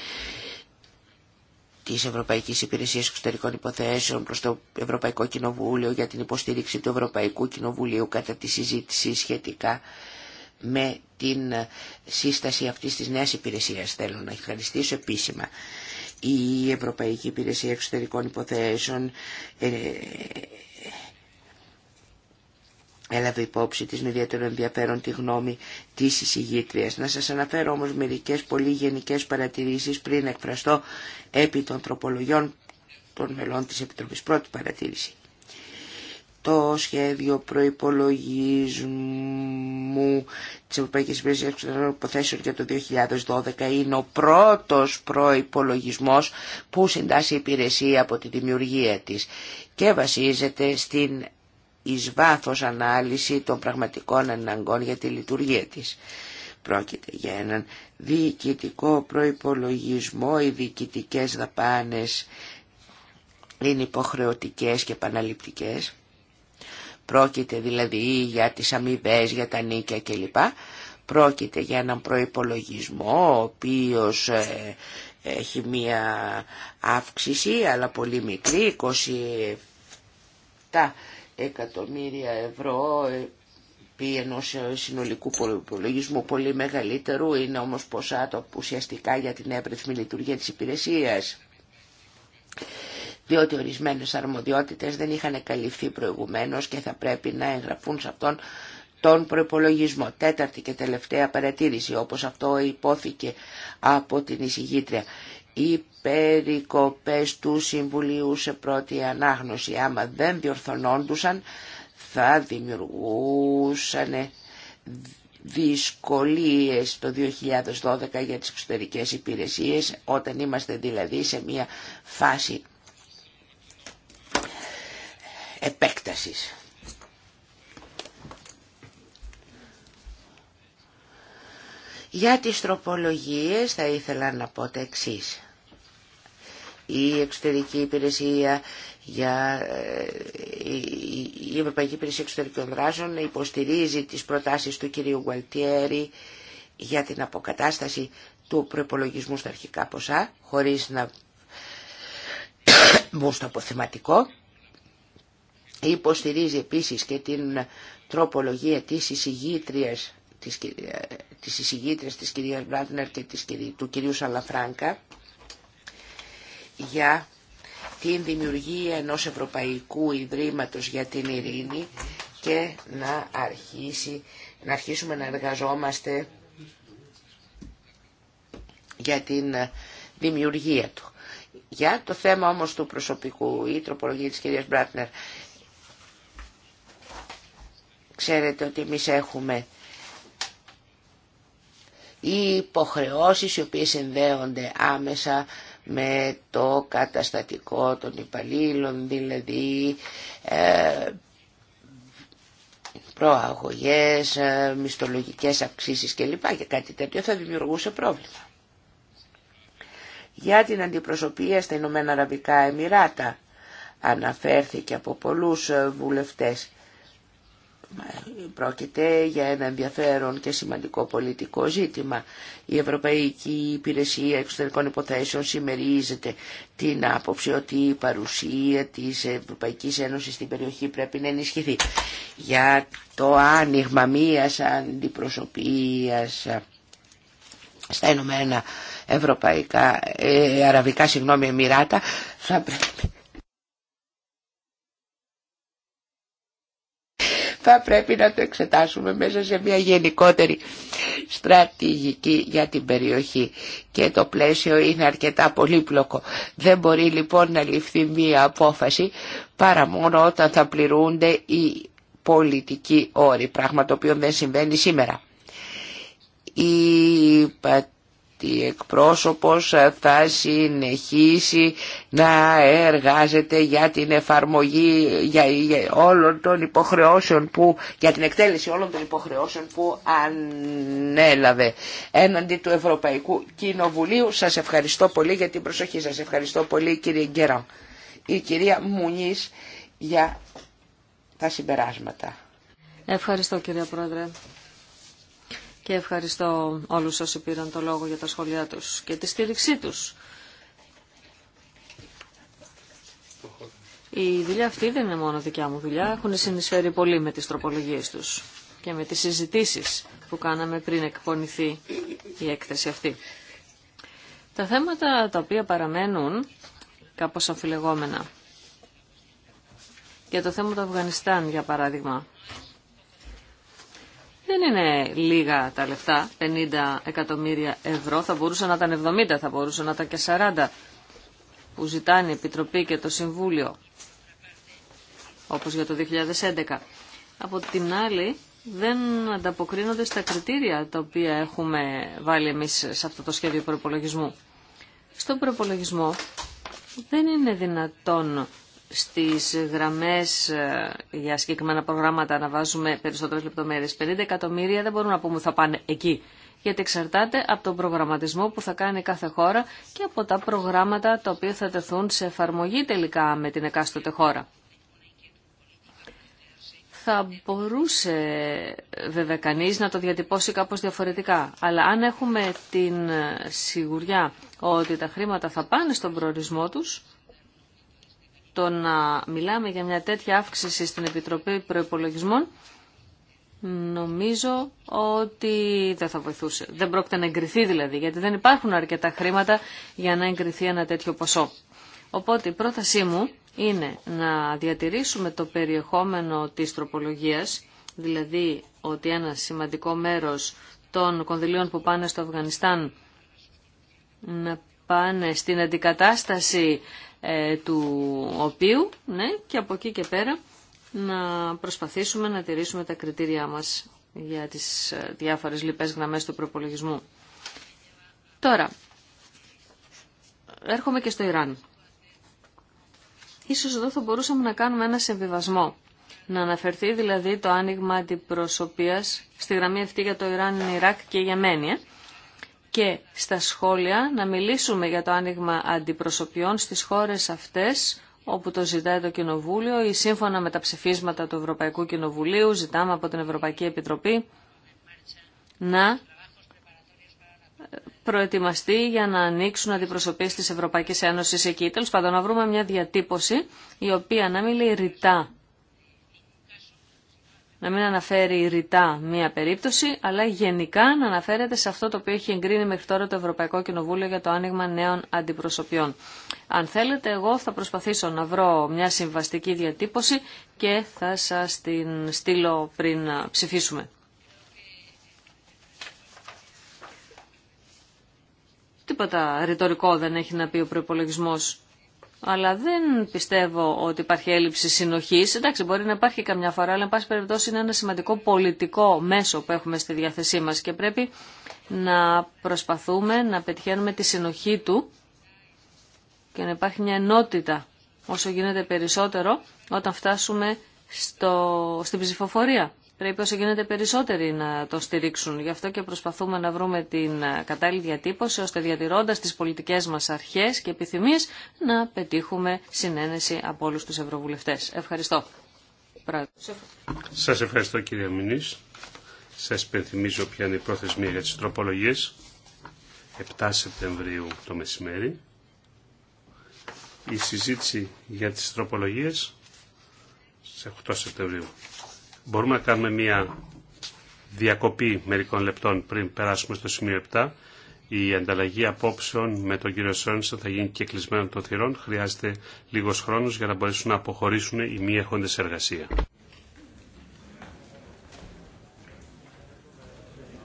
της Ευρωπαϊκής Υπηρεσίας Εξωτερικών Υποθέσεων προς το Ευρωπαϊκό Κοινοβούλιο για την υποστήριξη του Ευρωπαϊκού Κοινοβουλίου κατά τη συζήτηση σχετικά με την σύσταση αυτής της νέας υπηρεσίας. Θέλω να ευχαριστήσω επίσημα η Ευρωπαϊκή Υπηρεσία Εξωτερικών Υποθέσεων ε, έλαβε υπόψη της με ιδιαίτερο ενδιαφέρον τη γνώμη της εισηγήτριας. Να σας αναφέρω όμως μερικές πολύ γενικές παρατηρήσεις πριν εκφραστώ επί των τροπολογιών των μελών της Επιτροπής. Πρώτη παρατήρηση το σχέδιο προϋπολογισμού της Ευρωπαϊκής Υπηρεσίας Εξωτερικών Υποθέσεων για το 2012 είναι ο πρώτος προϋπολογισμός που συντάσσει η υπηρεσία από τη δημιουργία της και βασίζεται στην εις βάθος ανάλυση των πραγματικών αναγκών για τη λειτουργία της. Πρόκειται για έναν διοικητικό προϋπολογισμό, οι διοικητικές δαπάνες είναι υποχρεωτικές και επαναληπτικές. Πρόκειται δηλαδή για τις αμοιβέ, για τα νίκια κλπ. Πρόκειται για έναν προϋπολογισμό ο οποίος ε, έχει μία αύξηση αλλά πολύ μικρή, 27 εκατομμύρια ευρώ ε, επί ενό ε, συνολικού προϋπολογισμού πολύ μεγαλύτερου, είναι όμως ποσά το ουσιαστικά για την έπρεθμη λειτουργία της υπηρεσίας διότι ορισμένες αρμοδιότητες δεν είχαν καλυφθεί προηγουμένως και θα πρέπει να εγγραφούν σε αυτόν τον προπολογισμό. Τέταρτη και τελευταία παρατήρηση, όπως αυτό υπόθηκε από την εισηγήτρια. Οι περικοπές του Συμβουλίου σε πρώτη ανάγνωση, άμα δεν διορθωνόντουσαν, θα δημιουργούσαν δυσκολίες το 2012 για τις εξωτερικές υπηρεσίες, όταν είμαστε δηλαδή σε μια φάση επέκτασης. Για τις τροπολογίες θα ήθελα να πω τα εξής. Η εξωτερική υπηρεσία για ε, η Ευρωπαϊκή Υπηρεσία Εξωτερικών Δράσεων υποστηρίζει τις προτάσεις του κυρίου Γουαλτιέρη για την αποκατάσταση του προπολογισμού στα αρχικά ποσά, χωρίς να μπουν στο αποθεματικό. Υποστηρίζει επίσης και την τροπολογία της εισηγήτριας της, της της κυρίας Μπράτνερ και της, του κυρίου Σαλαφράνκα για την δημιουργία ενός Ευρωπαϊκού Ιδρύματος για την Ειρήνη και να, αρχίσει, να αρχίσουμε να εργαζόμαστε για την δημιουργία του. Για το θέμα όμως του προσωπικού, η τροπολογία της κυρίας Μπράτνερ Ξέρετε ότι εμείς έχουμε οι υποχρεώσεις οι οποίες συνδέονται άμεσα με το καταστατικό των υπαλλήλων, δηλαδή ε, προαγωγές, ε, μισθολογικές αυξήσεις κλπ. Και κάτι τέτοιο θα δημιουργούσε πρόβλημα. Για την αντιπροσωπεία στα Ηνωμένα Αραβικά Εμμυράτα αναφέρθηκε από πολλούς ε, βουλευτές Πρόκειται για ένα ενδιαφέρον και σημαντικό πολιτικό ζήτημα. Η Ευρωπαϊκή Υπηρεσία Εξωτερικών Υποθέσεων συμμερίζεται την άποψη ότι η παρουσία της Ευρωπαϊκής Ένωσης στην περιοχή πρέπει να ενισχυθεί. Για το άνοιγμα μίας αντιπροσωπείας στα Ηνωμένα Ευρωπαϊκά, ε, Αραβικά συγγνώμη, Εμμυράτα θα πρέπει θα πρέπει να το εξετάσουμε μέσα σε μια γενικότερη στρατηγική για την περιοχή και το πλαίσιο είναι αρκετά πολύπλοκο. Δεν μπορεί λοιπόν να ληφθεί μια απόφαση παρά μόνο όταν θα πληρούνται οι πολιτικοί όροι, πράγμα το οποίο δεν συμβαίνει σήμερα. Η η εκπρόσωπος θα συνεχίσει να εργάζεται για την εφαρμογή για, για, των υποχρεώσεων που, για την εκτέλεση όλων των υποχρεώσεων που ανέλαβε έναντι του Ευρωπαϊκού Κοινοβουλίου. Σας ευχαριστώ πολύ για την προσοχή σας. Ευχαριστώ πολύ κύριε Γκέρα. Η κυρία Μουνής για τα συμπεράσματα. Ευχαριστώ κύριε Πρόεδρε και ευχαριστώ όλους όσοι πήραν το λόγο για τα σχόλιά τους και τη στήριξή τους. Η δουλειά αυτή δεν είναι μόνο δικιά μου δουλειά, έχουν συνεισφέρει πολύ με τις τροπολογίες τους και με τις συζητήσεις που κάναμε πριν εκπονηθεί η έκθεση αυτή. Τα θέματα τα οποία παραμένουν κάπως αμφιλεγόμενα. Για το θέμα του Αφγανιστάν, για παράδειγμα, δεν είναι λίγα τα λεφτά, 50 εκατομμύρια ευρώ, θα μπορούσαν να ήταν 70, θα μπορούσαν να ήταν και 40 που ζητάνε η Επιτροπή και το Συμβούλιο, όπως για το 2011. Από την άλλη, δεν ανταποκρίνονται στα κριτήρια τα οποία έχουμε βάλει εμείς σε αυτό το σχέδιο προπολογισμού. Στον προπολογισμό δεν είναι δυνατόν στις γραμμές ε, για συγκεκριμένα προγράμματα να βάζουμε περισσότερες λεπτομέρειες. 50 εκατομμύρια δεν μπορούμε να πούμε ότι θα πάνε εκεί, γιατί εξαρτάται από τον προγραμματισμό που θα κάνει κάθε χώρα και από τα προγράμματα τα οποία θα τεθούν σε εφαρμογή τελικά με την εκάστοτε χώρα. Θα μπορούσε βέβαια κανείς να το διατυπώσει κάπως διαφορετικά, αλλά αν έχουμε την ε, σιγουριά ότι τα χρήματα θα πάνε στον προορισμό τους, το να μιλάμε για μια τέτοια αύξηση στην Επιτροπή Προϋπολογισμών νομίζω ότι δεν θα βοηθούσε. Δεν πρόκειται να εγκριθεί δηλαδή, γιατί δεν υπάρχουν αρκετά χρήματα για να εγκριθεί ένα τέτοιο ποσό. Οπότε η πρότασή μου είναι να διατηρήσουμε το περιεχόμενο της τροπολογίας, δηλαδή ότι ένα σημαντικό μέρος των κονδυλίων που πάνε στο Αφγανιστάν να πάνε στην αντικατάσταση ε, του οποίου ναι, και από εκεί και πέρα να προσπαθήσουμε να τηρήσουμε τα κριτήριά μας για τις ε, διάφορες λοιπές γραμμές του προπολογισμού. Τώρα, έρχομαι και στο Ιράν. Ίσως εδώ θα μπορούσαμε να κάνουμε ένα συμβιβασμό. Να αναφερθεί δηλαδή το άνοιγμα αντιπροσωπείας στη γραμμή αυτή για το Ιράν, Ιράκ και Γεμένη. Ε? και στα σχόλια να μιλήσουμε για το άνοιγμα αντιπροσωπιών στις χώρες αυτές όπου το ζητάει το Κοινοβούλιο ή σύμφωνα με τα ψηφίσματα του Ευρωπαϊκού Κοινοβουλίου ζητάμε από την Ευρωπαϊκή Επιτροπή να προετοιμαστεί για να ανοίξουν αντιπροσωπείες της Ευρωπαϊκής Ένωσης εκεί. Τέλος πάντων να βρούμε μια διατύπωση η οποία να μιλεί ρητά να μην αναφέρει ρητά μία περίπτωση, αλλά γενικά να αναφέρεται σε αυτό το οποίο έχει εγκρίνει μέχρι τώρα το Ευρωπαϊκό Κοινοβούλιο για το άνοιγμα νέων αντιπροσωπιών. Αν θέλετε, εγώ θα προσπαθήσω να βρω μια συμβαστική διατύπωση και θα σας την στείλω πριν ψηφίσουμε. Τίποτα ρητορικό δεν έχει να πει ο προπολογισμό αλλά δεν πιστεύω ότι υπάρχει έλλειψη συνοχή. Εντάξει, μπορεί να υπάρχει καμιά φορά, αλλά εν πάση περιπτώσει είναι ένα σημαντικό πολιτικό μέσο που έχουμε στη διάθεσή μας και πρέπει να προσπαθούμε να πετυχαίνουμε τη συνοχή του και να υπάρχει μια ενότητα όσο γίνεται περισσότερο όταν φτάσουμε στο, στην ψηφοφορία. Πρέπει όσο γίνεται περισσότεροι να το στηρίξουν. Γι' αυτό και προσπαθούμε να βρούμε την ε, κατάλληλη διατύπωση, ώστε διατηρώντας τις πολιτικές μας αρχές και επιθυμίες, να πετύχουμε συνένεση από όλους τους ευρωβουλευτές. Ευχαριστώ. Σας ευχαριστώ κύριε Μινής. Σας υπενθυμίζω ποια είναι η πρόθεσμία για τις τροπολογίες. 7 Σεπτεμβρίου το μεσημέρι. Η συζήτηση για τις τροπολογίες σε 8 Σεπτεμβρίου. Μπορούμε να κάνουμε μια διακοπή μερικών λεπτών πριν περάσουμε στο σημείο 7. Η ανταλλαγή απόψεων με τον κύριο Σόνισον θα γίνει και κλεισμένο των θυρών. Χρειάζεται λίγος χρόνος για να μπορέσουν να αποχωρήσουν οι μη έχοντες εργασία.